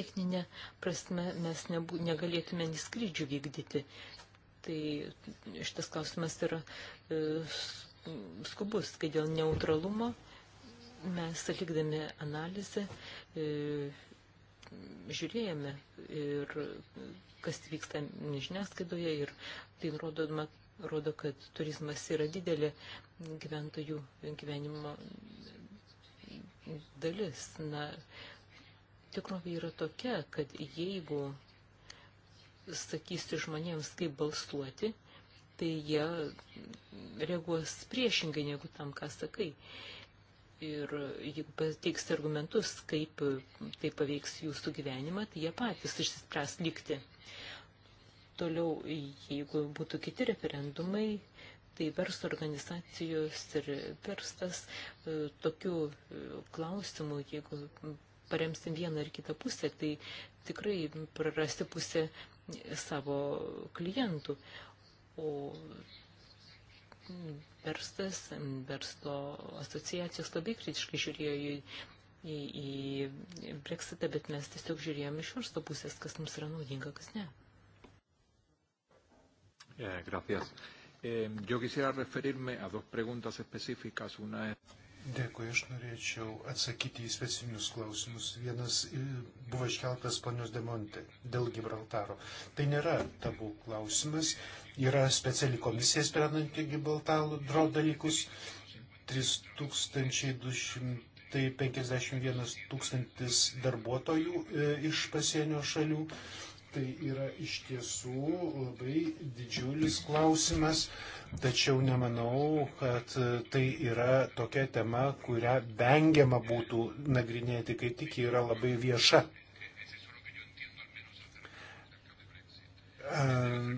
Techninė prasme mes nebū, negalėtume neskrydžių vykdyti. Tai šitas klausimas yra e, skubus, kai dėl neutralumo Mes atlikdami analizę e, žiūrėjome ir kas vyksta žiniasklaidoje ir tai rodoma, rodo, kad turizmas yra didelė gyventojų gyvenimo dalis. Na, tikrovė yra tokia, kad jeigu sakysi žmonėms, kaip balsuoti, tai jie reaguos priešingai negu tam, ką sakai ir jeigu pateiks argumentus, kaip tai paveiks jūsų gyvenimą, tai jie patys išsispręs likti. Toliau, jeigu būtų kiti referendumai, tai verslo organizacijos ir verslas e, tokių e, klausimų, jeigu paremsim vieną ar kitą pusę, tai tikrai prarasti pusę savo klientų. O verslas, verslo asociacijos labai kritiškai žiūrėjo į, į, į Brexitą, bet mes tiesiog žiūrėjome iš verslo pusės, kas mums yra naudinga, kas ne. Yeah, gracias. Eh, yo quisiera referirme a dos preguntas específicas. Una es... Dėkui, aš norėčiau atsakyti į specifinius klausimus. Vienas e, buvo iškeltas ponios Demonte dėl Gibraltaro. Tai nėra tabų klausimas, yra speciali komisija sprendantį Gibraltaro dalykus. 3251 tūkstantis darbuotojų e, iš pasienio šalių Tai yra iš tiesų labai didžiulis klausimas, tačiau nemanau, kad tai yra tokia tema, kurią vengiama būtų nagrinėti, kai tik yra labai vieša. Ehm,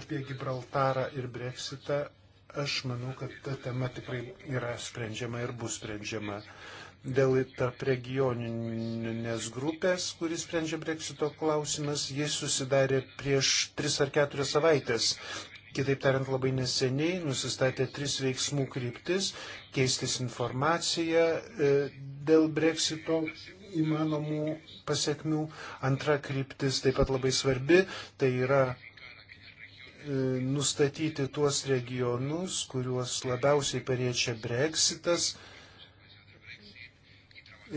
apie Gibraltarą ir Brexitą aš manau, kad ta tema tikrai yra sprendžiama ir bus sprendžiama. Uh, dėl tarp regioninės grupės, kuris sprendžia breksito klausimas, jis susidarė prieš tris ar keturias savaitės. Kitaip tariant, labai neseniai nusistatė tris veiksmų kryptis - keistis informacija e, dėl breksito įmanomų pasiekmių. Antra kryptis taip pat labai svarbi - tai yra e, nustatyti tuos regionus, kuriuos labiausiai pariečia breksitas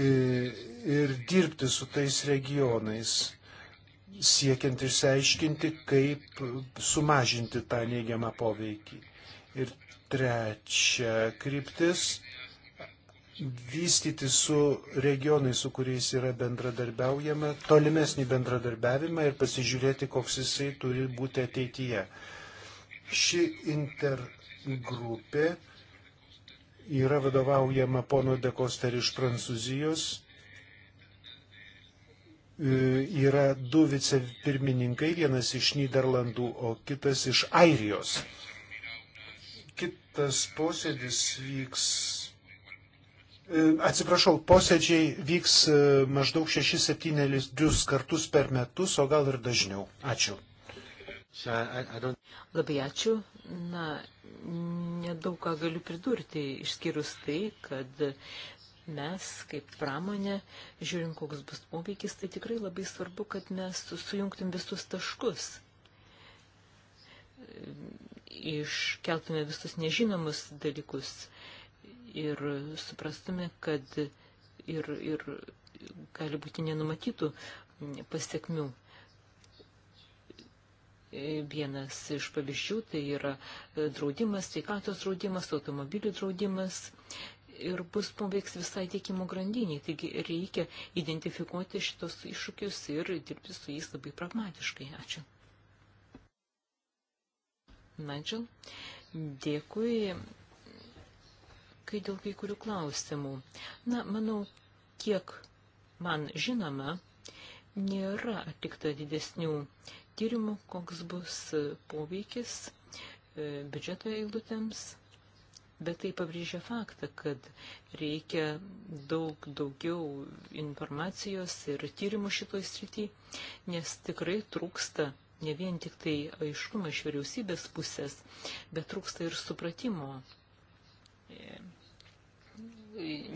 ir dirbti su tais regionais, siekiant išsiaiškinti, kaip sumažinti tą neigiamą poveikį. Ir trečia kryptis - vystyti su regionai, su kuriais yra bendradarbiaujama, tolimesnį bendradarbiavimą ir pasižiūrėti, koks jisai turi būti ateityje. Ši intergrupė yra vadovaujama pono Dekoster iš Prancūzijos. E, yra du vicepirmininkai, vienas iš Niderlandų, o kitas iš Airijos. Kitas posėdis vyks. E, atsiprašau, posėdžiai vyks e, maždaug 6-7 kartus per metus, o gal ir dažniau. Ačiū. Labai ačiū. Na, nedaug ką galiu pridurti, išskyrus tai, kad mes, kaip pramonė, žiūrim, koks bus poveikis, tai tikrai labai svarbu, kad mes sujungtum visus taškus. Iškeltume visus nežinomus dalykus ir suprastume, kad ir, ir gali būti nenumatytų pasiekmių. E, vienas iš pavyzdžių tai yra e, draudimas, sveikatos draudimas, automobilių draudimas ir bus poveiks visai tiekimo grandiniai. Taigi reikia identifikuoti šitos iššūkius ir dirbti su jais labai pragmatiškai. Ačiū. Nigel, dėkui, kai dėl kai kurių klausimų. Na, manau, kiek man žinoma, nėra atlikta didesnių tyrimų, koks bus poveikis e, biudžeto eilutėms, bet tai pabrėžia faktą, kad reikia daug daugiau informacijos ir tyrimų šitoj srity, nes tikrai trūksta ne vien tik tai aiškumo iš vyriausybės pusės, bet trūksta ir supratimo e,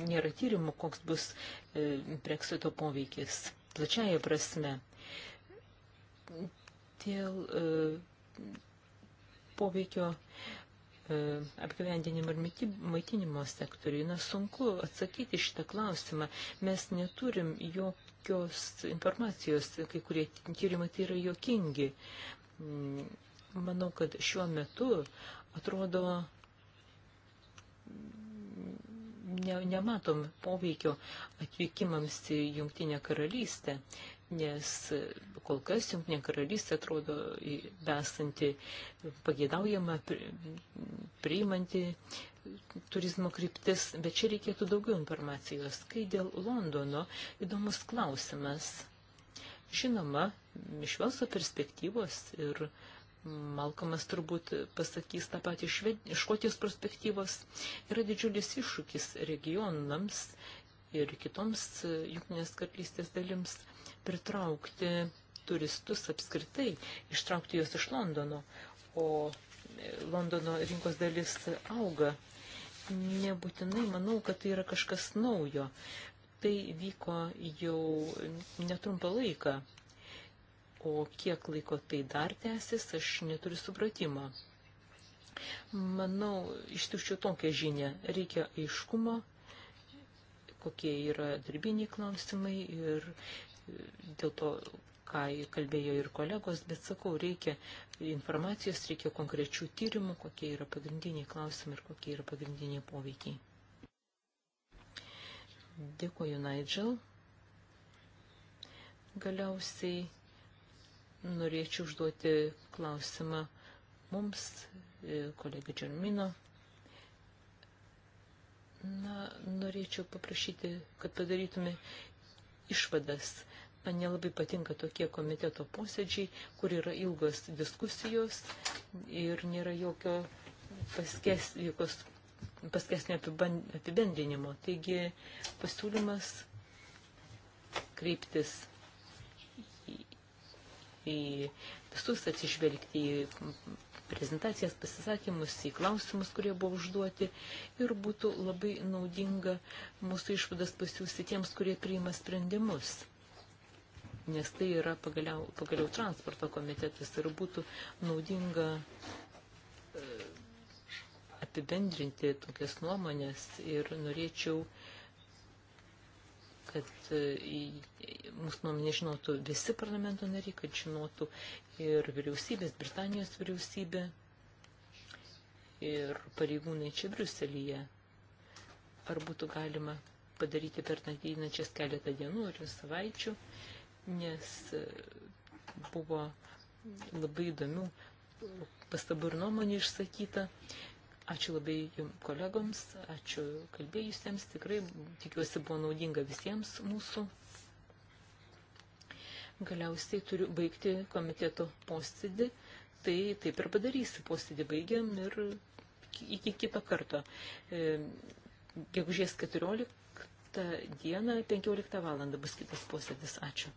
nėra tyrimų, koks bus e, breksito poveikis plačiaja prasme. Dėl e, poveikio e, apgyvendinimo ir maitinimo sektoriui, na, sunku atsakyti šitą klausimą. Mes neturim jokios informacijos, kai kurie tyrimai tai yra jokingi. Mm, manau, kad šiuo metu atrodo ne, nematom poveikio atvykimams į Jungtinę karalystę, nes kol kas Jungtinė karalystė atrodo besanti pagėdaujama, priimanti turizmo kryptis, bet čia reikėtų daugiau informacijos. Kai dėl Londono įdomus klausimas. Žinoma, iš Velso perspektyvos ir Malkomas turbūt pasakys tą patį iš Škotijos perspektyvos, yra didžiulis iššūkis regionams ir kitoms e, jungtinės karalystės dalims pritraukti turistus apskritai, ištraukti juos iš Londono, o e, Londono rinkos dalis auga. Nebūtinai manau, kad tai yra kažkas naujo. Tai vyko jau netrumpą laiką o kiek laiko tai dar tęsis, aš neturiu supratimą. Manau, išsiųščiau tokią žinę, reikia aiškumo, kokie yra darbiniai klausimai ir dėl to, ką kalbėjo ir kolegos, bet sakau, reikia informacijos, reikia konkrečių tyrimų, kokie yra pagrindiniai klausimai ir kokie yra pagrindiniai poveikiai. Dėkuoju, Nigel. Galiausiai norėčiau užduoti klausimą mums, e, kolegai Džermino. Na, norėčiau paprašyti, kad padarytume išvadas. Man nelabai patinka tokie komiteto posėdžiai, kur yra ilgos diskusijos ir nėra jokio paskes, jokios paskesnio apibendrinimo. Taigi pasiūlymas kreiptis į visus, atsižvelgti į prezentacijas, pasisakymus, į klausimus, kurie buvo užduoti ir būtų labai naudinga mūsų išvadas pasiūsti tiems, kurie priima sprendimus. Nes tai yra pagaliau, pagaliau transporto komitetas ir būtų naudinga e, apibendrinti tokias nuomonės ir norėčiau uh, kad e, mūsų nuomonė žinotų visi parlamento nariai, kad žinotų ir vyriausybės, Britanijos vyriausybė, ir pareigūnai čia Briuselyje. Ar būtų galima padaryti per ateinančias keletą dienų ar savaičių, nes e, buvo labai įdomių pastabų ir nuomonį išsakyta. Ačiū labai jums kolegoms, ačiū kalbėjusiems, tikrai tikiuosi buvo naudinga visiems mūsų. Galiausiai turiu baigti komiteto posėdį, tai taip ir padarysiu, posėdį baigiam ir iki kito karto. E, gegužės 14 dieną 15 valandą bus kitas posėdis. Ačiū.